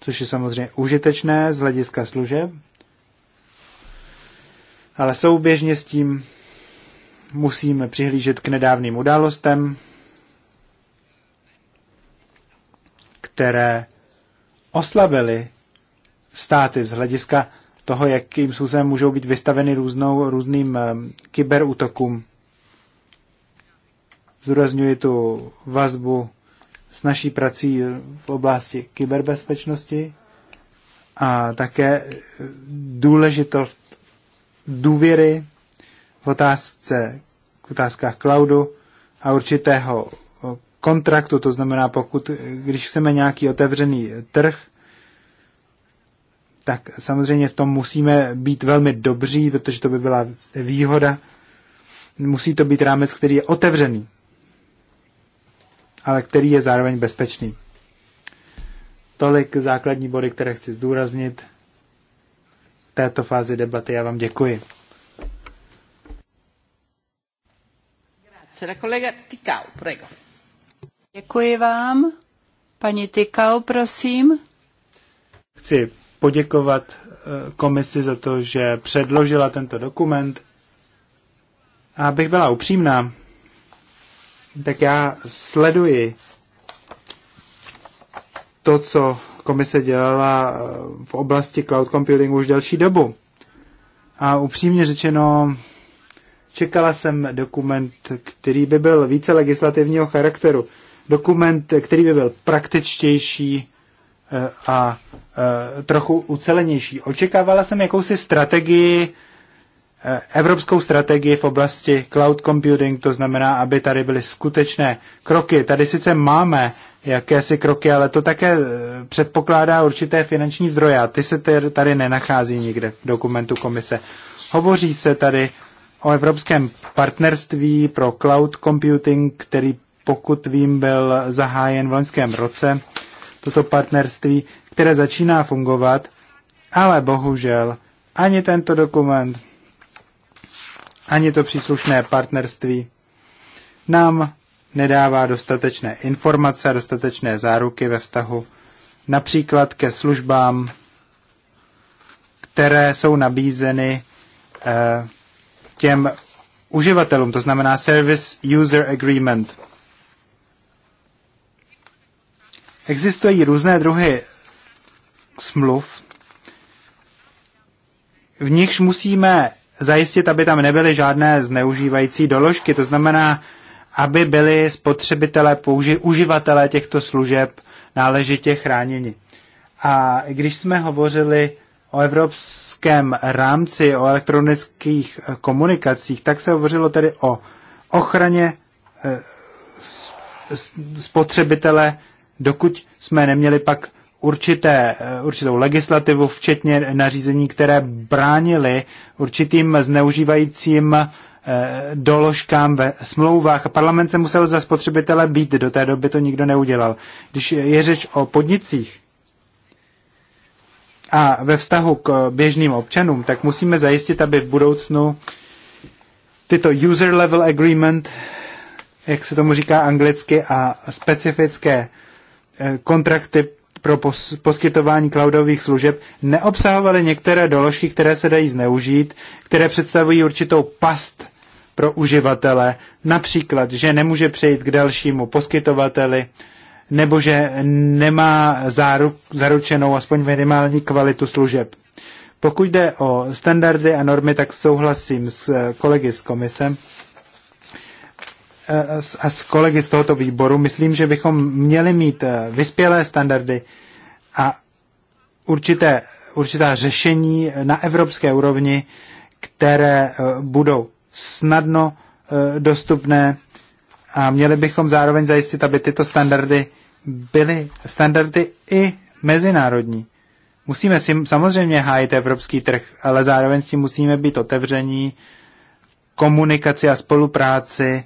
což je samozřejmě užitečné z hlediska služeb, ale souběžně s tím musíme přihlížet k nedávným událostem, které oslabily státy z hlediska toho, jakým způsobem můžou být vystaveny různou, různým kyberútokům. Zdůrazňuji tu vazbu s naší prací v oblasti kyberbezpečnosti a také důležitost důvěry v otázce, v otázkách cloudu a určitého kontraktu, to znamená, pokud, když chceme nějaký otevřený trh, tak samozřejmě v tom musíme být velmi dobří, protože to by byla výhoda. Musí to být rámec, který je otevřený, ale který je zároveň bezpečný. Tolik základní body, které chci zdůraznit v této fázi debaty. Já vám děkuji. Grazie. La collega Ticao, prego. Děkuji vám. Paní Tykau, prosím. Chci poděkovat eh, komisi za to, že předložila tento dokument. A abych byla upřímná, tak já sleduji to, co komise dělala eh, v oblasti cloud computingu už delší dobu. A upřímně řečeno, čekala jsem dokument, který by byl více legislativního charakteru dokument, který by byl praktičtější eh, a eh, trochu ucelenější. Očekávala jsem jakousi strategii, eh, evropskou strategii v oblasti cloud computing, to znamená, aby tady byly skutečné kroky. Tady sice máme jakési kroky, ale to také předpokládá určité finanční zdroje a ty se tady nenachází nikde v dokumentu komise. Hovoří se tady o evropském partnerství pro cloud computing, který pokud vím, byl zahájen v loňském roce toto partnerství, které začíná fungovat, ale bohužel ani tento dokument, ani to příslušné partnerství nám nedává dostatečné informace, dostatečné záruky ve vztahu například ke službám, které jsou nabízeny eh, těm uživatelům, to znamená Service User Agreement. Existují různé druhy smluv, v nichž musíme zajistit, aby tam nebyly žádné zneužívající doložky. To znamená, aby byly spotřebitelé, použi- uživatelé těchto služeb náležitě chráněni. A když jsme hovořili o evropském rámci, o elektronických eh, komunikacích, tak se hovořilo tedy o ochraně eh, spotřebitele dokud jsme neměli pak určité, eh, určitou legislativu, včetně nařízení, které bránily určitým zneužívajícím eh, doložkám ve smlouvách. Parlament se musel za spotřebitele být, do té doby to nikdo neudělal. Když je řeč o podnicích a ve vztahu k běžným občanům, tak musíme zajistit, aby v budoucnu tyto user level agreement, jak se tomu říká anglicky, a specifické Eh, kontrakty pro poskytování cloudových služeb neobsahovaly některé doložky, které se dají zneužít, které představují určitou past pro uživatele, například, že nemůže přejít k dalšímu poskytovateli, nebo že nemá záruk, zaručenou aspoň minimální kvalitu služeb. Pokud jde o standardy a normy, tak souhlasím s eh, kolegy z komise a s kolegy z tohoto výboru, myslím, že bychom měli mít eh, vyspělé standardy a určité, určitá řešení na evropské úrovni, které eh, budou snadno eh, dostupné a měli bychom zároveň zajistit, aby tyto standardy byly standardy i mezinárodní. Musíme si samozřejmě hájit evropský trh, ale zároveň si musíme být otevření komunikaci a spolupráci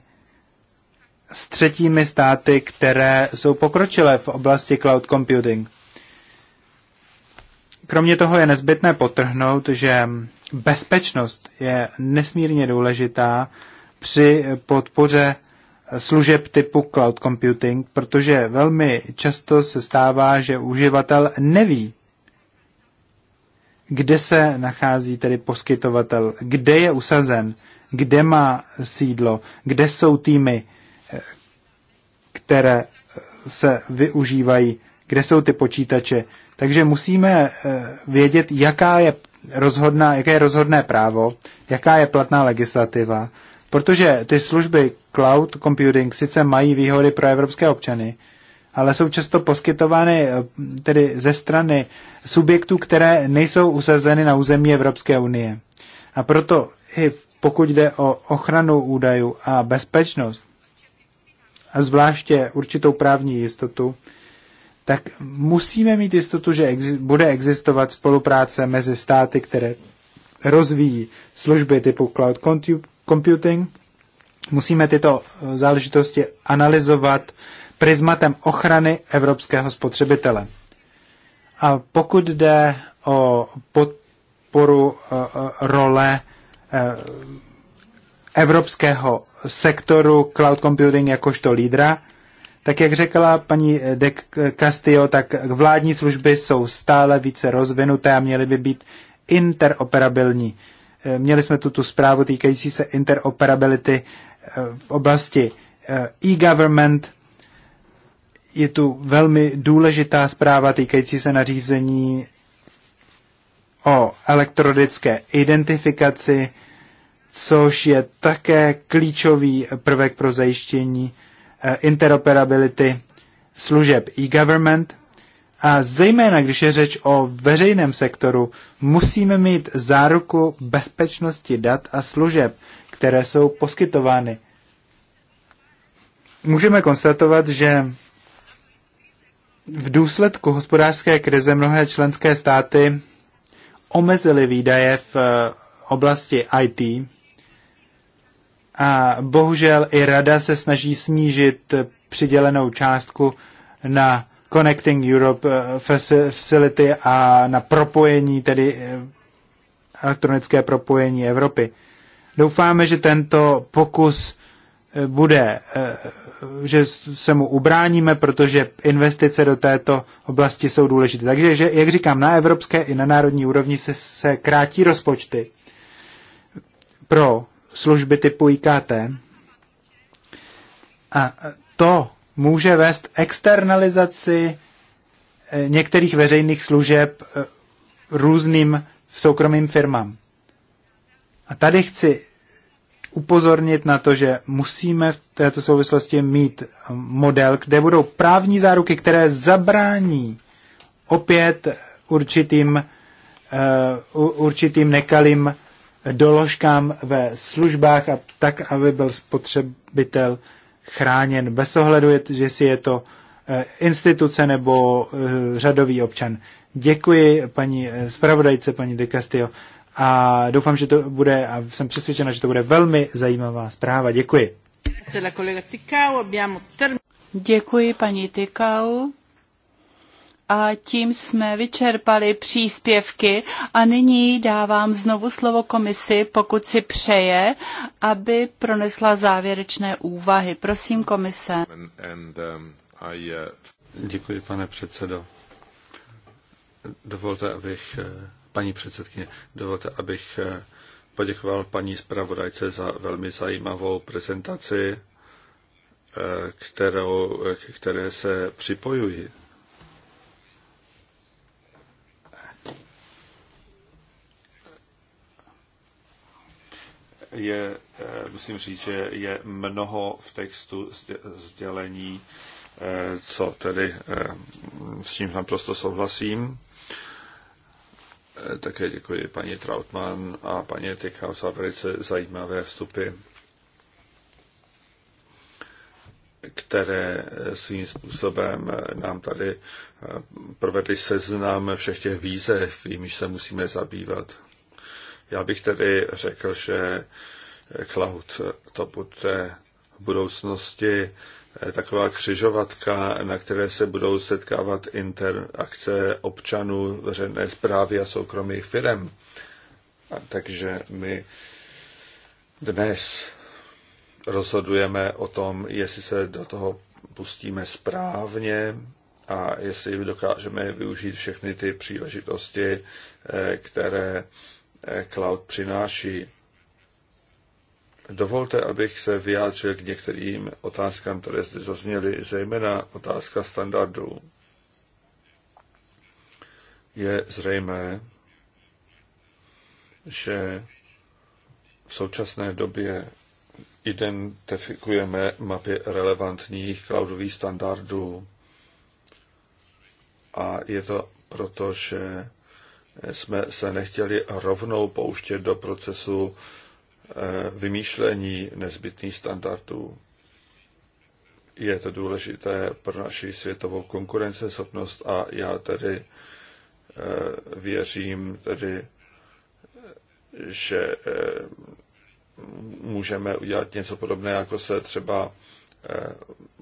s třetími státy, které jsou pokročilé v oblasti cloud computing. Kromě toho je nezbytné potrhnout, že bezpečnost je nesmírně důležitá při podpoře služeb typu cloud computing, protože velmi často se stává, že uživatel neví, kde se nachází tedy poskytovatel, kde je usazen, kde má sídlo, kde jsou týmy, které se využívají, kde jsou ty počítače. Takže musíme eh, vědět, jaká je rozhodná, jaké je rozhodné právo, jaká je platná legislativa, protože ty služby cloud computing sice mají výhody pro evropské občany, ale jsou často poskytovány eh, tedy ze strany subjektů, které nejsou usazeny na území Evropské unie. A proto i pokud jde o ochranu údajů a bezpečnost, a zvláště určitou právní jistotu, tak musíme mít jistotu, že ex- bude existovat spolupráce mezi státy, které rozvíjí služby typu cloud computing. Musíme tyto eh, záležitosti analyzovat prismatem ochrany evropského spotřebitele. A pokud jde o podporu eh, eh, role evropského sektoru cloud computing jakožto lídra. Tak jak řekla paní De Castillo, tak vládní služby jsou stále více rozvinuté a měly by být interoperabilní. Eh, měli jsme tu tu zprávu týkající se interoperability eh, v oblasti eh, e-government. Je tu velmi důležitá zpráva týkající se nařízení o elektronické identifikaci což je také klíčový prvek pro zajištění eh, interoperability služeb e-government. A zejména, když je řeč o veřejném sektoru, musíme mít záruku bezpečnosti dat a služeb, které jsou poskytovány. Můžeme konstatovat, že v důsledku hospodářské krize mnohé členské státy omezily výdaje v eh, oblasti IT a bohužel i rada se snaží snížit přidělenou částku na Connecting Europe eh, Facility a na propojení, tedy eh, elektronické propojení Evropy. Doufáme, že tento pokus eh, bude, že se mu ubráníme, protože investice do této oblasti jsou důležité. Takže, že, jak říkám, na evropské i na národní úrovni se, se krátí rozpočty pro služby typu IKT. A to může vést externalizaci eh, některých veřejných služeb eh, různým soukromým firmám. A tady chci upozornit na to, že musíme v této souvislosti mít model, kde budou právní záruky, které zabrání opět určitým, uh, určitým nekalým doložkám ve službách a tak, aby byl spotřebitel chráněn bez ohledu, že si je to eh, instituce nebo eh, řadový občan. Děkuji paní eh, zpravodajce, paní De Castillo a doufám, že to bude a jsem přesvědčena, že to bude velmi zajímavá zpráva. Děkuji. Děkuji paní Tykau a tím jsme vyčerpali příspěvky a nyní dávám znovu slovo komisi, pokud si přeje, aby pronesla závěrečné úvahy. Prosím, komise. Děkuji, pane předsedo. Dovolte, abych, paní předsedkyně, dovolte, abych poděkoval paní zpravodajce za velmi zajímavou prezentaci, kterou, které se připojuji. je, eh, musím říct, že je mnoho v textu sdělení, eh, co tedy eh, s čím prosto souhlasím. Také děkuji paní Trautmann a paní Tychau za velice zajímavé vstupy, které svým způsobem nám tady provedly seznam všech těch výzev, jimiž se musíme zabývat. Já bych tedy řekl, že cloud eh, eh, to bude v budoucnosti eh, taková křižovatka, na které se budou setkávat interakce občanů, veřejné zprávy a soukromých firm. A takže my dnes rozhodujeme o tom, jestli se do toho pustíme správně a jestli dokážeme využít všechny ty příležitosti, které cloud přináší. Dovolte, abych se vyjádřil k některým otázkám, které zde zazněly, zejména otázka standardů. Je zřejmé, že v současné době identifikujeme mapy relevantních cloudových standardů a je to proto, že jsme se nechtěli rovnou pouštět do procesu eh, vymýšlení nezbytných standardů. Je to důležité pro naši světovou konkurenceschopnost a já tedy eh, věřím tedy, že eh, můžeme udělat něco podobné, jako se třeba Eh,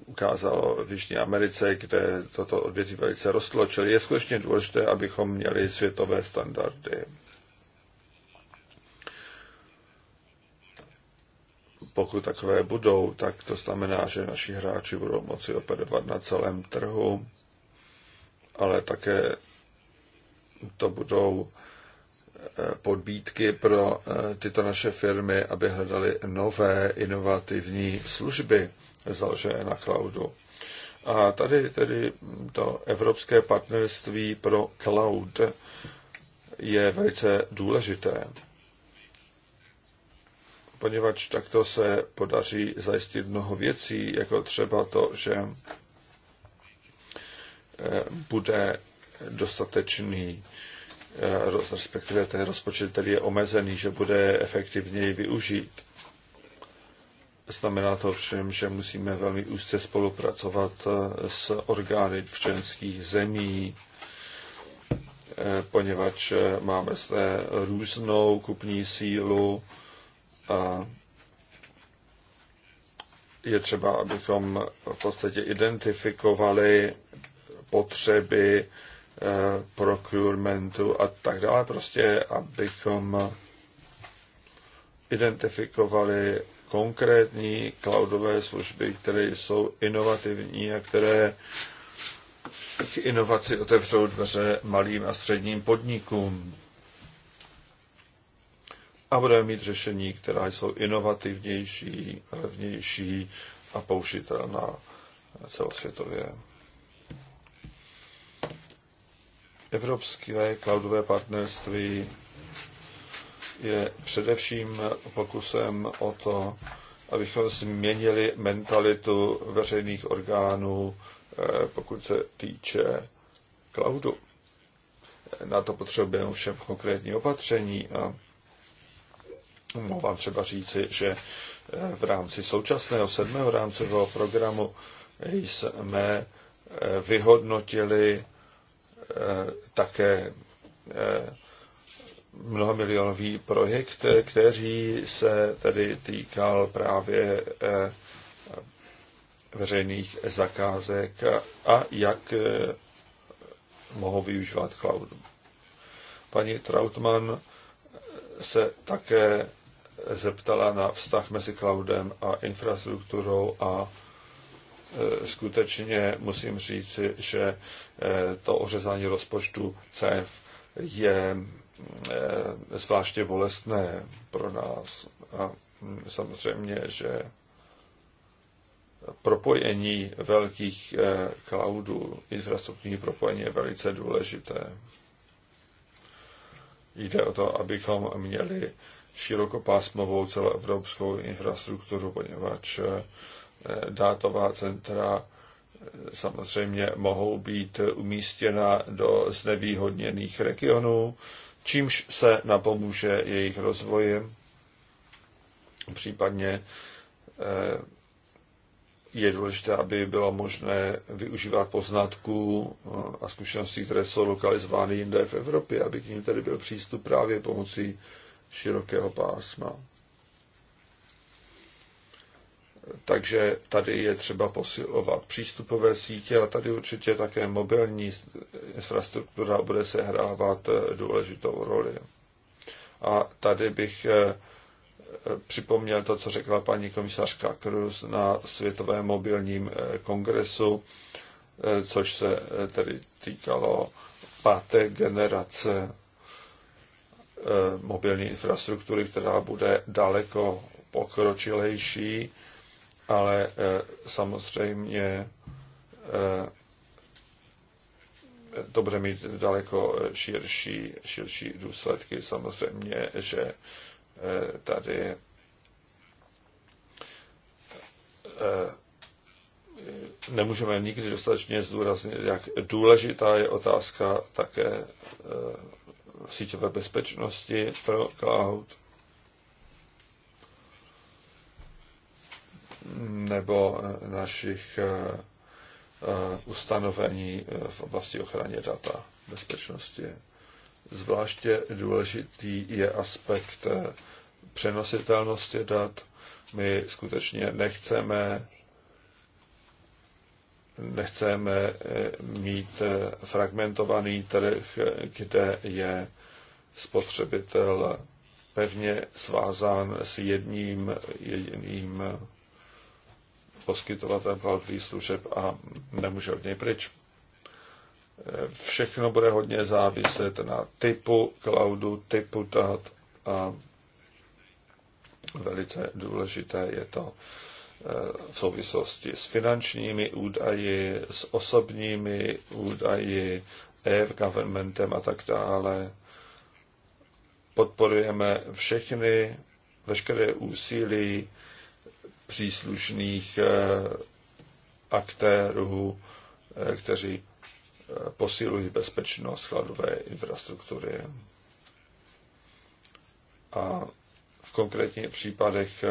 ukázalo v Jižní Americe, kde toto odvětví velice rostlo. Čili je skutečně důležité, abychom měli světové standardy. Pokud takové budou, tak to znamená, že naši hráči budou moci operovat na celém trhu, ale také to budou eh, podbídky pro eh, tyto naše firmy, aby hledali nové inovativní služby založené na cloudu. A tady tedy to Evropské partnerství pro cloud je velice důležité, poněvadž takto se podaří zajistit mnoho věcí, jako třeba to, že eh, bude dostatečný eh, respektive ten rozpočet, který je omezený, že bude efektivněji využít. Znamená to všem, že musíme velmi úzce spolupracovat eh, s orgány v členských zemí, eh, poněvadž eh, máme zde různou kupní sílu a je třeba, abychom v podstatě identifikovali potřeby procurementu a tak dále, prostě abychom identifikovali konkrétní cloudové služby, které jsou inovativní a které k inovaci otevřou dveře malým a středním podnikům. A budeme mít řešení, která jsou inovativnější, levnější a použitelná celosvětově. Evropské cloudové partnerství je především pokusem o to, abychom změnili mentalitu veřejných orgánů, eh, pokud se týče cloudu. Na to potřebujeme všem konkrétní opatření a mohu vám třeba říci, že eh, v rámci současného sedmého rámcového programu jsme eh, vyhodnotili také mnoha milionový projekt, který se tedy týkal právě eh, veřejných zakázek a jak eh, mohou využívat cloud. Paní Trautmann se také zeptala na vztah mezi cloudem a infrastrukturou a eh, skutečně musím říci, že to ořezání rozpočtu CEF je Eh, zvláště bolestné pro nás. A hm, samozřejmě, že propojení velkých eh, cloudů, infrastrukturní propojení je velice důležité. Jde o to, abychom měli širokopásmovou celoevropskou infrastrukturu, poněvadž eh, dátová centra samozřejmě mohou být umístěna do znevýhodněných regionů, čímž se napomůže jejich rozvoji, případně eh, je důležité, aby bylo možné využívat poznatků eh, a zkušeností, které jsou lokalizovány jinde v Evropě, aby k ním tedy byl přístup právě pomocí širokého pásma. Takže tady je třeba posilovat přístupové sítě a tady určitě také mobilní infrastruktura bude sehrávat eh, důležitou roli. A tady bych eh, připomněl to, co řekla paní komisařka Cruz na Světovém mobilním eh, kongresu, což se tedy týkalo páté generace mobilní infrastruktury, která bude daleko pokročilejší ale eh, samozřejmě eh, to bude mít daleko širší, širší důsledky. Samozřejmě, že eh, tady nemůžeme nikdy dostatečně zdůraznit, jak důležitá je otázka také síťové bezpečnosti pro cloud. nebo eh, našich eh, eh, ustanovení v oblasti ochraně data bezpečnosti. Zvláště důležitý je aspekt přenositelnosti dat. My skutečně nechceme nechceme mít fragmentovaný trh, kde je spotřebitel pevně svázán s jedním jediným poskytovatel kvalitních služeb a nemůže od něj pryč. Všechno bude hodně záviset na typu cloudu, typu dat a velice důležité je to eh, v souvislosti s finančními údaji, s osobními údaji, e-governmentem a tak dále. Podporujeme všechny, veškeré úsilí příslušných eh, aktérů, eh, kteří eh, posilují bezpečnost skladové infrastruktury. A v konkrétních případech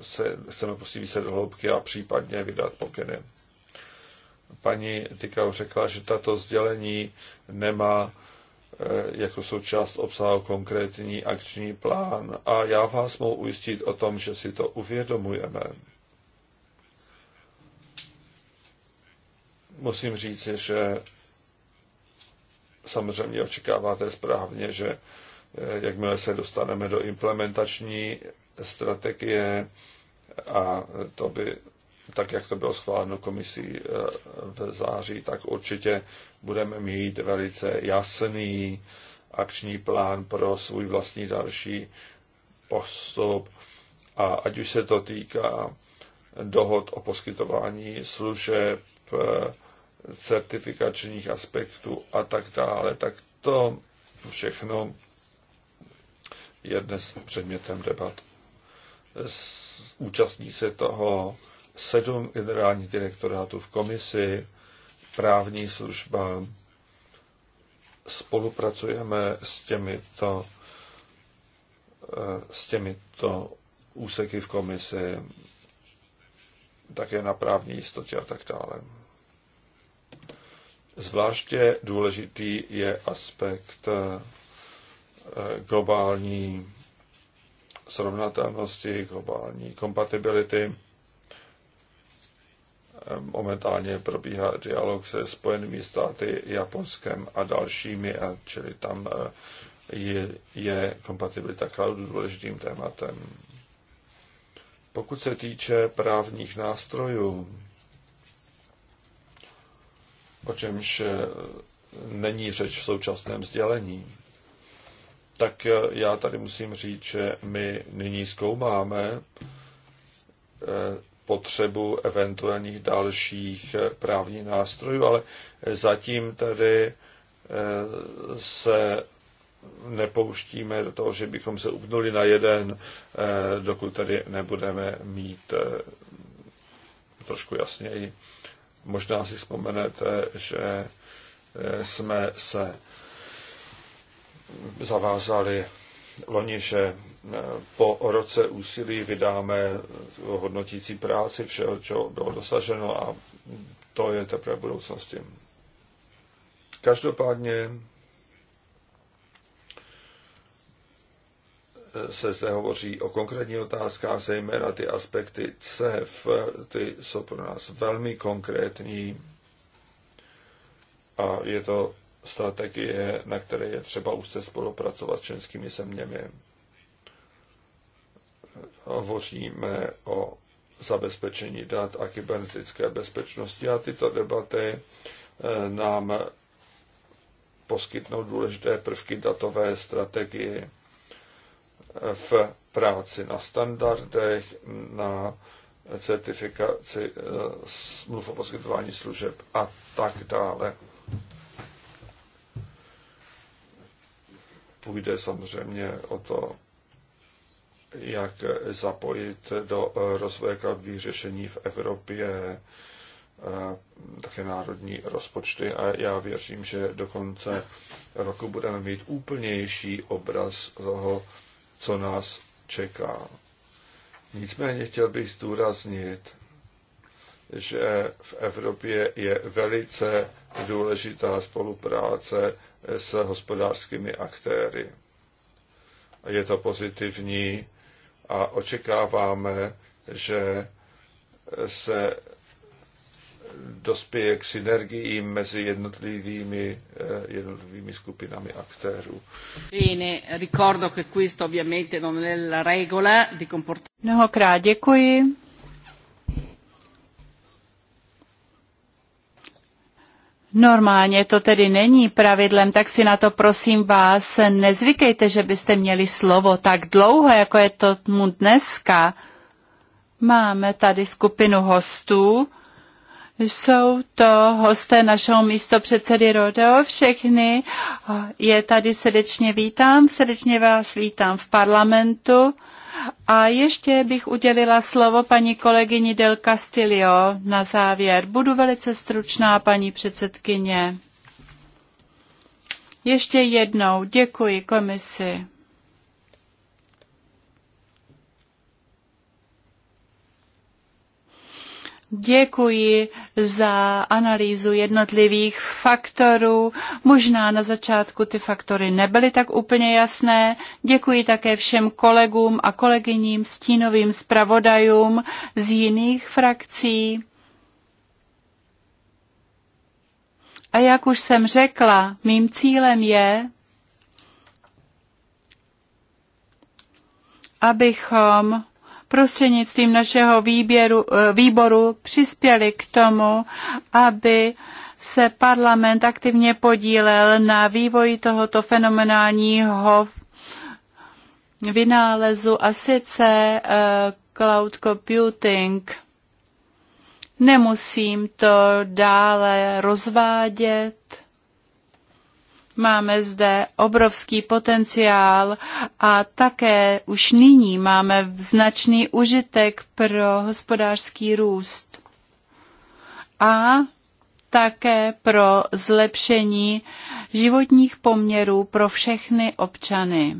se chceme prostě více do hloubky a případně vydat pokyny. Paní Tykau řekla, že tato sdělení nemá Eh, jako součást obsahu konkrétní akční plán. A já vás mohu ujistit o tom, že si to uvědomujeme. Musím říct, že samozřejmě očekáváte správně, že eh, jakmile se dostaneme do implementační strategie, a to by tak jak to bylo schváleno komisí eh, v září, tak určitě budeme mít velice jasný akční plán pro svůj vlastní další postup. A ať už se to týká dohod o poskytování služeb, eh, certifikačních aspektů a tak dále, tak to všechno je dnes předmětem debat. Účastní se toho sedm generálních direktorátů v komisi, právní služba. Spolupracujeme s těmito, eh, s těmito úseky v komisi, také na právní jistotě a tak dále. Zvláště důležitý je aspekt eh, globální srovnatelnosti, globální kompatibility. Ehm, momentálně probíhá dialog se Spojenými státy, Japonskem a dalšími, a čili tam eh, je, je kompatibilita cloudu důležitým tématem. Pokud se týče právních nástrojů, o čemž eh, není řeč v současném sdělení, tak eh, já tady musím říct, že my nyní zkoumáme potřebu eventuálních dalších eh, právních nástrojů, ale eh, zatím tedy eh, se nepouštíme do toho, že bychom se upnuli na jeden, dokud tady nebudeme mít trošku jasněji. Možná si vzpomenete, že jsme se zavázali loni, že po roce úsilí vydáme hodnotící práci všeho, co bylo dosaženo a to je teprve budoucnosti. Každopádně se zde hovoří o konkrétní otázkách, zejména ty aspekty CEF, ty jsou pro nás velmi konkrétní a je to strategie, na které je třeba se spolupracovat s členskými zeměmi hovoříme o zabezpečení dat a kybernetické bezpečnosti a tyto debaty eh, nám poskytnou důležité prvky datové strategie eh, v práci na standardech, na certifikaci eh, smluv o poskytování služeb a tak dále. Půjde samozřejmě o to jak zapojit do rozvoje cloudových řešení v Evropě eh, také národní rozpočty a já věřím, že do konce roku budeme mít úplnější obraz toho, co nás čeká. Nicméně chtěl bych zdůraznit, že v Evropě je velice důležitá spolupráce s hospodářskými aktéry. Je to pozitivní a očekáváme, že se dospěje k synergiím mezi jednotlivými, eh, jednotlivými skupinami aktérů. Mnohokrát děkuji. Normálně to tedy není pravidlem, tak si na to prosím vás nezvykejte, že byste měli slovo tak dlouho, jako je to mu dneska. Máme tady skupinu hostů. Jsou to hosté našeho místo předsedy Rodeo, všechny. Je tady srdečně vítám, srdečně vás vítám v parlamentu. A ještě bych udělila slovo paní kolegyni Del Castillo na závěr. Budu velice stručná, paní předsedkyně. Ještě jednou děkuji komisi. Děkuji za analýzu jednotlivých faktorů. Možná na začátku ty faktory nebyly tak úplně jasné. Děkuji také všem kolegům a kolegyním, stínovým zpravodajům z jiných frakcí. A jak už jsem řekla, mým cílem je, abychom prostřednictvím našeho výběru, eh, výboru přispěli k tomu, aby se parlament aktivně podílel na vývoji tohoto fenomenálního vynálezu a sice eh, cloud computing. Nemusím to dále rozvádět. Máme zde obrovský potenciál a také už nyní máme značný užitek pro hospodářský růst a také pro zlepšení životních poměrů pro všechny občany.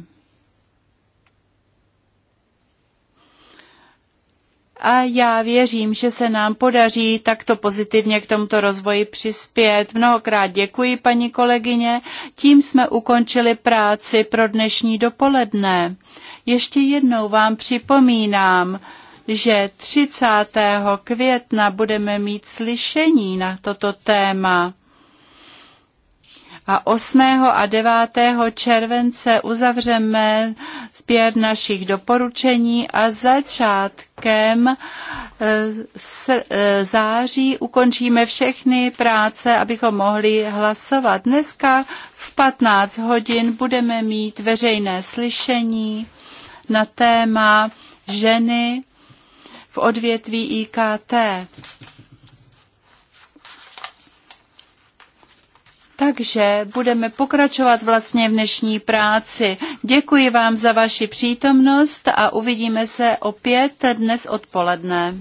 a já věřím, že se nám podaří takto pozitivně k tomuto rozvoji přispět. Mnohokrát děkuji, paní kolegyně. Tím jsme ukončili práci pro dnešní dopoledne. Ještě jednou vám připomínám, že 30. května budeme mít slyšení na toto téma. A 8. a 9. července uzavřeme zpět našich doporučení a začátky začátkem eh, eh, září ukončíme všechny práce, abychom mohli hlasovat. Dneska v 15 hodin budeme mít veřejné slyšení na téma ženy v odvětví IKT. Takže budeme pokračovat vlastně v dnešní práci. Děkuji vám za vaši přítomnost a uvidíme se opět dnes odpoledne.